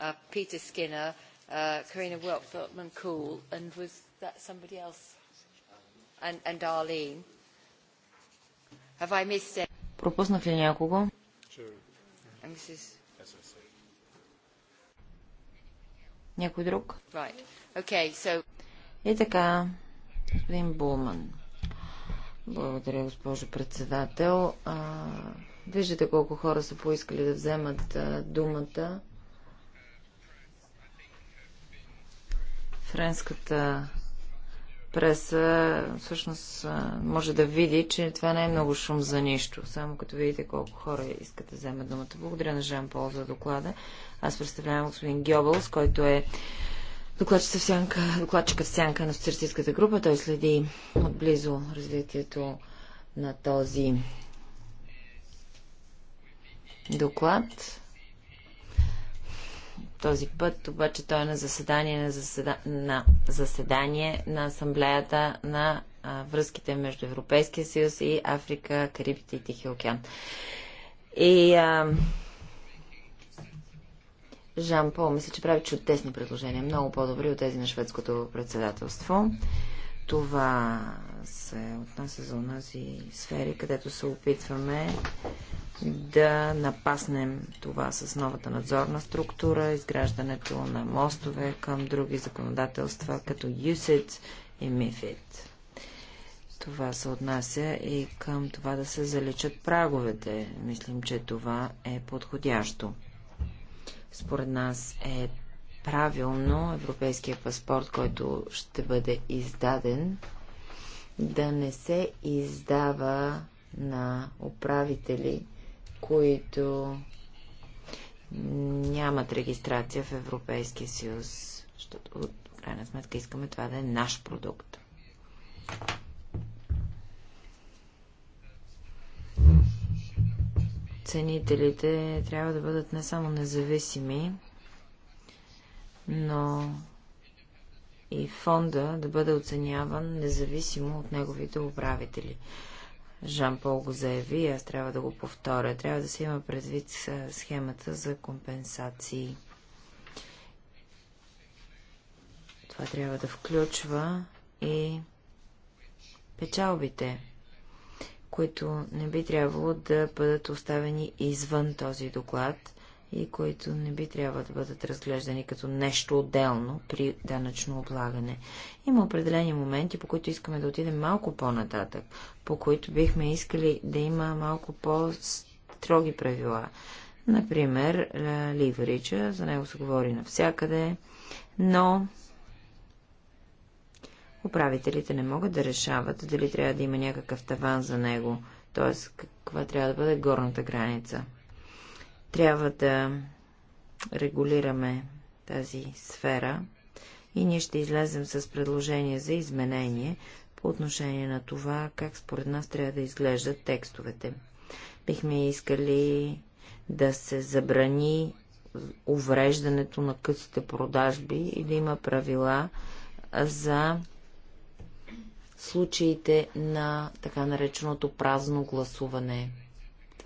A: Uh, Peter Skinner, uh, Karina Wortman Cool, and was that somebody else? And, and Arlene. Have I missed it?
B: Пропуснах ли някого? Някой друг?
A: Right. Okay, so...
B: И така, господин Булман. Благодаря, госпожо председател. А, виждате колко хора са поискали да вземат а, думата. френската преса всъщност може да види, че това не е много шум за нищо. Само като видите колко хора искат да вземат думата. Благодаря на Жан Пол за доклада. Аз представлявам господин Гьобълс, който е докладчика в сянка, на социалистическата група. Той следи отблизо развитието на този доклад. Този път обаче той е на заседание на, заседа... на, заседание на Асамблеята на а, връзките между Европейския съюз и Африка, Карибите и Тихи океан. И а... Жан Пол мисля, че прави чудесни предложения, много по-добри от тези на шведското председателство. Това се отнася за онази сфери, където се опитваме да напаснем това с новата надзорна структура, изграждането на мостове към други законодателства, като USIT и MIFID. Това се отнася и към това да се заличат праговете. Мислим, че това е подходящо. Според нас е правилно европейския паспорт, който ще бъде издаден, да не се издава на управители, които нямат регистрация в Европейския съюз, защото от крайна сметка искаме това да е наш продукт. Ценителите трябва да бъдат не само независими, но и фонда да бъде оценяван независимо от неговите управители. Жан Пол го заяви, аз трябва да го повторя. Трябва да се има предвид схемата за компенсации. Това трябва да включва и печалбите, които не би трябвало да бъдат оставени извън този доклад и които не би трябва да бъдат разглеждани като нещо отделно при данъчно облагане. Има определени моменти, по които искаме да отидем малко по-нататък, по които бихме искали да има малко по-строги правила. Например, е, ливерича, за него се говори навсякъде, но управителите не могат да решават дали трябва да има някакъв таван за него, т.е. каква трябва да бъде горната граница. Трябва да регулираме тази сфера и ние ще излезем с предложение за изменение по отношение на това, как според нас трябва да изглеждат текстовете. Бихме искали да се забрани увреждането на късите продажби и да има правила за случаите на така нареченото празно гласуване.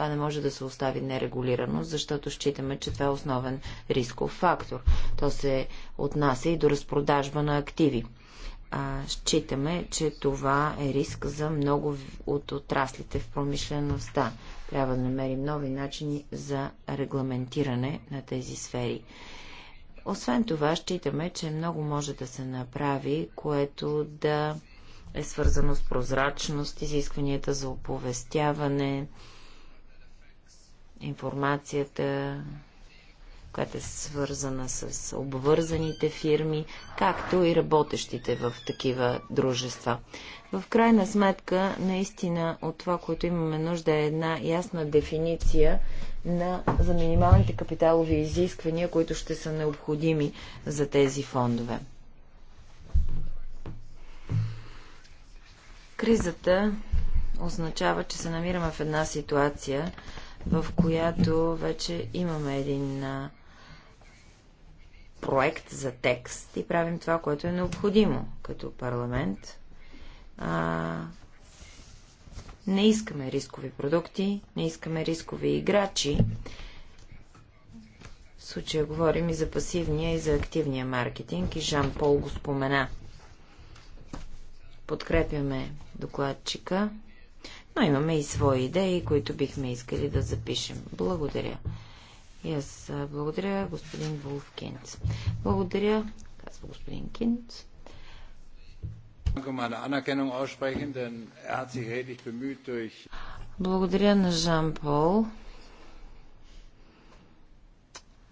B: Това не може да се остави нерегулирано, защото считаме, че това е основен рисков фактор. То се отнася и до разпродажба на активи. А, считаме, че това е риск за много от отраслите в промишлеността. Трябва да намерим нови начини за регламентиране на тези сфери. Освен това, считаме, че много може да се направи, което да е свързано с прозрачност, изискванията за оповестяване, информацията, която е свързана с обвързаните фирми, както и работещите в такива дружества. В крайна сметка, наистина от това, което имаме нужда е една ясна дефиниция на, за минималните капиталови изисквания, които ще са необходими за тези фондове. Кризата означава, че се намираме в една ситуация, в която вече имаме един проект за текст и правим това, което е необходимо като парламент. А, не искаме рискови продукти, не искаме рискови играчи. В случая говорим и за пасивния и за активния маркетинг и Жан Пол го спомена. Подкрепяме докладчика но имаме и свои идеи, които бихме искали да запишем. Благодаря. И аз благодаря господин Вулф Кинц. Благодаря, казва господин Кинц. Er благодаря на Жан Пол.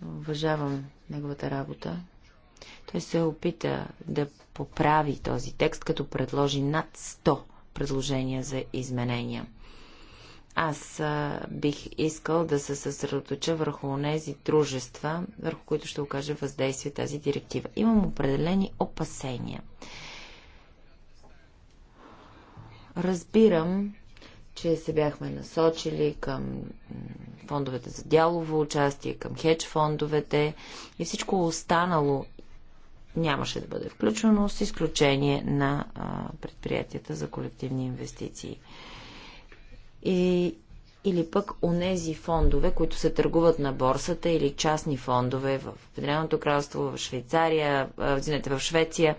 B: Уважавам неговата работа. Той се опита да поправи този текст, като предложи над 100 предложения за изменения. Аз а, бих искал да се съсредоточа върху тези дружества, върху които ще окаже въздействие тази директива. Имам определени опасения. Разбирам, че се бяхме насочили към фондовете за дялово участие, към хедж фондовете и всичко останало нямаше да бъде включено, с изключение на предприятията за колективни инвестиции. И, или пък онези фондове, които се търгуват на борсата или частни фондове в Федералното кралство, в Швейцария, в Швеция,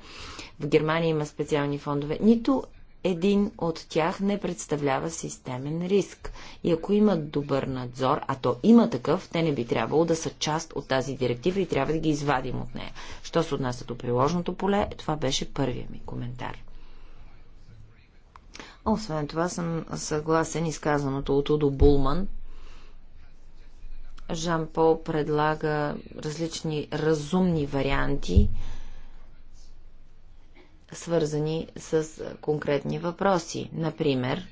B: в Германия има специални фондове. Нито един от тях не представлява системен риск. И ако имат добър надзор, а то има такъв, те не би трябвало да са част от тази директива и трябва да ги извадим от нея. Що се отнася до приложното поле, е, това беше първия ми коментар. Освен това съм съгласен изказаното от Удо Булман. Жан Пол предлага различни разумни варианти, свързани с конкретни въпроси. Например,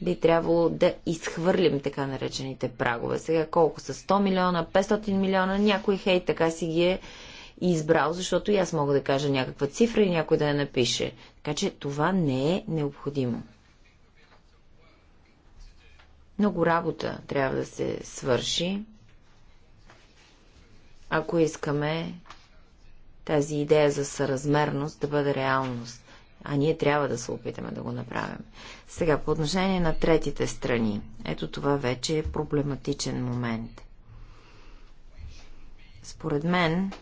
B: би трябвало да изхвърлим така наречените прагове. Сега колко са? 100 милиона, 500 милиона, някой хей така си ги е избрал, защото и аз мога да кажа някаква цифра и някой да я напише. Така че това не е необходимо. Много работа трябва да се свърши, ако искаме тази идея за съразмерност да бъде реалност. А ние трябва да се опитаме да го направим. Сега, по отношение на третите страни. Ето това вече е проблематичен момент. Според мен,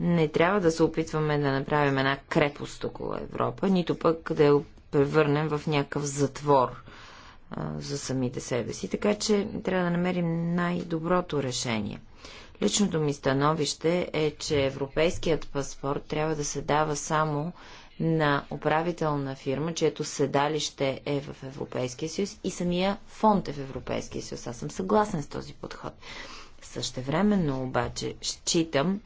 B: не трябва да се опитваме да направим една крепост около Европа, нито пък да я превърнем в някакъв затвор а, за самите себе си. Така че трябва да намерим най-доброто решение. Личното ми становище е, че европейският паспорт трябва да се дава само на управителна фирма, чието седалище е в Европейския съюз и самия фонд е в Европейския съюз. Аз съм съгласен с този подход. Същевременно обаче считам,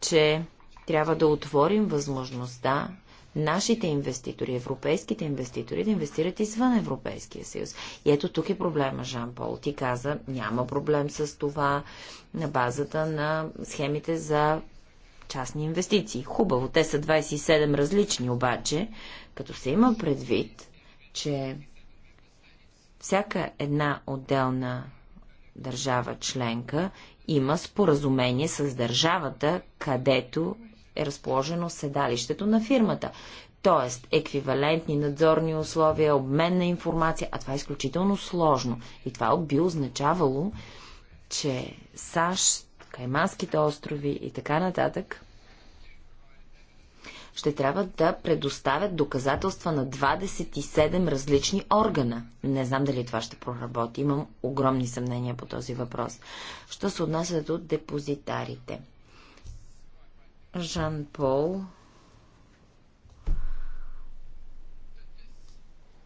B: че трябва да отворим възможността нашите инвеститори, европейските инвеститори да инвестират извън Европейския съюз. И ето тук е проблема, Жан Пол. Ти каза, няма проблем с това на базата на схемите за частни инвестиции. Хубаво, те са 27 различни обаче, като се има предвид, че всяка една отделна държава членка има споразумение с държавата, където е разположено седалището на фирмата. Тоест, еквивалентни надзорни условия, обмен на информация, а това е изключително сложно. И това би означавало, че САЩ, Кайманските острови и така нататък ще трябва да предоставят доказателства на 27 различни органа. Не знам дали това ще проработи. Имам огромни съмнения по този въпрос. Що се отнася до депозитарите? Жан Пол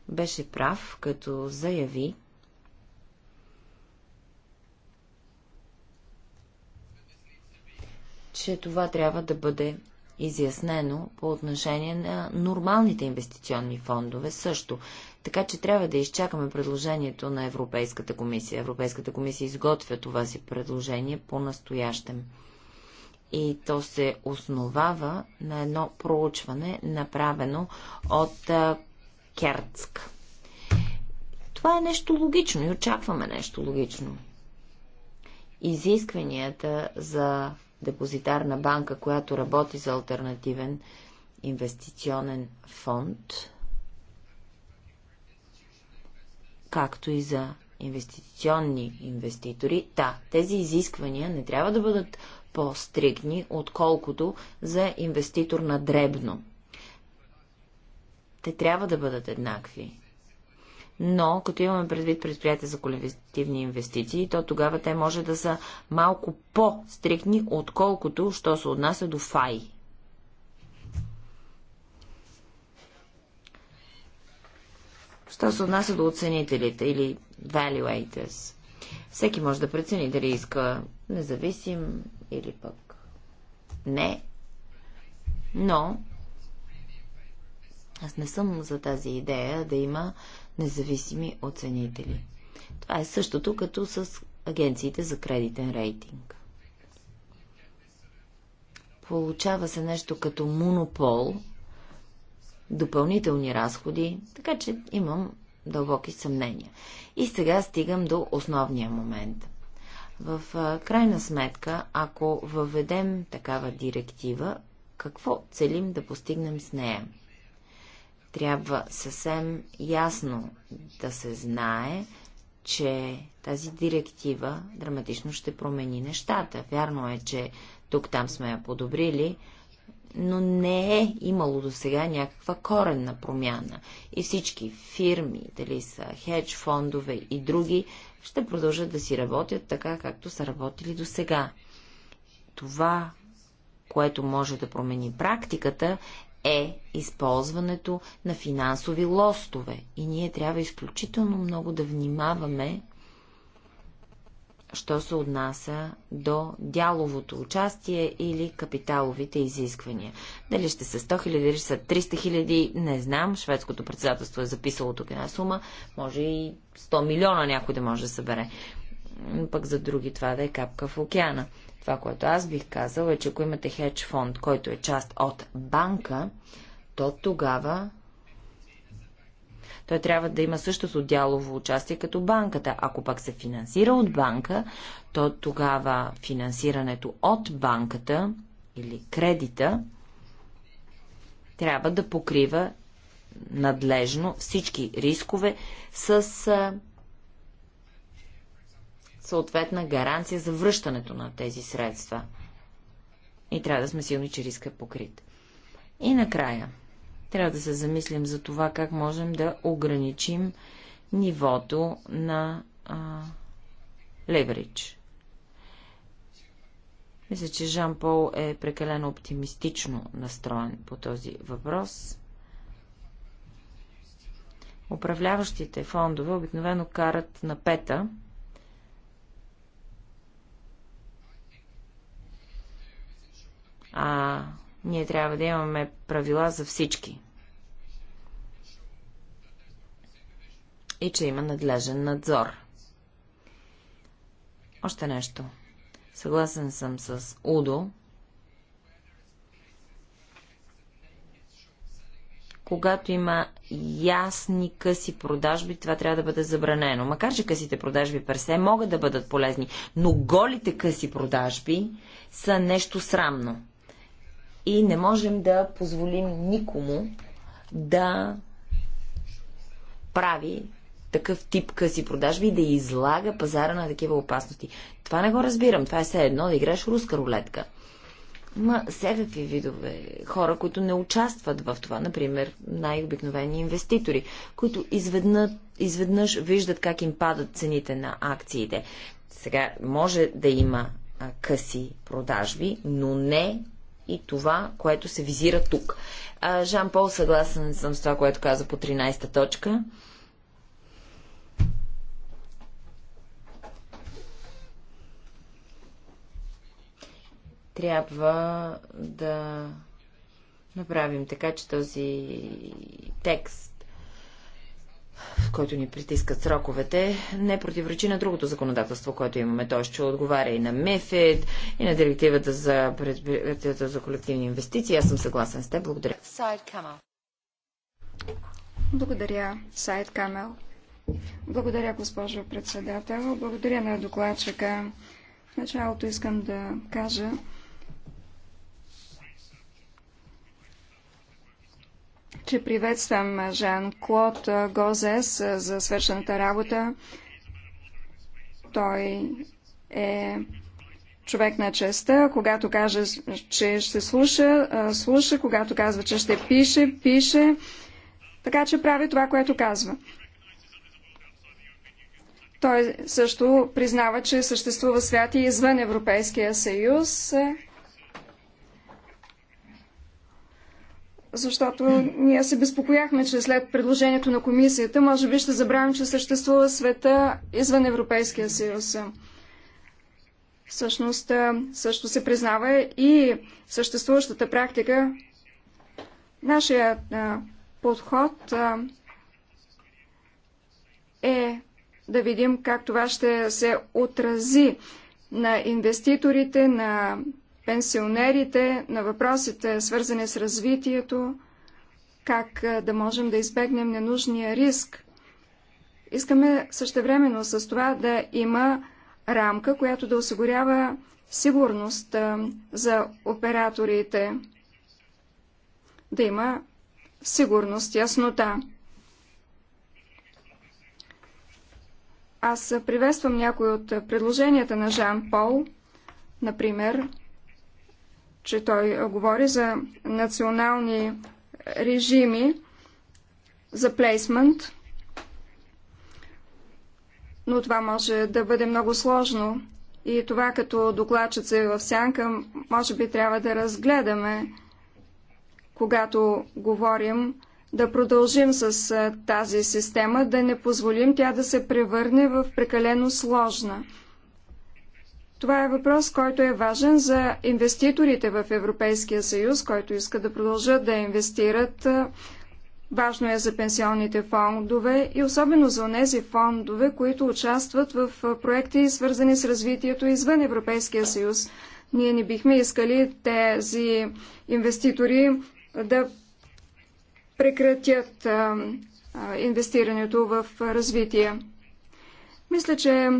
B: беше прав, като заяви, че това трябва да бъде изяснено по отношение на нормалните инвестиционни фондове също. Така че трябва да изчакаме предложението на Европейската комисия. Европейската комисия изготвя това си предложение по-настоящем и то се основава на едно проучване, направено от Керцк. Това е нещо логично и очакваме нещо логично. Изискванията за депозитарна банка, която работи за альтернативен инвестиционен фонд, както и за инвестиционни инвеститори. Да, тези изисквания не трябва да бъдат по-стригни, отколкото за инвеститор на дребно. Те трябва да бъдат еднакви. Но, като имаме предвид предприятия за колективни инвестиции, то тогава те може да са малко по-стрикни, отколкото, що се отнася до фай. Що се отнася до оценителите или valuators? Всеки може да прецени дали иска независим или пък не. Но аз не съм за тази идея да има независими оценители. Това е същото като с агенциите за кредитен рейтинг. Получава се нещо като монопол, допълнителни разходи, така че имам дълбоки съмнения. И сега стигам до основния момент. В крайна сметка, ако въведем такава директива, какво целим да постигнем с нея? Трябва съвсем ясно да се знае, че тази директива драматично ще промени нещата. Вярно е, че тук-там сме я подобрили, но не е имало до сега някаква коренна промяна. И всички фирми, дали са хедж фондове и други, ще продължат да си работят така, както са работили до сега. Това, което може да промени практиката, е използването на финансови лостове. И ние трябва изключително много да внимаваме що се отнася до дяловото участие или капиталовите изисквания. Дали ще са 100 хиляди, дали ще са 300 хиляди, не знам. Шведското председателство е записало тук една сума. Може и 100 милиона някой да може да събере. Пък за други това да е капка в океана. Това, което аз бих казал е, че ако имате хедж фонд, който е част от банка, то тогава той трябва да има същото дялово участие като банката. Ако пък се финансира от банка, то тогава финансирането от банката или кредита трябва да покрива надлежно всички рискове с съответна гаранция за връщането на тези средства. И трябва да сме силни, че риска е покрит. И накрая, трябва да се замислим за това как можем да ограничим нивото на леверидж. Мисля, че Жан Пол е прекалено оптимистично настроен по този въпрос. Управляващите фондове обикновено карат на пета. А ние трябва да имаме правила за всички. и че има надлежен надзор. Още нещо. Съгласен съм с Удо. Когато има ясни къси продажби, това трябва да бъде забранено. Макар, че късите продажби персе могат да бъдат полезни, но голите къси продажби са нещо срамно. И не можем да позволим никому да прави такъв тип къси продажби и да излага пазара на такива опасности. Това не го разбирам. Това е все едно да играеш руска рулетка. Има всякакви видове хора, които не участват в това. Например, най-обикновени инвеститори, които изведнъж, изведнъж виждат как им падат цените на акциите. Сега може да има а, къси продажби, но не и това, което се визира тук. Жан Пол съгласен съм с това, което каза по 13-та точка. трябва да направим така, че този текст, в който ни притискат сроковете, не противоречи на другото законодателство, което имаме. То ще отговаря и на МЕФЕД, и на директивата за, предприятията за колективни инвестиции. Аз съм съгласен с теб. Благодаря.
A: Сайд камел.
D: Благодаря, Сайд Камел. Благодаря, госпожо председател. Благодаря на докладчика. В началото искам да кажа, че приветствам Жан-Клод Гозес за свършената работа. Той е човек на честа. Когато каже, че ще слуша, слуша. Когато казва, че ще пише, пише. Така че прави това, което казва. Той също признава, че съществува свят и извън Европейския съюз защото ние се безпокояхме, че след предложението на комисията, може би ще забравим, че съществува света извън Европейския съюз. Всъщност също се признава и съществуващата практика. Нашият подход е да видим как това ще се отрази на инвеститорите, на пенсионерите, на въпросите, свързани с развитието, как да можем да избегнем ненужния риск. Искаме същевременно с това да има рамка, която да осигурява сигурност за операторите, да има сигурност, яснота. Аз приветствам някои от предложенията на Жан Пол, например, че той говори за национални режими за плейсмент, но това може да бъде много сложно. И това като докладчица е в сянка, може би трябва да разгледаме, когато говорим да продължим с тази система, да не позволим тя да се превърне в прекалено сложна. Това е въпрос, който е важен за инвеститорите в Европейския съюз, който искат да продължат да инвестират. Важно е за пенсионните фондове и особено за тези фондове, които участват в проекти, свързани с развитието извън Европейския съюз. Ние не бихме искали тези инвеститори да прекратят инвестирането в развитие. Мисля, че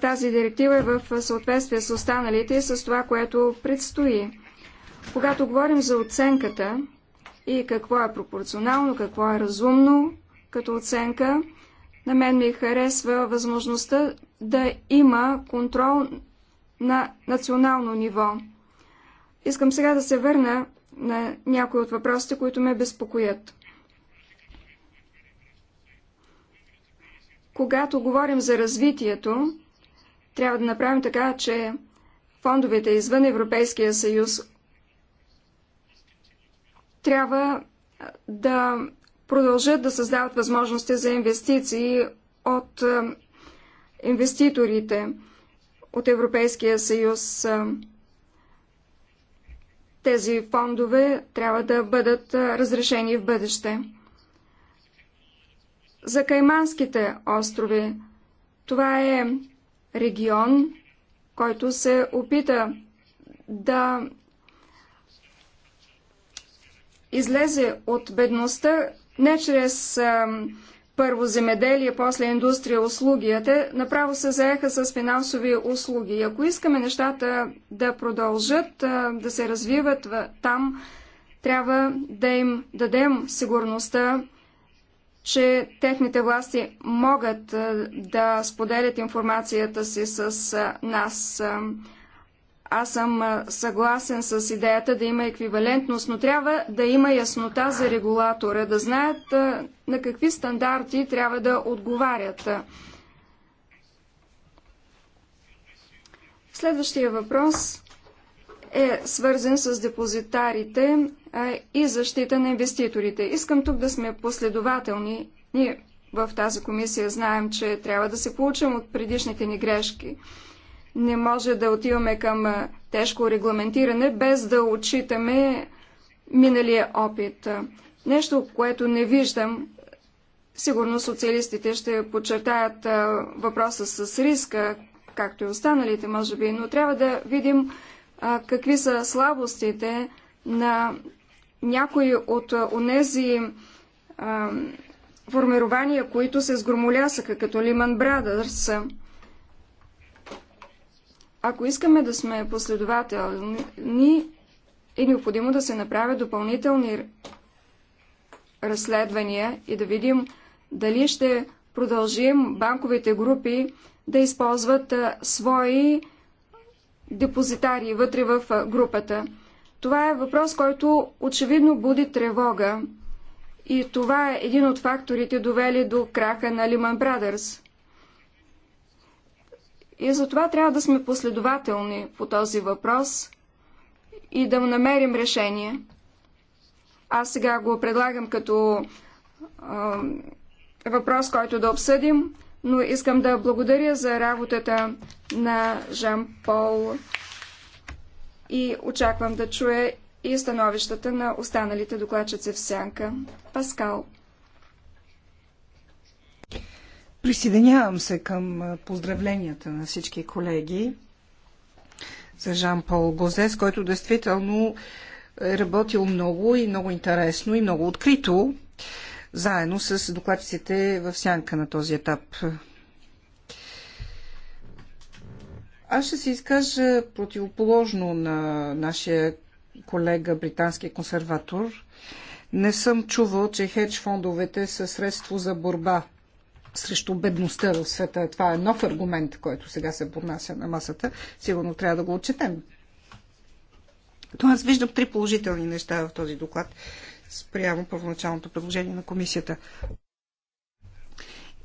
D: тази директива е в съответствие с останалите и с това, което предстои. Когато говорим за оценката и какво е пропорционално, какво е разумно като оценка, на мен ми харесва възможността да има контрол на национално ниво. Искам сега да се върна на някои от въпросите, които ме безпокоят. Когато говорим за развитието, трябва да направим така, че фондовете извън Европейския съюз трябва да продължат да създават възможности за инвестиции от е, инвеститорите от Европейския съюз. Е, тези фондове трябва да бъдат е, разрешени в бъдеще за Кайманските острови. Това е регион, който се опита да излезе от бедността не чрез а, първо земеделие, после индустрия, услуги, те направо се заеха с финансови услуги. И ако искаме нещата да продължат, а, да се развиват там, трябва да им дадем сигурността, че техните власти могат да споделят информацията си с нас. Аз съм съгласен с идеята да има еквивалентност, но трябва да има яснота за регулатора, да знаят на какви стандарти трябва да отговарят. Следващия въпрос е свързан с депозитарите и защита на инвеститорите. Искам тук да сме последователни. Ние в тази комисия знаем, че трябва да се получим от предишните ни грешки. Не може да отиваме към тежко регламентиране, без да отчитаме миналия опит. Нещо, което не виждам, сигурно социалистите ще подчертаят въпроса с риска, както и останалите, може би, но трябва да видим какви са слабостите на някои от онези формирования, които се сгромолясаха, като Лиман Brothers. Ако искаме да сме последователни, е необходимо да се направят допълнителни разследвания и да видим дали ще продължим банковите групи да използват свои депозитари вътре в групата. Това е въпрос, който очевидно буди тревога. И това е един от факторите, довели до краха на Lehman Brothers. И затова трябва да сме последователни по този въпрос и да намерим решение. Аз сега го предлагам като а, въпрос, който да обсъдим но искам да благодаря за работата на Жан Пол и очаквам да чуя и становищата на останалите докладчици в сянка. Паскал.
C: Присъединявам се към поздравленията на всички колеги за Жан-Пол Гозес, който действително е работил много и много интересно и много открито заедно с докладците в сянка на този етап. Аз ще се изкажа противоположно на нашия колега британски консерватор. Не съм чувал, че хедж фондовете са средство за борба срещу бедността в света. Това е нов аргумент, който сега се поднася на масата. Сигурно трябва да го отчетем. То аз виждам три положителни неща в този доклад спрямо първоначалното предложение на комисията.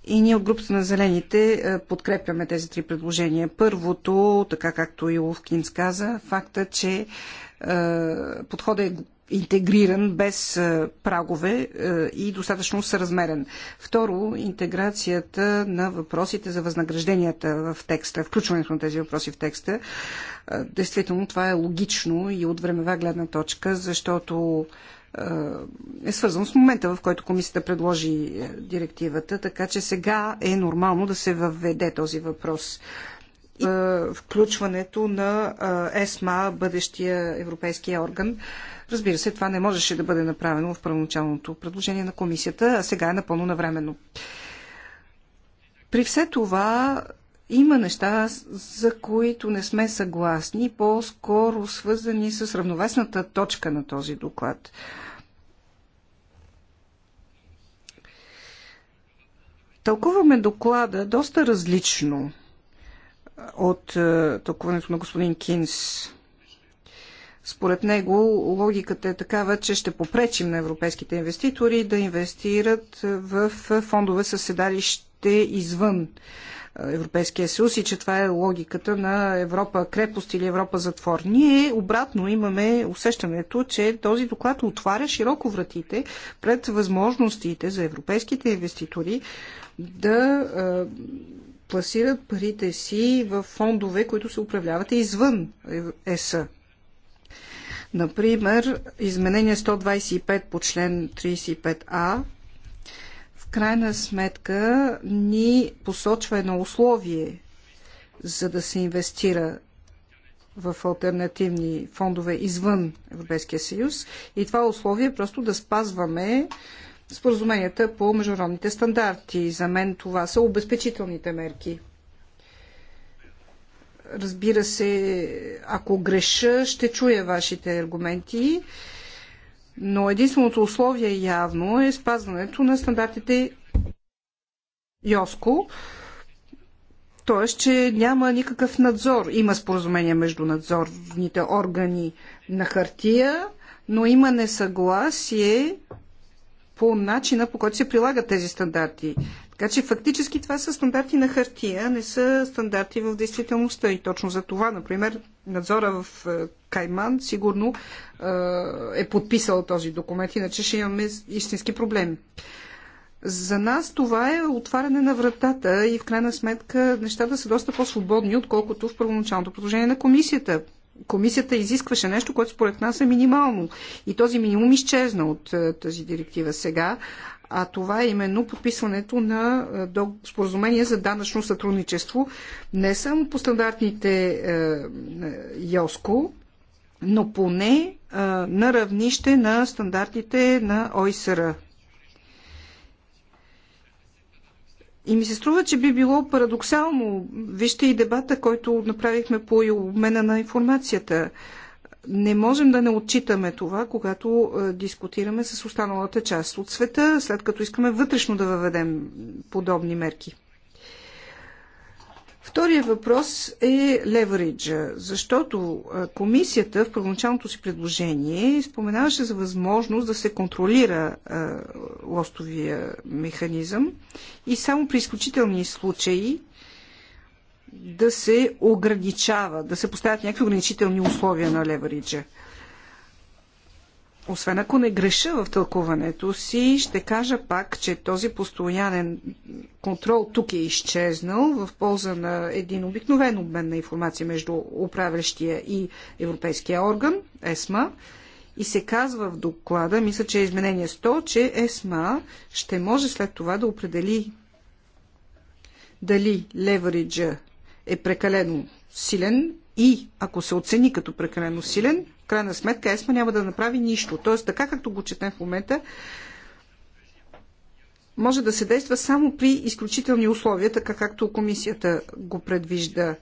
C: И ние от групата на зелените е, подкрепяме тези три предложения. Първото, така както и Ловкинс каза, факта, че е, подходът е интегриран, без е, прагове и достатъчно съразмерен. Второ, интеграцията на въпросите за възнагражденията в текста, включването на тези въпроси в текста. Действително това е логично и от времева гледна точка, защото е свързано с момента, в който комисията предложи е, директивата, така че сега е нормално да се въведе този въпрос. Е, включването на е, ЕСМА, бъдещия европейски орган. Разбира се, това не можеше да бъде направено в първоначалното предложение на комисията, а сега е напълно навременно. При все това има неща, за които не сме съгласни, по-скоро свързани с равновесната точка на този доклад. Тълкуваме доклада доста различно от тълкуването на господин Кинс. Според него логиката е такава, че ще попречим на европейските инвеститори да инвестират в фондове със седалище извън Европейския съюз и че това е логиката на Европа крепост или Европа затвор. Ние обратно имаме усещането, че този доклад отваря широко вратите пред възможностите за европейските инвеститори да пласират парите си в фондове, които се управляват извън ЕС. Например, изменение 125 по член 35а в крайна сметка ни посочва едно условие, за да се инвестира в альтернативни фондове извън Европейския съюз. И това условие е просто да спазваме споразуменията по международните стандарти. За мен това са обезпечителните мерки. Разбира се, ако греша, ще чуя вашите аргументи, но единственото условие явно е спазването на стандартите ЙОСКО, т.е. че няма никакъв надзор. Има споразумение между надзорните органи на хартия, но има несъгласие по начина по който се прилагат тези стандарти. Така че фактически това са стандарти на хартия, не са стандарти в действителността. И точно за това, например, надзора в е, Кайман сигурно е, е подписал този документ, иначе ще имаме истински проблеми. За нас това е отваряне на вратата и в крайна сметка нещата са доста по-свободни, отколкото в първоначалното предложение на комисията комисията изискваше нещо, което според нас е минимално. И този минимум изчезна от е, тази директива сега, а това е именно подписването на е, споразумение за данъчно сътрудничество не само по стандартните е, ЙОСКО, но поне на равнище на стандартите на ОИСР. И ми се струва, че би било парадоксално. Вижте и дебата, който направихме по обмена на информацията. Не можем да не отчитаме това, когато е, дискутираме с останалата част от света, след като искаме вътрешно да въведем подобни мерки. Втория въпрос е левериджа, защото комисията в първоначалното си предложение споменаваше за възможност да се контролира лостовия механизъм и само при изключителни случаи да се ограничава, да се поставят някакви ограничителни условия на левериджа освен ако не греша в тълкуването си, ще кажа пак, че този постоянен контрол тук е изчезнал в полза на един обикновен обмен на информация между управлящия и Европейския орган, ЕСМА. И се казва в доклада, мисля, че е изменение 100, че ЕСМА ще може след това да определи дали левериджа е прекалено силен и ако се оцени като прекалено силен, крайна сметка ЕСМА няма да направи нищо. Тоест, така както го четем в момента, може да се действа само при изключителни условия, така както комисията го предвижда.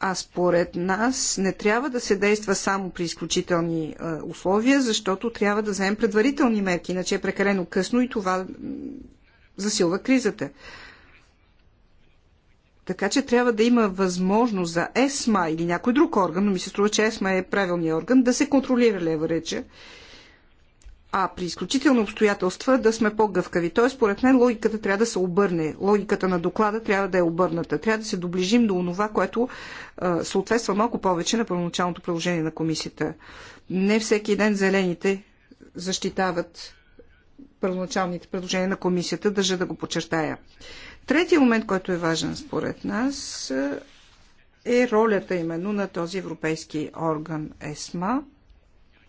C: А според нас не трябва да се действа само при изключителни а, условия, защото трябва да вземем предварителни мерки, иначе е прекалено късно и това засилва кризата. Така че трябва да има възможност за ЕСМА или някой друг орган, но ми се струва, че ЕСМА е правилният орган, да се контролира левереча, а при изключителни обстоятелства да сме по-гъвкави. Т.е. според мен логиката трябва да се обърне. Логиката на доклада трябва да е обърната. Трябва да се доближим до онова, което е, съответства малко повече на първоначалното приложение на комисията. Не всеки ден зелените защитават първоначалните предложения на комисията, държа да го подчертая. Третия момент, който е важен според нас, е ролята именно на този европейски орган ЕСМА.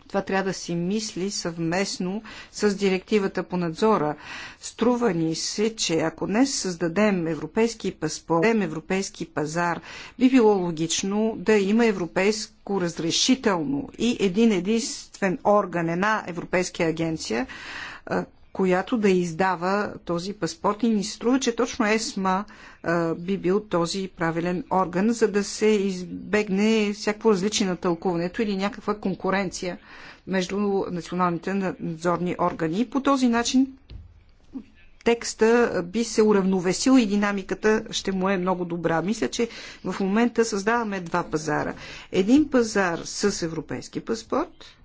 C: Това трябва да си мисли съвместно с директивата по надзора. Струва ни се, че ако днес създадем европейски паспорт, европейски пазар, би било логично да има европейско разрешително и един единствен орган, една европейска агенция, която да издава този паспорт и ни се струва, че точно ЕСМА би бил този правилен орган, за да се избегне всяко различие на тълкуването или някаква конкуренция между националните надзорни органи. И По този начин текста би се уравновесил и динамиката ще му е много добра. Мисля, че в момента създаваме два пазара. Един пазар с европейски паспорт –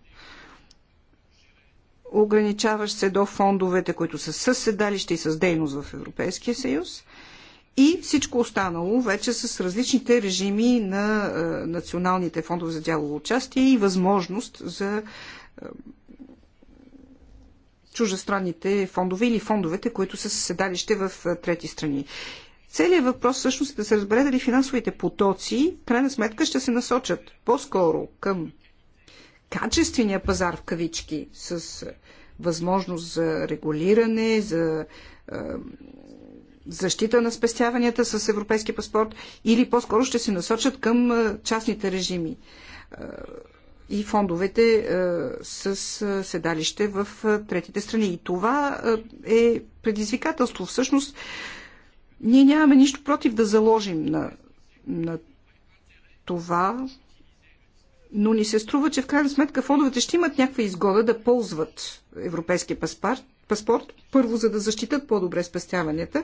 C: ограничаващ се до фондовете, които са със седалище и с дейност в Европейския съюз. И всичко останало вече с различните режими на е, националните фондове за дялово участие и възможност за е, чужестранните фондове или фондовете, които са със седалище в е, трети страни. Целият въпрос всъщност е да се разбере дали финансовите потоци, в крайна сметка, ще се насочат по-скоро към качествения пазар в кавички, с е, възможност за регулиране, за е, защита на спестяванията с европейски паспорт или по-скоро ще се насочат към е, частните режими и фондовете с седалище в третите страни. И това е, е предизвикателство. Всъщност, ние нямаме нищо против да заложим на, на това но ни се струва, че в крайна сметка фондовете ще имат някаква изгода да ползват европейския паспорт, паспорт първо за да защитат по-добре спестяванията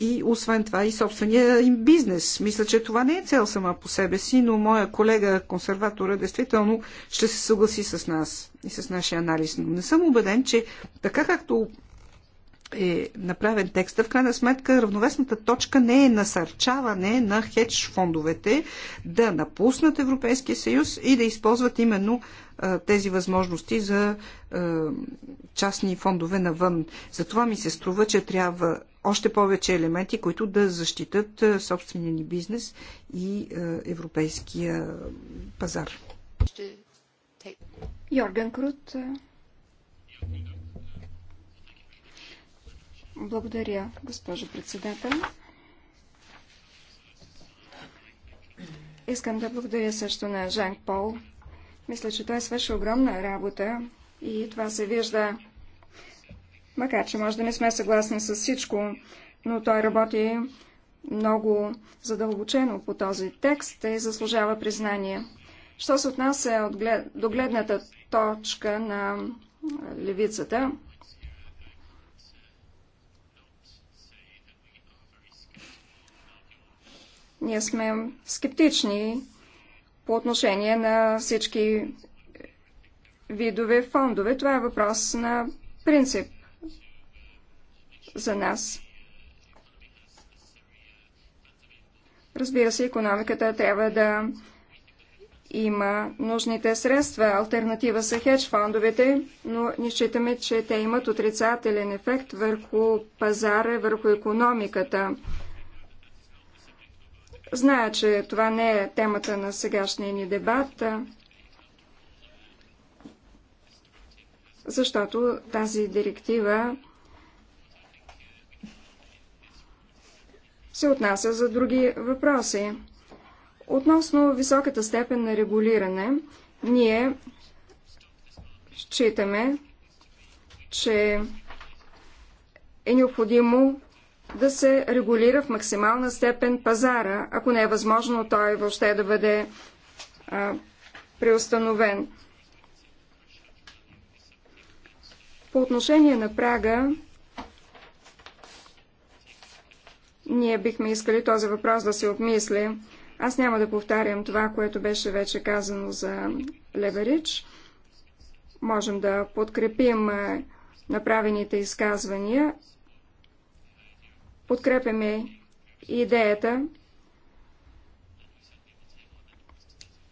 C: и освен това и собствения им бизнес. Мисля, че това не е цел сама по себе си, но моя колега консерватора действително ще се съгласи с нас и с нашия анализ. Но не съм убеден, че така както е направен текста, в крайна сметка равновесната точка не е насърчаване на хедж фондовете да напуснат Европейския съюз и да използват именно а, тези възможности за а, частни фондове навън. Затова ми се струва, че трябва още повече елементи, които да защитат собствения ни бизнес и европейския пазар. Йорген Крут.
D: Благодаря, госпожо председател. Искам да благодаря също на Жан Пол. Мисля, че той свърши огромна работа и това се вижда, макар че може да не сме съгласни с всичко, но той работи много задълбочено по този текст и заслужава признание. Що се отнася от глед... до гледната точка на левицата, Ние сме скептични по отношение на всички видове фондове. Това е въпрос на принцип за нас. Разбира се, економиката трябва да има нужните средства. Альтернатива са хедж фондовете, но не считаме, че те имат отрицателен ефект върху пазара, върху економиката. Зная, че това не е темата на сегашния ни дебат, защото тази директива се отнася за други въпроси. Относно високата степен на регулиране, ние считаме, че е необходимо да се регулира в максимална степен пазара, ако не е възможно той въобще да бъде а, преустановен. По отношение на прага, ние бихме искали този въпрос да се обмисли. Аз няма да повтарям това, което беше вече казано за Леверич. Можем да подкрепим направените изказвания, Подкрепяме идеята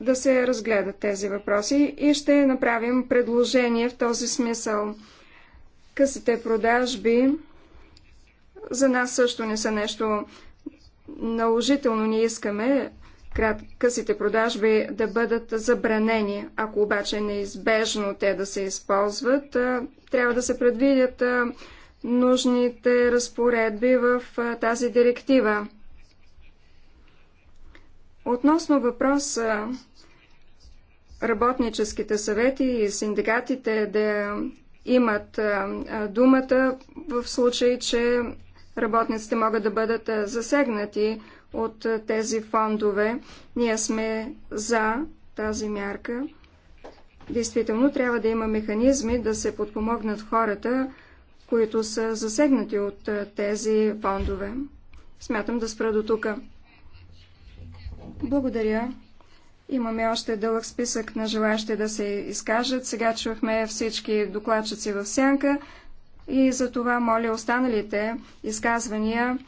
D: да се разгледат тези въпроси и ще направим предложение в този смисъл. Късите продажби за нас също не са нещо наложително. Ние искаме късите продажби да бъдат забранени. Ако обаче неизбежно те да се използват, трябва да се предвидят нужните разпоредби в тази директива. Относно въпроса работническите съвети и синдикатите да имат думата в случай, че работниците могат да бъдат засегнати от тези фондове. Ние сме за тази мярка. Действително трябва да има механизми да се подпомогнат хората, които са засегнати от тези фондове. Смятам да спра до тук. Благодаря. Имаме още дълъг списък на желащи да се изкажат. Сега чухме всички докладчици в сянка и за това моля останалите изказвания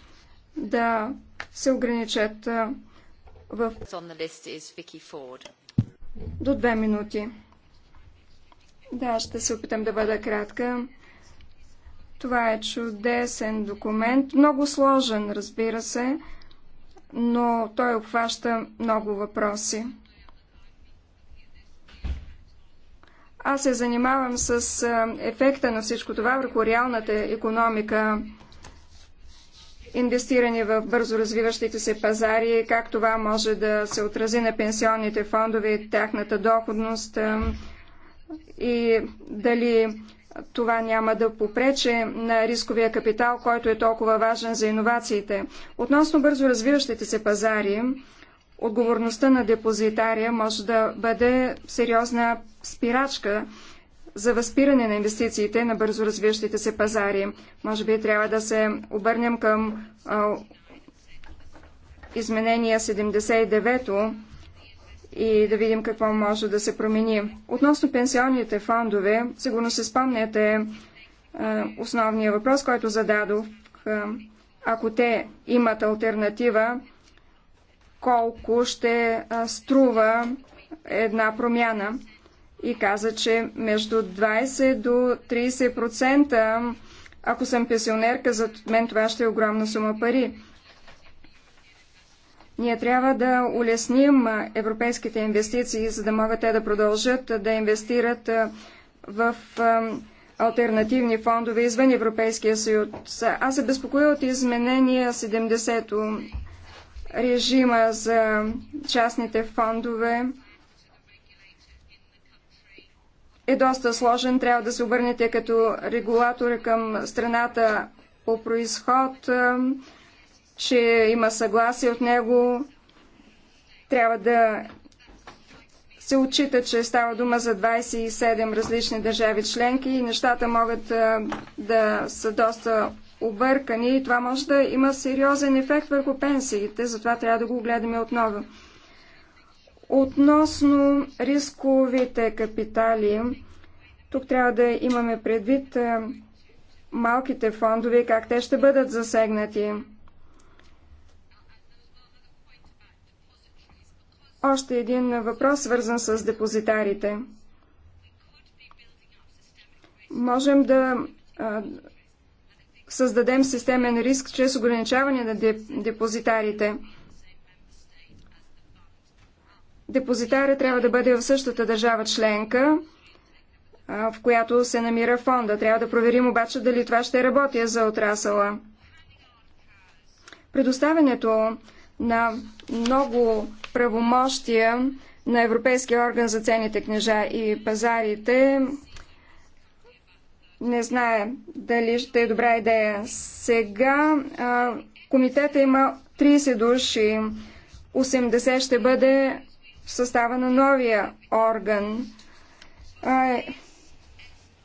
D: да се ограничат в... до две минути. Да, ще се опитам да бъда кратка. Това е чудесен документ, много сложен, разбира се, но той обхваща много въпроси. Аз се занимавам с ефекта на всичко това върху реалната економика, инвестиране в бързо развиващите се пазари, как това може да се отрази на пенсионните фондове, тяхната доходност и дали това няма да попрече на рисковия капитал, който е толкова важен за иновациите. Относно бързо развиващите се пазари, отговорността на депозитария може да бъде сериозна спирачка за възпиране на инвестициите на бързо развиващите се пазари. Може би трябва да се обърнем към а, изменение 79-то и да видим какво може да се промени. Относно пенсионните фондове, сигурно се спомняте е, основния въпрос, който зададох. Е, ако те имат альтернатива, колко ще е, струва една промяна и каза, че между 20 до 30%, ако съм пенсионерка, за мен това ще е огромна сума пари. Ние трябва да улесним европейските инвестиции, за да могат те да продължат да инвестират в альтернативни фондове извън Европейския съюз. Аз се безпокоя от изменения 70-то режима за частните фондове. Е доста сложен, трябва да се обърнете като регулатор към страната по происход че има съгласие от него. Трябва да се отчита, че става дума за 27 различни държави членки и нещата могат да са доста объркани и това може да има сериозен ефект върху пенсиите, затова трябва да го гледаме отново. Относно рисковите капитали, тук трябва да имаме предвид малките фондове, как те ще бъдат засегнати. Още един въпрос, свързан с депозитарите. Можем да а, създадем системен риск чрез ограничаване на депозитарите. Депозитарът трябва да бъде в същата държава членка, в която се намира фонда. Трябва да проверим обаче дали това ще работи за отрасъла. Предоставянето на много правомощия на Европейския орган за ценните книжа и пазарите. Не знае дали ще е добра идея. Сега а, комитета има 30 души. 80 ще бъде в състава на новия орган. А,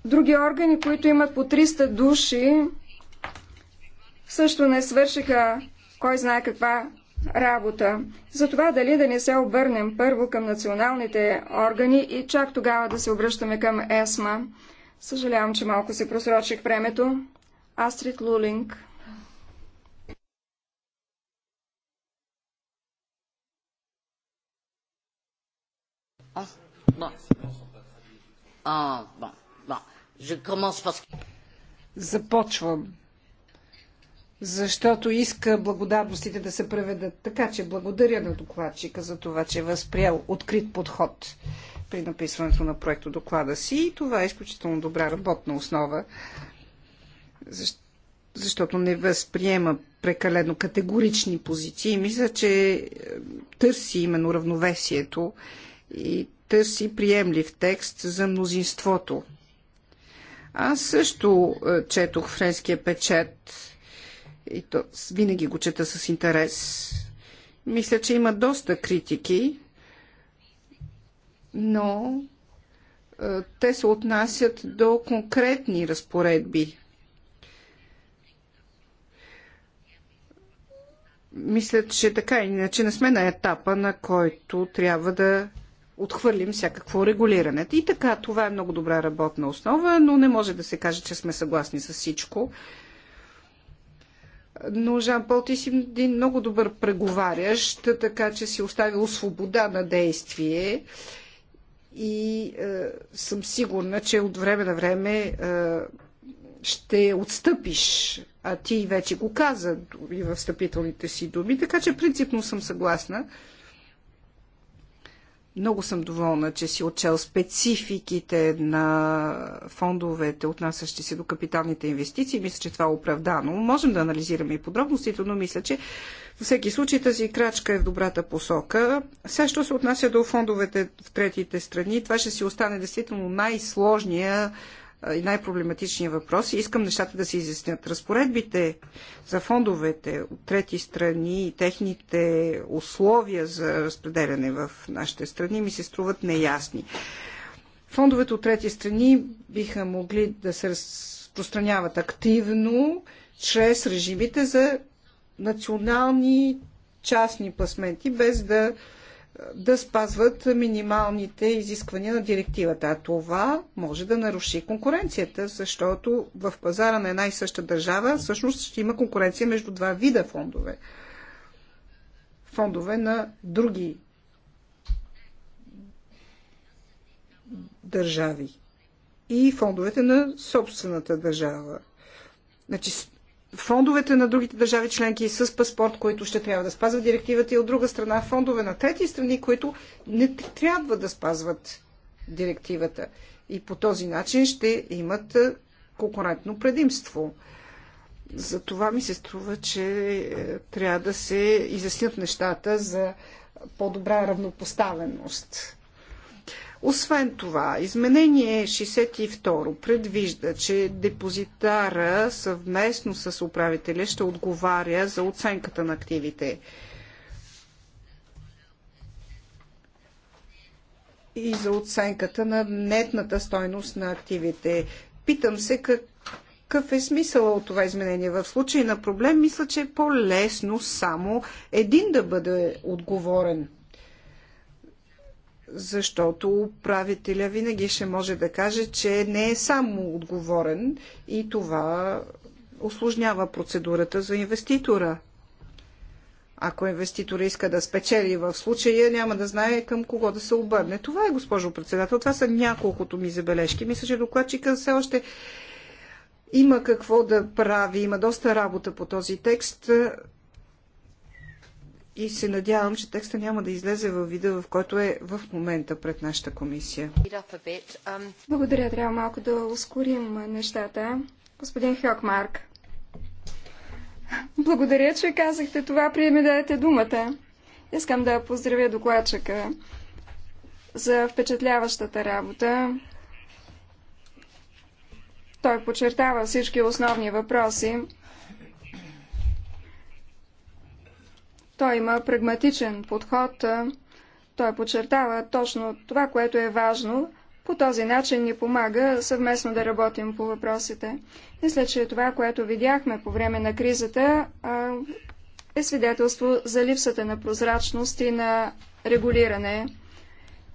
D: други органи, които имат по 300 души, също не свършиха кой знае каква работа. За това дали да не се обърнем първо към националните органи и чак тогава да се обръщаме към ЕСМА. Съжалявам, че малко се просрочих времето. Астрид Лулинг.
C: Започвам защото иска благодарностите да се преведат. Така че благодаря на докладчика за това, че е възприял открит подход при написването на проекто доклада си. И това е изключително добра работна основа, защото не възприема прекалено категорични позиции. Мисля, че е, търси именно равновесието и търси приемлив текст за мнозинството. Аз също е, четох френския печет и то винаги го чета с интерес. Мисля, че има доста критики, но е, те се отнасят до конкретни разпоредби. Мисля, че така иначе не сме на етапа, на който трябва да отхвърлим всякакво регулиране. И така, това е много добра работна основа, но не може да се каже, че сме съгласни с всичко но Жан Пол, ти си един много добър преговарящ, така че си оставил свобода на действие и е, съм сигурна, че от време на време е, ще отстъпиш, а ти вече го каза и в стъпителните си думи, така че принципно съм съгласна. Много съм доволна, че си отчел спецификите на фондовете, отнасящи се до капиталните инвестиции. Мисля, че това е оправдано. Можем да анализираме и подробностите, но мисля, че във всеки случай тази крачка е в добрата посока. Сега, що се отнася до фондовете в третите страни, това ще си остане действително най-сложния и най-проблематичния въпрос и искам нещата да се изяснят. Разпоредбите за фондовете от трети страни и техните условия за разпределяне в нашите страни ми се струват неясни. Фондовете от трети страни биха могли да се разпространяват активно чрез режимите за национални частни пасменти, без да да спазват минималните изисквания на директивата. А това може да наруши конкуренцията, защото в пазара на една и съща държава всъщност ще има конкуренция между два вида фондове. Фондове на други държави и фондовете на собствената държава. Значи фондовете на другите държави членки с паспорт, които ще трябва да спазват директивата и от друга страна фондове на трети страни, които не трябва да спазват директивата. И по този начин ще имат конкурентно предимство. За това ми се струва, че трябва да се изяснят нещата за по-добра равнопоставеност. Освен това, изменение 62 предвижда, че депозитара съвместно с управителя ще отговаря за оценката на активите. и за оценката на нетната стойност на активите. Питам се какъв е смисъла от това изменение. В случай на проблем, мисля, че е по-лесно само един да бъде отговорен защото управителя винаги ще може да каже, че не е само отговорен и това осложнява процедурата за инвеститора. Ако инвеститор иска да спечели в случая, няма да знае към кого да се обърне. Това е, госпожо председател. Това са няколкото ми забележки. Мисля, че докладчика все още има какво да прави. Има доста работа по този текст и се надявам, че текста няма да излезе във вида, в който е в момента пред нашата комисия.
A: Um,
C: Благодаря, трябва
D: малко да ускорим нещата. Господин Хьокмарк. Благодаря, че казахте това, преди ми дадете думата. Искам да поздравя докладчика за впечатляващата работа. Той подчертава всички основни въпроси, Той има прагматичен подход. Той подчертава точно това, което е важно. По този начин ни помага съвместно да работим по въпросите. Мисля, че това, което видяхме по време на кризата, е свидетелство за липсата на прозрачност и на регулиране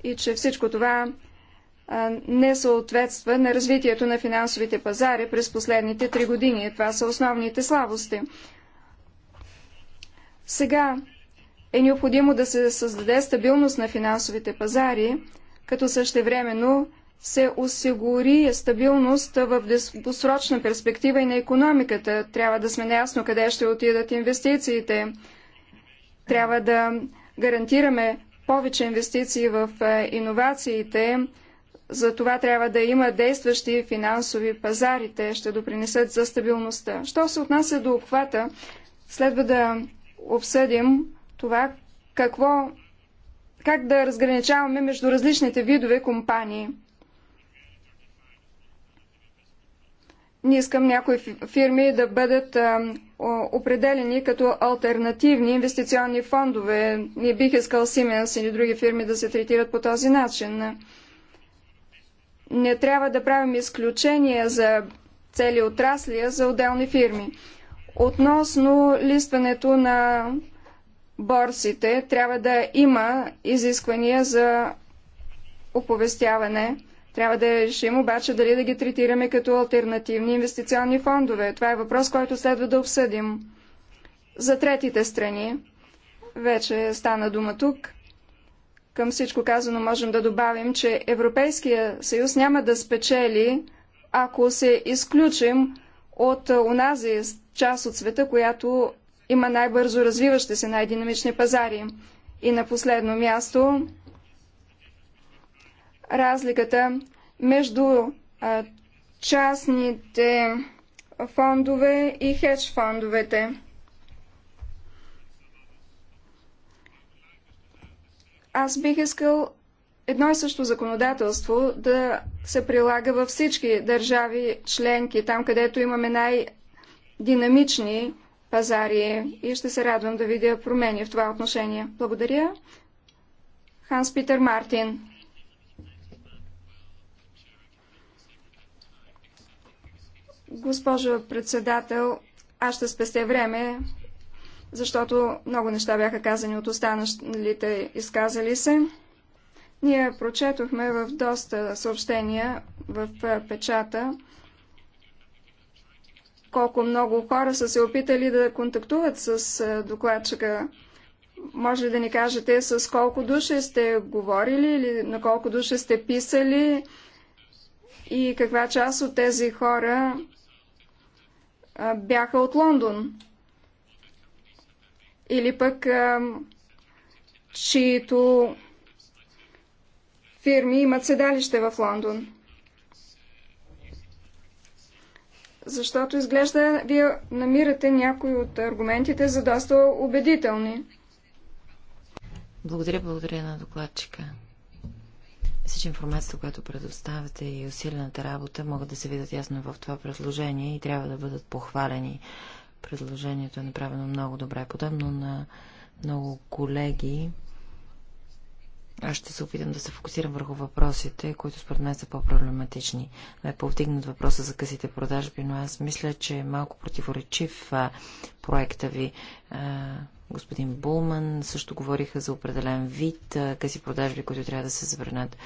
D: и че всичко това не съответства на развитието на финансовите пазари през последните три години. Това са основните слабости. Сега е необходимо да се създаде стабилност на финансовите пазари, като същевременно се осигури стабилност в досрочна перспектива и на економиката. Трябва да сме наясно къде ще отидат инвестициите. Трябва да гарантираме повече инвестиции в е, иновациите. За това трябва да има действащи финансови пазари. Те ще допринесат за стабилността. Що се отнася до обхвата, следва да обсъдим това какво, как да разграничаваме между различните видове компании. Не искам някои фирми да бъдат а, определени като альтернативни инвестиционни фондове. Не бих искал Сименс или други фирми да се третират по този начин. Не трябва да правим изключения за цели отрасли, а за отделни фирми. Относно листването на борсите, трябва да има изисквания за оповестяване. Трябва да решим обаче дали да ги третираме като альтернативни инвестиционни фондове. Това е въпрос, който следва да обсъдим. За третите страни, вече стана дума тук, към всичко казано можем да добавим, че Европейския съюз няма да спечели, ако се изключим от е, унази част от света, която има най-бързо развиващи се, най-динамични пазари. И на последно място разликата между е, частните фондове и хедж фондовете. Аз бих искал едно и също законодателство да се прилага във всички държави членки, там където имаме най-динамични пазари и ще се радвам да видя промени в това отношение. Благодаря. Ханс Питер Мартин. Госпожо председател, аз ще спестя време, защото много неща бяха казани от останалите изказали се. Ние прочетохме в доста съобщения в печата колко много хора са се опитали да контактуват с докладчика. Може ли да ни кажете с колко души сте говорили или на колко души сте писали и каква част от тези хора бяха от Лондон? Или пък чието фирми имат седалище в Лондон. Защото изглежда вие намирате някои от аргументите за доста убедителни.
B: Благодаря, благодаря на докладчика. Мисля, че информацията, която предоставяте и усилената работа могат да се видят ясно в това предложение и трябва да бъдат похвалени. Предложението е направено много добре. Подобно на много колеги, аз ще се опитам да се фокусирам върху въпросите, които според мен са по-проблематични. Ме повдигнат въпроса за късите продажби, но аз мисля, че е малко противоречив а, проекта ви. А, господин Булман също говориха за определен вид а, къси продажби, които трябва да се забранят.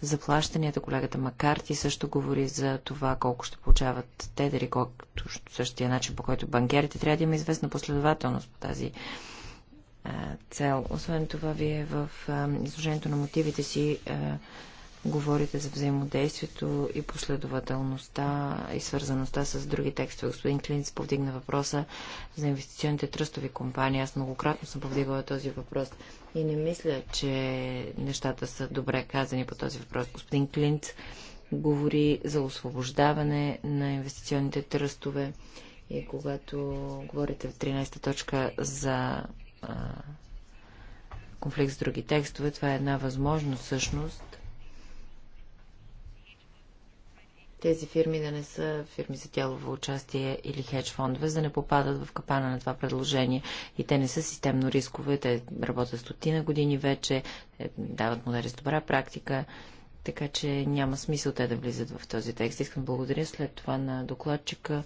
B: Заплащанията, колегата Макарти също говори за това колко ще получават те, дали колкото същия начин, по който банкерите трябва да има известна последователност по тази цел. Освен това, вие в изложението на мотивите си говорите за взаимодействието и последователността и свързаността с други текстове. Господин Клинц повдигна въпроса за инвестиционните тръстови компании. Аз многократно съм повдигала този въпрос и не мисля, че нещата са добре казани по този въпрос. Господин Клинц говори за освобождаване на инвестиционните тръстове и когато говорите в 13-та точка за конфликт с други текстове. Това е една възможност всъщност тези фирми да не са фирми за тялово участие или хедж фондове, за да не попадат в капана на това предложение. И те не са системно рискове, те работят стотина години вече, е, дават модели с добра практика, така че няма смисъл те да влизат в този текст. Искам благодаря след това на докладчика.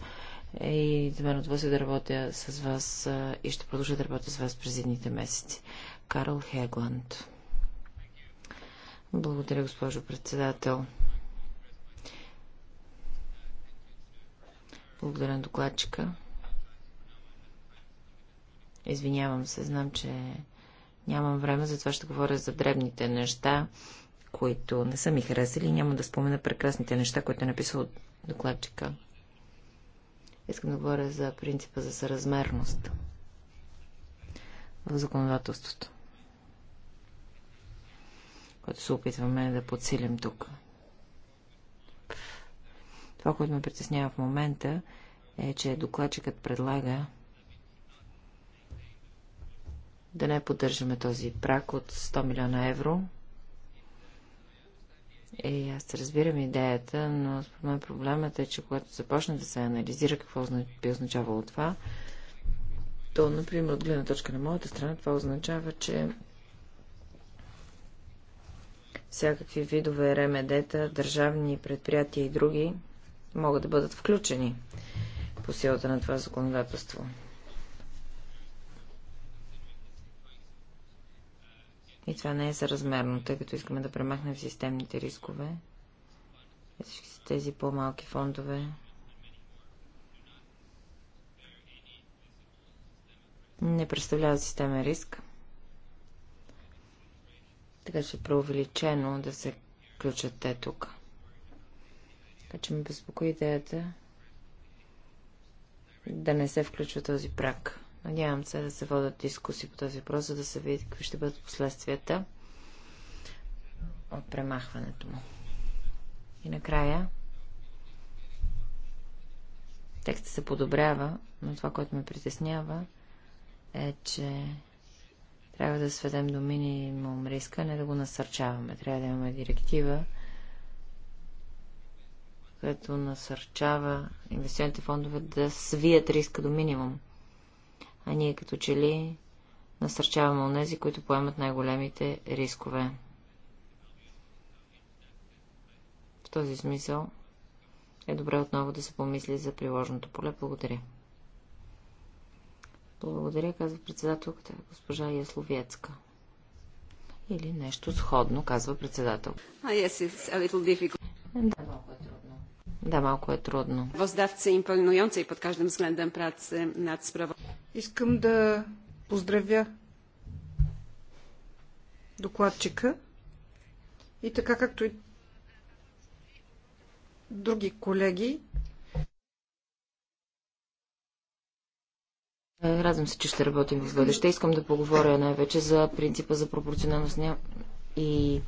B: Е, и за мен от удоволствие да работя с вас и ще продължа да работя с вас през едните месеци. Карл Хегланд. Благодаря, госпожо председател. Благодаря на докладчика. Извинявам се, знам, че нямам време, затова ще говоря за дребните неща, които не са ми харесали и няма да спомена прекрасните неща, които е написал докладчика. Искам да говоря за принципа за съразмерност в законодателството, което се опитваме да подсилим тук. Това, което ме притеснява в момента, е, че докладчикът предлага да не поддържаме този прак от 100 милиона евро – и е, аз разбирам идеята, но според мен проблемът е, че когато започне да се анализира какво би означавало това, то, например, от гледна точка на моята страна, това означава, че всякакви видове ремедета, държавни предприятия и други могат да бъдат включени по силата на това законодателство. И това не е съразмерно, тъй като искаме да премахнем системните рискове. Всички тези по-малки фондове не представлява системен риск. Така че е преувеличено да се включат те тук. Така че ме безпокои идеята да не се включва този прак. Надявам се да се водят дискусии по този въпрос, за да се види какви ще бъдат последствията от премахването му. И накрая текстът се подобрява, но това, което ме притеснява е, че трябва да сведем до минимум риска, не да го насърчаваме. Трябва да имаме директива, която насърчава инвестиционните фондове да свият риска до минимум а ние като че ли насърчаваме онези, които поемат най-големите рискове. В този смисъл е добре отново да се помисли за приложното поле. Благодаря. Благодаря, казва председателката, госпожа Ясловецка. Или нещо сходно, казва председател. А, yes, it's a difficult. Да, малко е трудно. Да, малко е трудно. Воздавце и под każdym względem праце над справа.
C: Искам да поздравя
B: докладчика
C: и така както и други
B: колеги. Радвам се, че ще работим в бъдеще. Искам да поговоря най-вече за принципа за пропорционалност и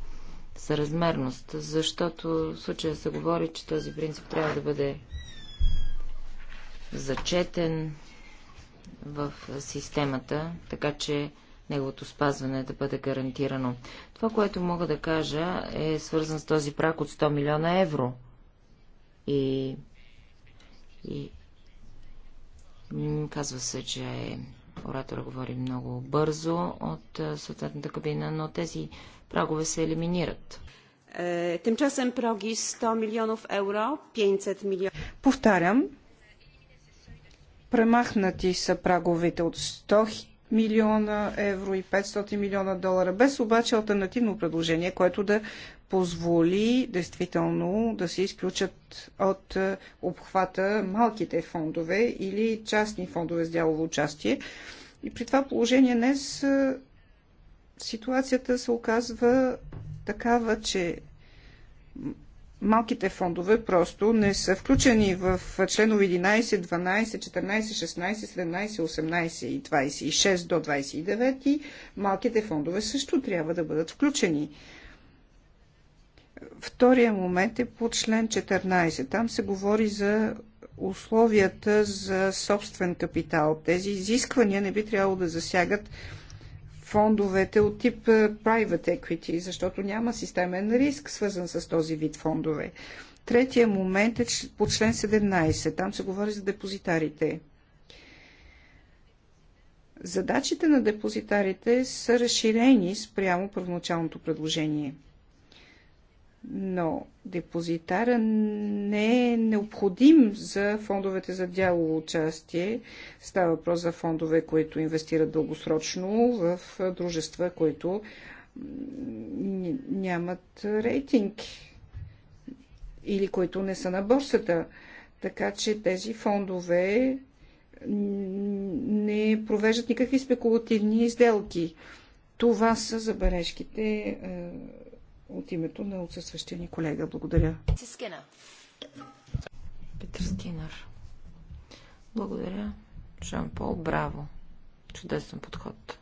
B: съразмерност, защото в случая се говори, че този принцип трябва да бъде зачетен, в системата, така че неговото спазване да бъде гарантирано. Това, което мога да кажа, е свързан с този прак от 100 милиона евро. И, и казва се, че оратора говори много бързо от съответната кабина, но тези прагове се елиминират. Е, тимчасен проги 100 милионов евро, 500 евро. Повтарям,
C: Премахнати са праговете от 100 милиона евро и 500 милиона долара, без обаче альтернативно предложение, което да позволи действително да се изключат от е, обхвата малките фондове или частни фондове с дялово участие. И при това положение днес е, ситуацията се оказва такава, че малките фондове просто не са включени в членове 11, 12, 14, 16, 17, 18 и 26 до 29. И малките фондове също трябва да бъдат включени. Втория момент е по член 14. Там се говори за условията за собствен капитал. Тези изисквания не би трябвало да засягат фондовете от тип е, private equity, защото няма системен риск, свързан с този вид фондове. Третия момент е по член 17. Там се говори за депозитарите. Задачите на депозитарите са разширени спрямо първоначалното предложение – но депозитара не е необходим за фондовете за дялово участие. Става въпрос за фондове, които инвестират дългосрочно в дружества, които нямат рейтинг или които не са на борсата. Така че тези фондове не провеждат никакви спекулативни изделки. Това са забележките от името на отсъстващия ни колега. Благодаря.
B: Петър Скинър. Благодаря. Жан Пол, браво. Чудесен подход.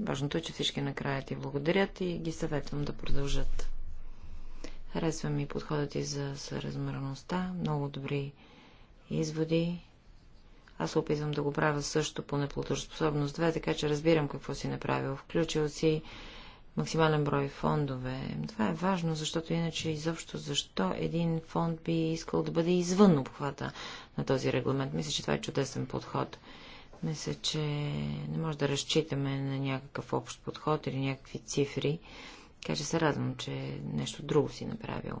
B: Важното е, че всички накрая ти благодарят и ги съветвам да продължат. Харесва ми подходът и за съразмерността. Много добри изводи. Аз се опитвам да го правя също по неплатоспособност 2, така че разбирам какво си направил. Включил си максимален брой фондове. Това е важно, защото иначе изобщо защо един фонд би искал да бъде извън обхвата на този регламент. Мисля, че това е чудесен подход. Мисля, че не може да разчитаме на някакъв общ подход или някакви цифри. Така че се радвам, че нещо друго си направил.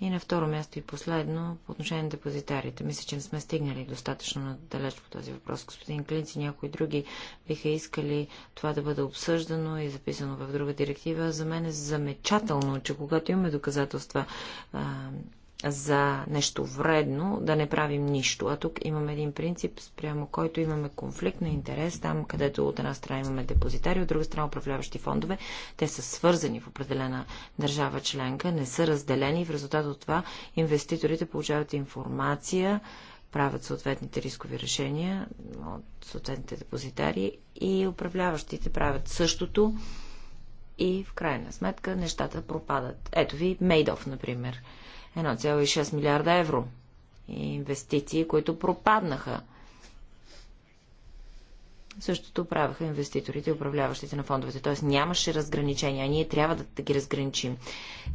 B: И на второ място и последно, по отношение на депозитарите. Мисля, че не сме стигнали достатъчно далеч по този въпрос. Господин Клинци, някои други биха искали това да бъде обсъждано и записано в друга директива. За мен е замечателно, че когато имаме доказателства за нещо вредно, да не правим нищо. А тук имаме един принцип, спрямо който имаме конфликт на интерес, там където от една страна имаме депозитари, от друга страна управляващи фондове. Те са свързани в определена държава членка, не са разделени в резултат от това инвеститорите получават информация, правят съответните рискови решения от съответните депозитари и управляващите правят същото и в крайна сметка нещата пропадат. Ето ви Мейдов, например. 1,6 милиарда евро. И инвестиции, които пропаднаха Същото правеха инвеститорите и управляващите на фондовете. Т.е. нямаше разграничения, а ние трябва да, да ги разграничим.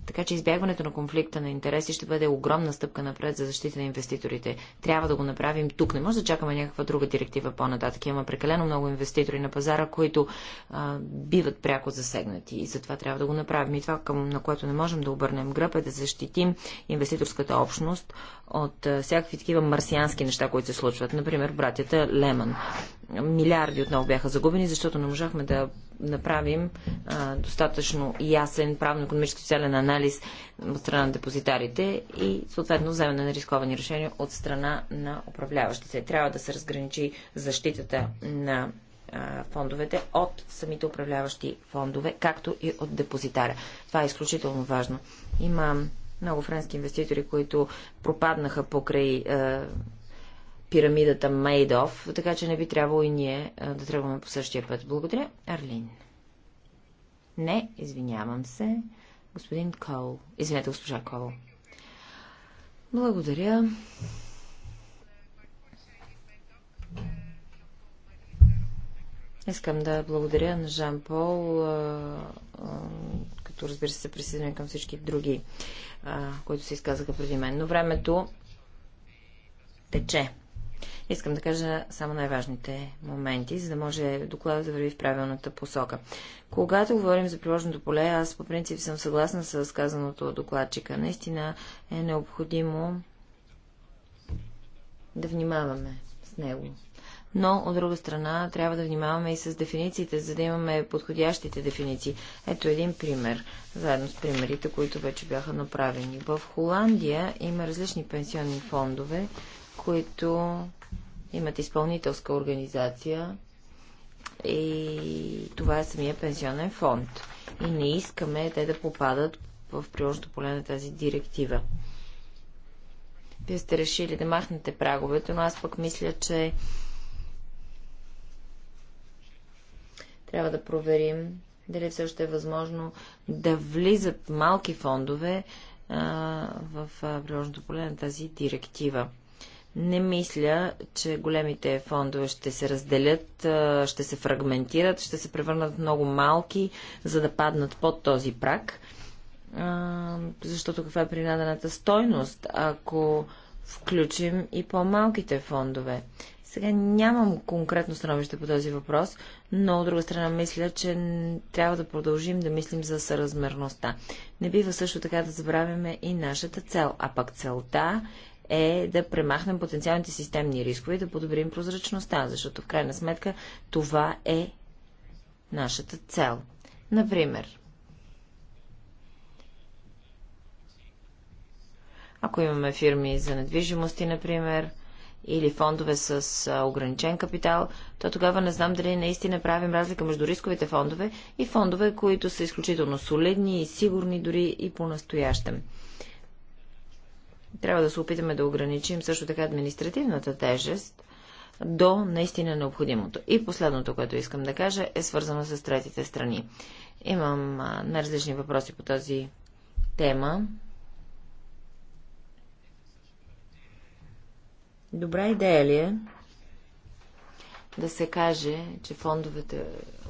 B: Така че избягването на конфликта на интереси ще бъде огромна стъпка напред за защита на инвеститорите. Трябва да го направим тук. Не може да чакаме някаква друга директива по-нататък. Има прекалено много инвеститори на пазара, които а, биват пряко засегнати. И затова трябва да го направим. И това, към, на което не можем да обърнем гръб, е да защитим инвеститорската общност от а, всякакви такива марсиански неща, които се случват. Например, братята Леман милиарди отново бяха загубени, защото не можахме да направим а, достатъчно ясен правно-економически социален анализ от страна на депозитарите и съответно вземане на рисковани решения от страна на управляващите. Трябва да се разграничи защитата на а, фондовете от самите управляващи фондове, както и от депозитаря. Това е изключително важно. Има много френски инвеститори, които пропаднаха покрай е, пирамидата Мейдов, така че не би трябвало и ние да тръгваме по същия път. Благодаря, Арлин. Не, извинявам се, господин Кол. Извинете, госпожа Кол. Благодаря. Искам да благодаря на Жан Пол, като разбира се се присъединя към всички други, които се изказаха преди мен. Но времето тече. Искам да кажа само най-важните моменти, за да може докладът да върви в правилната посока. Когато говорим за приложното поле, аз по принцип съм съгласна с казаното от докладчика. Наистина е необходимо да внимаваме с него. Но, от друга страна, трябва да внимаваме и с дефинициите, за да имаме подходящите дефиниции. Ето един пример, заедно с примерите, които вече бяха направени. В Холандия има различни пенсионни фондове, които имат изпълнителска организация и това е самия пенсионен фонд. И не искаме те да попадат в приложното поле на тази директива. Вие сте решили да махнете праговете, но аз пък мисля, че трябва да проверим дали все още е възможно да влизат малки фондове а, в приложното поле на тази директива. Не мисля, че големите фондове ще се разделят, ще се фрагментират, ще се превърнат много малки, за да паднат под този прак. Защото каква е принадената стойност, ако включим и по-малките фондове? Сега нямам конкретно становище по този въпрос, но от друга страна мисля, че трябва да продължим да мислим за съразмерността. Не бива също така да забравяме и нашата цел, а пък целта е да премахнем потенциалните системни рискове и да подобрим прозрачността, защото в крайна сметка това е нашата цел. Например, ако имаме фирми за недвижимости, например, или фондове с ограничен капитал, то тогава не знам дали наистина правим разлика между рисковите фондове и фондове, които са изключително солидни и сигурни дори и по-настоящем. Трябва да се опитаме да ограничим също така административната тежест до наистина необходимото. И последното, което искам да кажа, е свързано с третите страни. Имам най-различни въпроси по тази тема. Добра идея ли е да се каже, че фондовете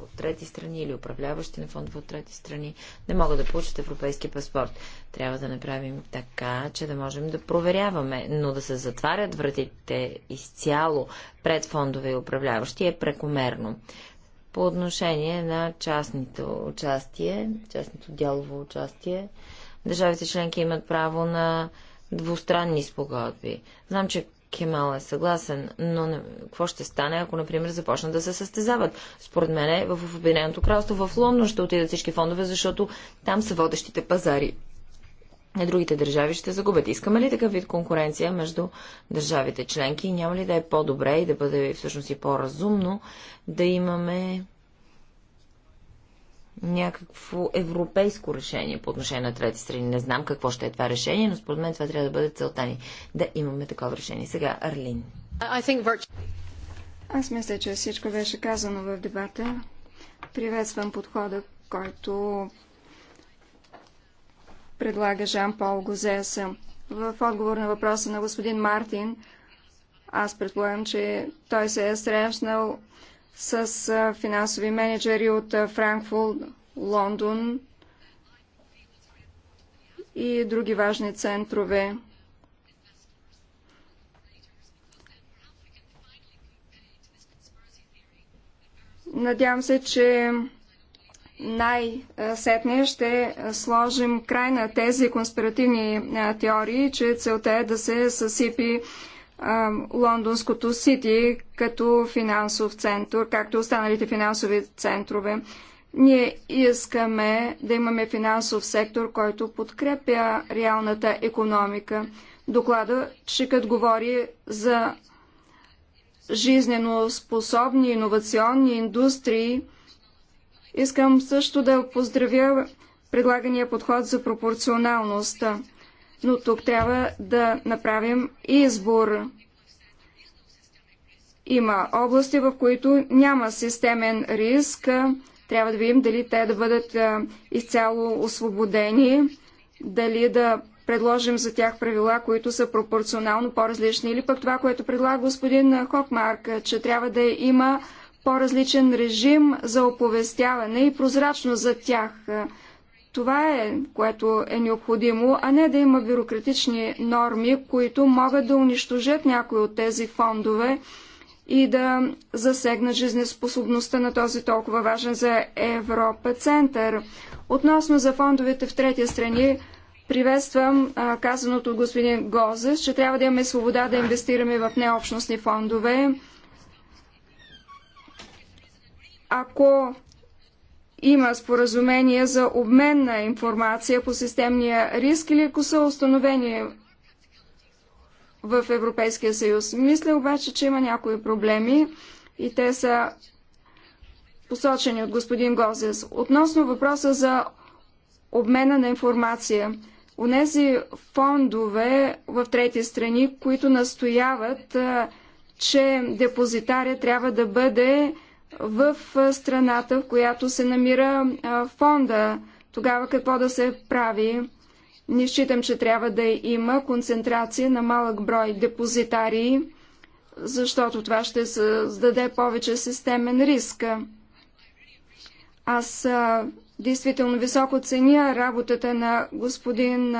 B: от трети страни или управляващи на фондове от трети страни не могат да получат европейски паспорт. Трябва да направим така, че да можем да проверяваме, но да се затварят вратите изцяло пред фондове и управляващи е прекомерно. По отношение на частното участие, частното дялово участие, държавите членки имат право на двустранни спогодби. Знам, че Кемал е съгласен, но не, какво ще стане, ако, например, започнат да се състезават? Според мен е, в Обединеното кралство, в Лондон ще отидат всички фондове, защото там са водещите пазари. На другите държави ще загубят. Искаме ли такъв вид конкуренция между държавите членки? Няма ли да е по-добре и да бъде всъщност и по-разумно да имаме някакво европейско решение по отношение на трети страни. Не знам какво ще е това решение, но според мен това трябва да бъде целта ни. Да имаме такова решение. Сега, Арлин.
A: Think...
D: Аз мисля, че всичко беше казано в дебата. Приветствам подхода, който предлага Жан-Пол Гозеса. В отговор на въпроса на господин Мартин, аз предполагам, че той се е срещнал с финансови менеджери от Франкфурт, Лондон и други важни центрове. Надявам се, че най-сетне ще сложим край на тези конспиративни теории, че целта е да се съсипи Лондонското Сити като финансов център, както останалите финансови центрове. Ние искаме да имаме финансов сектор, който подкрепя реалната економика. Доклада Шикът говори за жизнено способни иновационни индустрии. Искам също да поздравя предлагания подход за пропорционалността но тук трябва да направим избор. Има области, в които няма системен риск. Трябва да видим дали те да бъдат изцяло освободени, дали да предложим за тях правила, които са пропорционално по-различни. Или пък това, което предлага господин Хокмарк, че трябва да има по-различен режим за оповестяване и прозрачно за тях. Това е, което е необходимо, а не да има бюрократични норми, които могат да унищожат някои от тези фондове и да засегнат жизнеспособността на този толкова важен за Европа център. Относно за фондовете в третия страни, приветствам а, казаното от господин Гозес, че трябва да имаме свобода да инвестираме в необщностни фондове. Ако има споразумение за обмен на информация по системния риск или ако са установени в Европейския съюз. Мисля обаче, че има някои проблеми и те са посочени от господин Гозес. Относно въпроса за обмена на информация. Онези фондове в трети страни, които настояват, че депозитаря трябва да бъде в страната, в която се намира фонда. Тогава какво да се прави? Не считам, че трябва да има концентрация на малък брой депозитарии, защото това ще създаде повече системен риск. Аз а, действително високо ценя работата на господин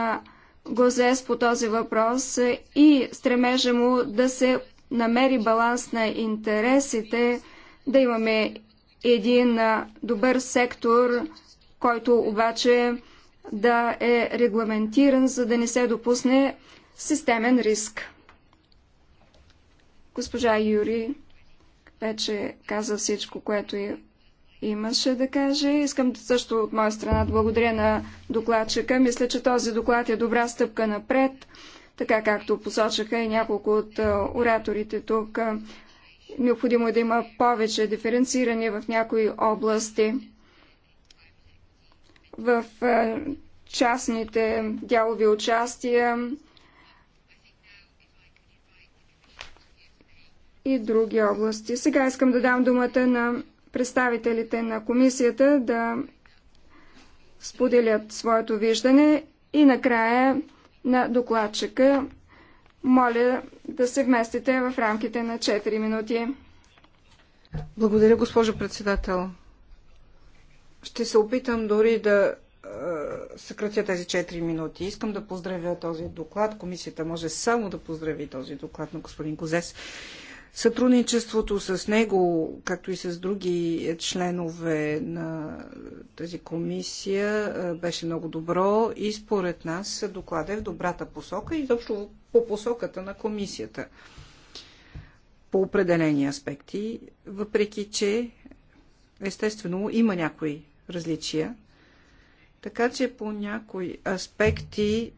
D: Гозес по този въпрос и стремежа му да се намери баланс на интересите, да имаме един добър сектор, който обаче да е регламентиран, за да не се допусне системен риск. Госпожа Юри вече каза всичко, което имаше да каже. Искам също от моя страна да благодаря на докладчика. Мисля, че този доклад е добра стъпка напред, така както посочаха и няколко от ораторите тук. Необходимо е да има повече диференциране в някои области. В частните дялови участия и други области. Сега искам да дам думата на представителите на комисията да споделят своето виждане и накрая на докладчика моля да се вместите в рамките на 4 минути.
C: Благодаря, госпожо председател. Ще се опитам дори да е, съкратя тези 4 минути. Искам да поздравя този доклад. Комисията може само да поздрави този доклад на господин Козес. Сътрудничеството с него, както и с други членове на тази комисия, е, беше много добро и според нас доклада е в добрата посока и изобщо по посоката на комисията по определени аспекти, въпреки че естествено има някои различия. Така че по някои аспекти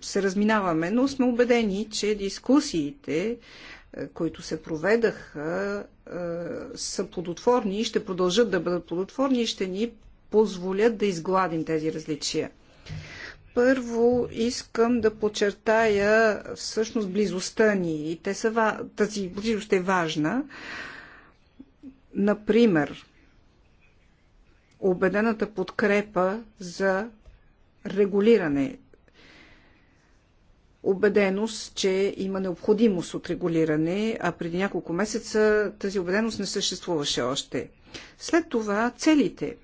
C: се разминаваме, но сме убедени, че дискусиите, е, които се проведаха, е, са плодотворни и ще продължат да бъдат плодотворни и ще ни позволят да изгладим тези различия. Първо искам да подчертая всъщност близостта ни. И те са, тази близост е важна. Например, обедената подкрепа за регулиране. Обеденост, че има необходимост от регулиране, а преди няколко месеца тази обеденост не съществуваше още. След това целите.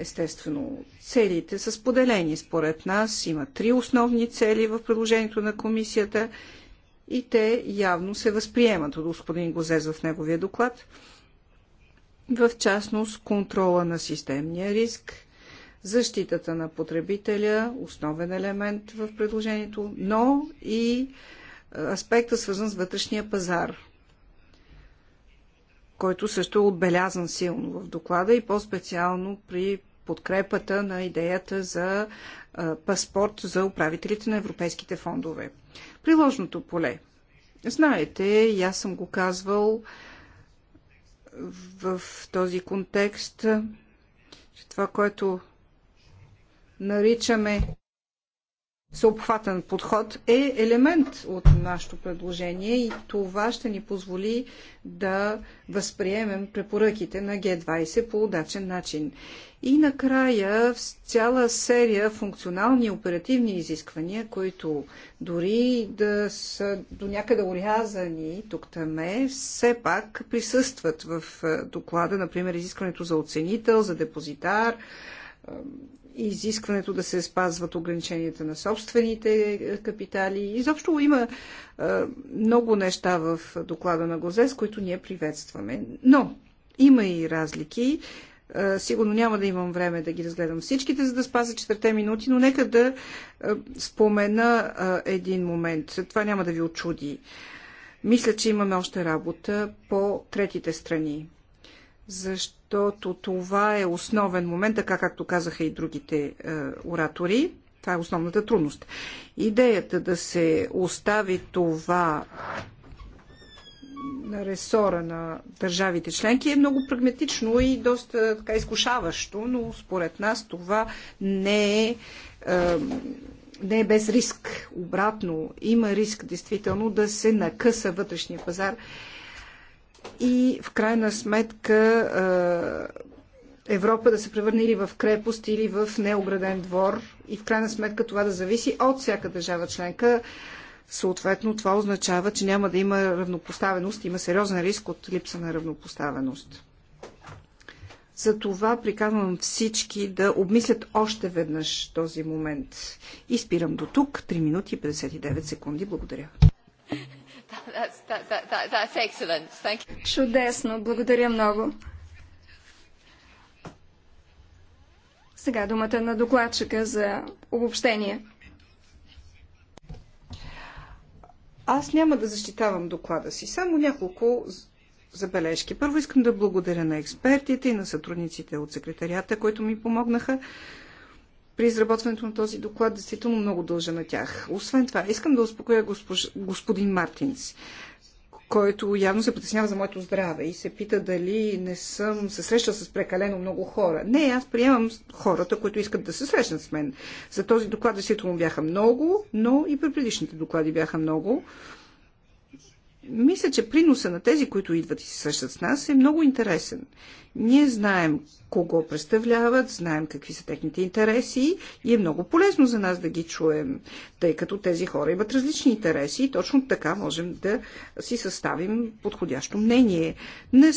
C: Естествено, целите са споделени. Според нас има три основни цели в предложението на комисията и те явно се възприемат от господин Гозез в неговия доклад. В частност, контрола на системния риск, защитата на потребителя, основен елемент в предложението, но и аспекта свързан с вътрешния пазар, който също е отбелязан силно в доклада и по-специално при подкрепата на идеята за паспорт за управителите на европейските фондове. Приложното поле. Знаете, и аз съм го казвал в този контекст, че това, което наричаме съобхватен подход е елемент от нашето предложение и това ще ни позволи да възприемем препоръките на Г20 по удачен начин. И накрая цяла серия функционални и оперативни изисквания, които дори да са до някъде урязани тук-таме, все пак присъстват в е, доклада, например изискването за оценител, за депозитар, е, изискването да се спазват ограниченията на собствените е, капитали. Изобщо има много неща в доклада на Гозес, които ние приветстваме. Но има и разлики. Е, сигурно няма да имам време да ги разгледам всичките, за да спазя четвърте минути, но нека да е, спомена е, един момент. Това няма да ви очуди. Мисля, че имаме още работа по третите страни, защото това е основен момент, така както казаха и другите оратори. Това е основната трудност. Идеята да се остави това на ресора на държавите членки е много прагматично и доста така изкушаващо, но според нас това не е, е не е без риск. Обратно, има риск действително да се накъса вътрешния пазар и в крайна сметка е, Европа да се превърне или в крепост, или в неограден двор. И в крайна сметка това да зависи от всяка държава членка. Съответно, това означава, че няма да има равнопоставеност, има сериозен риск от липса на равнопоставеност. Затова приказвам всички да обмислят още веднъж този момент. И спирам до тук. 3 минути и 59 секунди. Благодаря.
A: That's, that, that, that's
D: Чудесно. Благодаря много. Сега думата на докладчика за обобщение.
C: Аз няма да защитавам доклада си, само няколко забележки. Първо искам да благодаря на експертите и на сътрудниците от секретарията, които ми помогнаха при изработването на този доклад. Действително много дължа на тях. Освен това, искам да успокоя госпож... господин Мартинс който явно се притеснява за моето здраве и се пита дали не съм се срещал с прекалено много хора. Не, аз приемам хората, които искат да се срещнат с мен. За този доклад действително бяха много, но и при предишните доклади бяха много. Мисля, че приноса на тези, които идват и се срещат с нас, е много интересен. Ние знаем кого представляват, знаем какви са техните интереси и е много полезно за нас да ги чуем, тъй като тези хора имат различни интереси и точно така можем да си съставим подходящо мнение. Не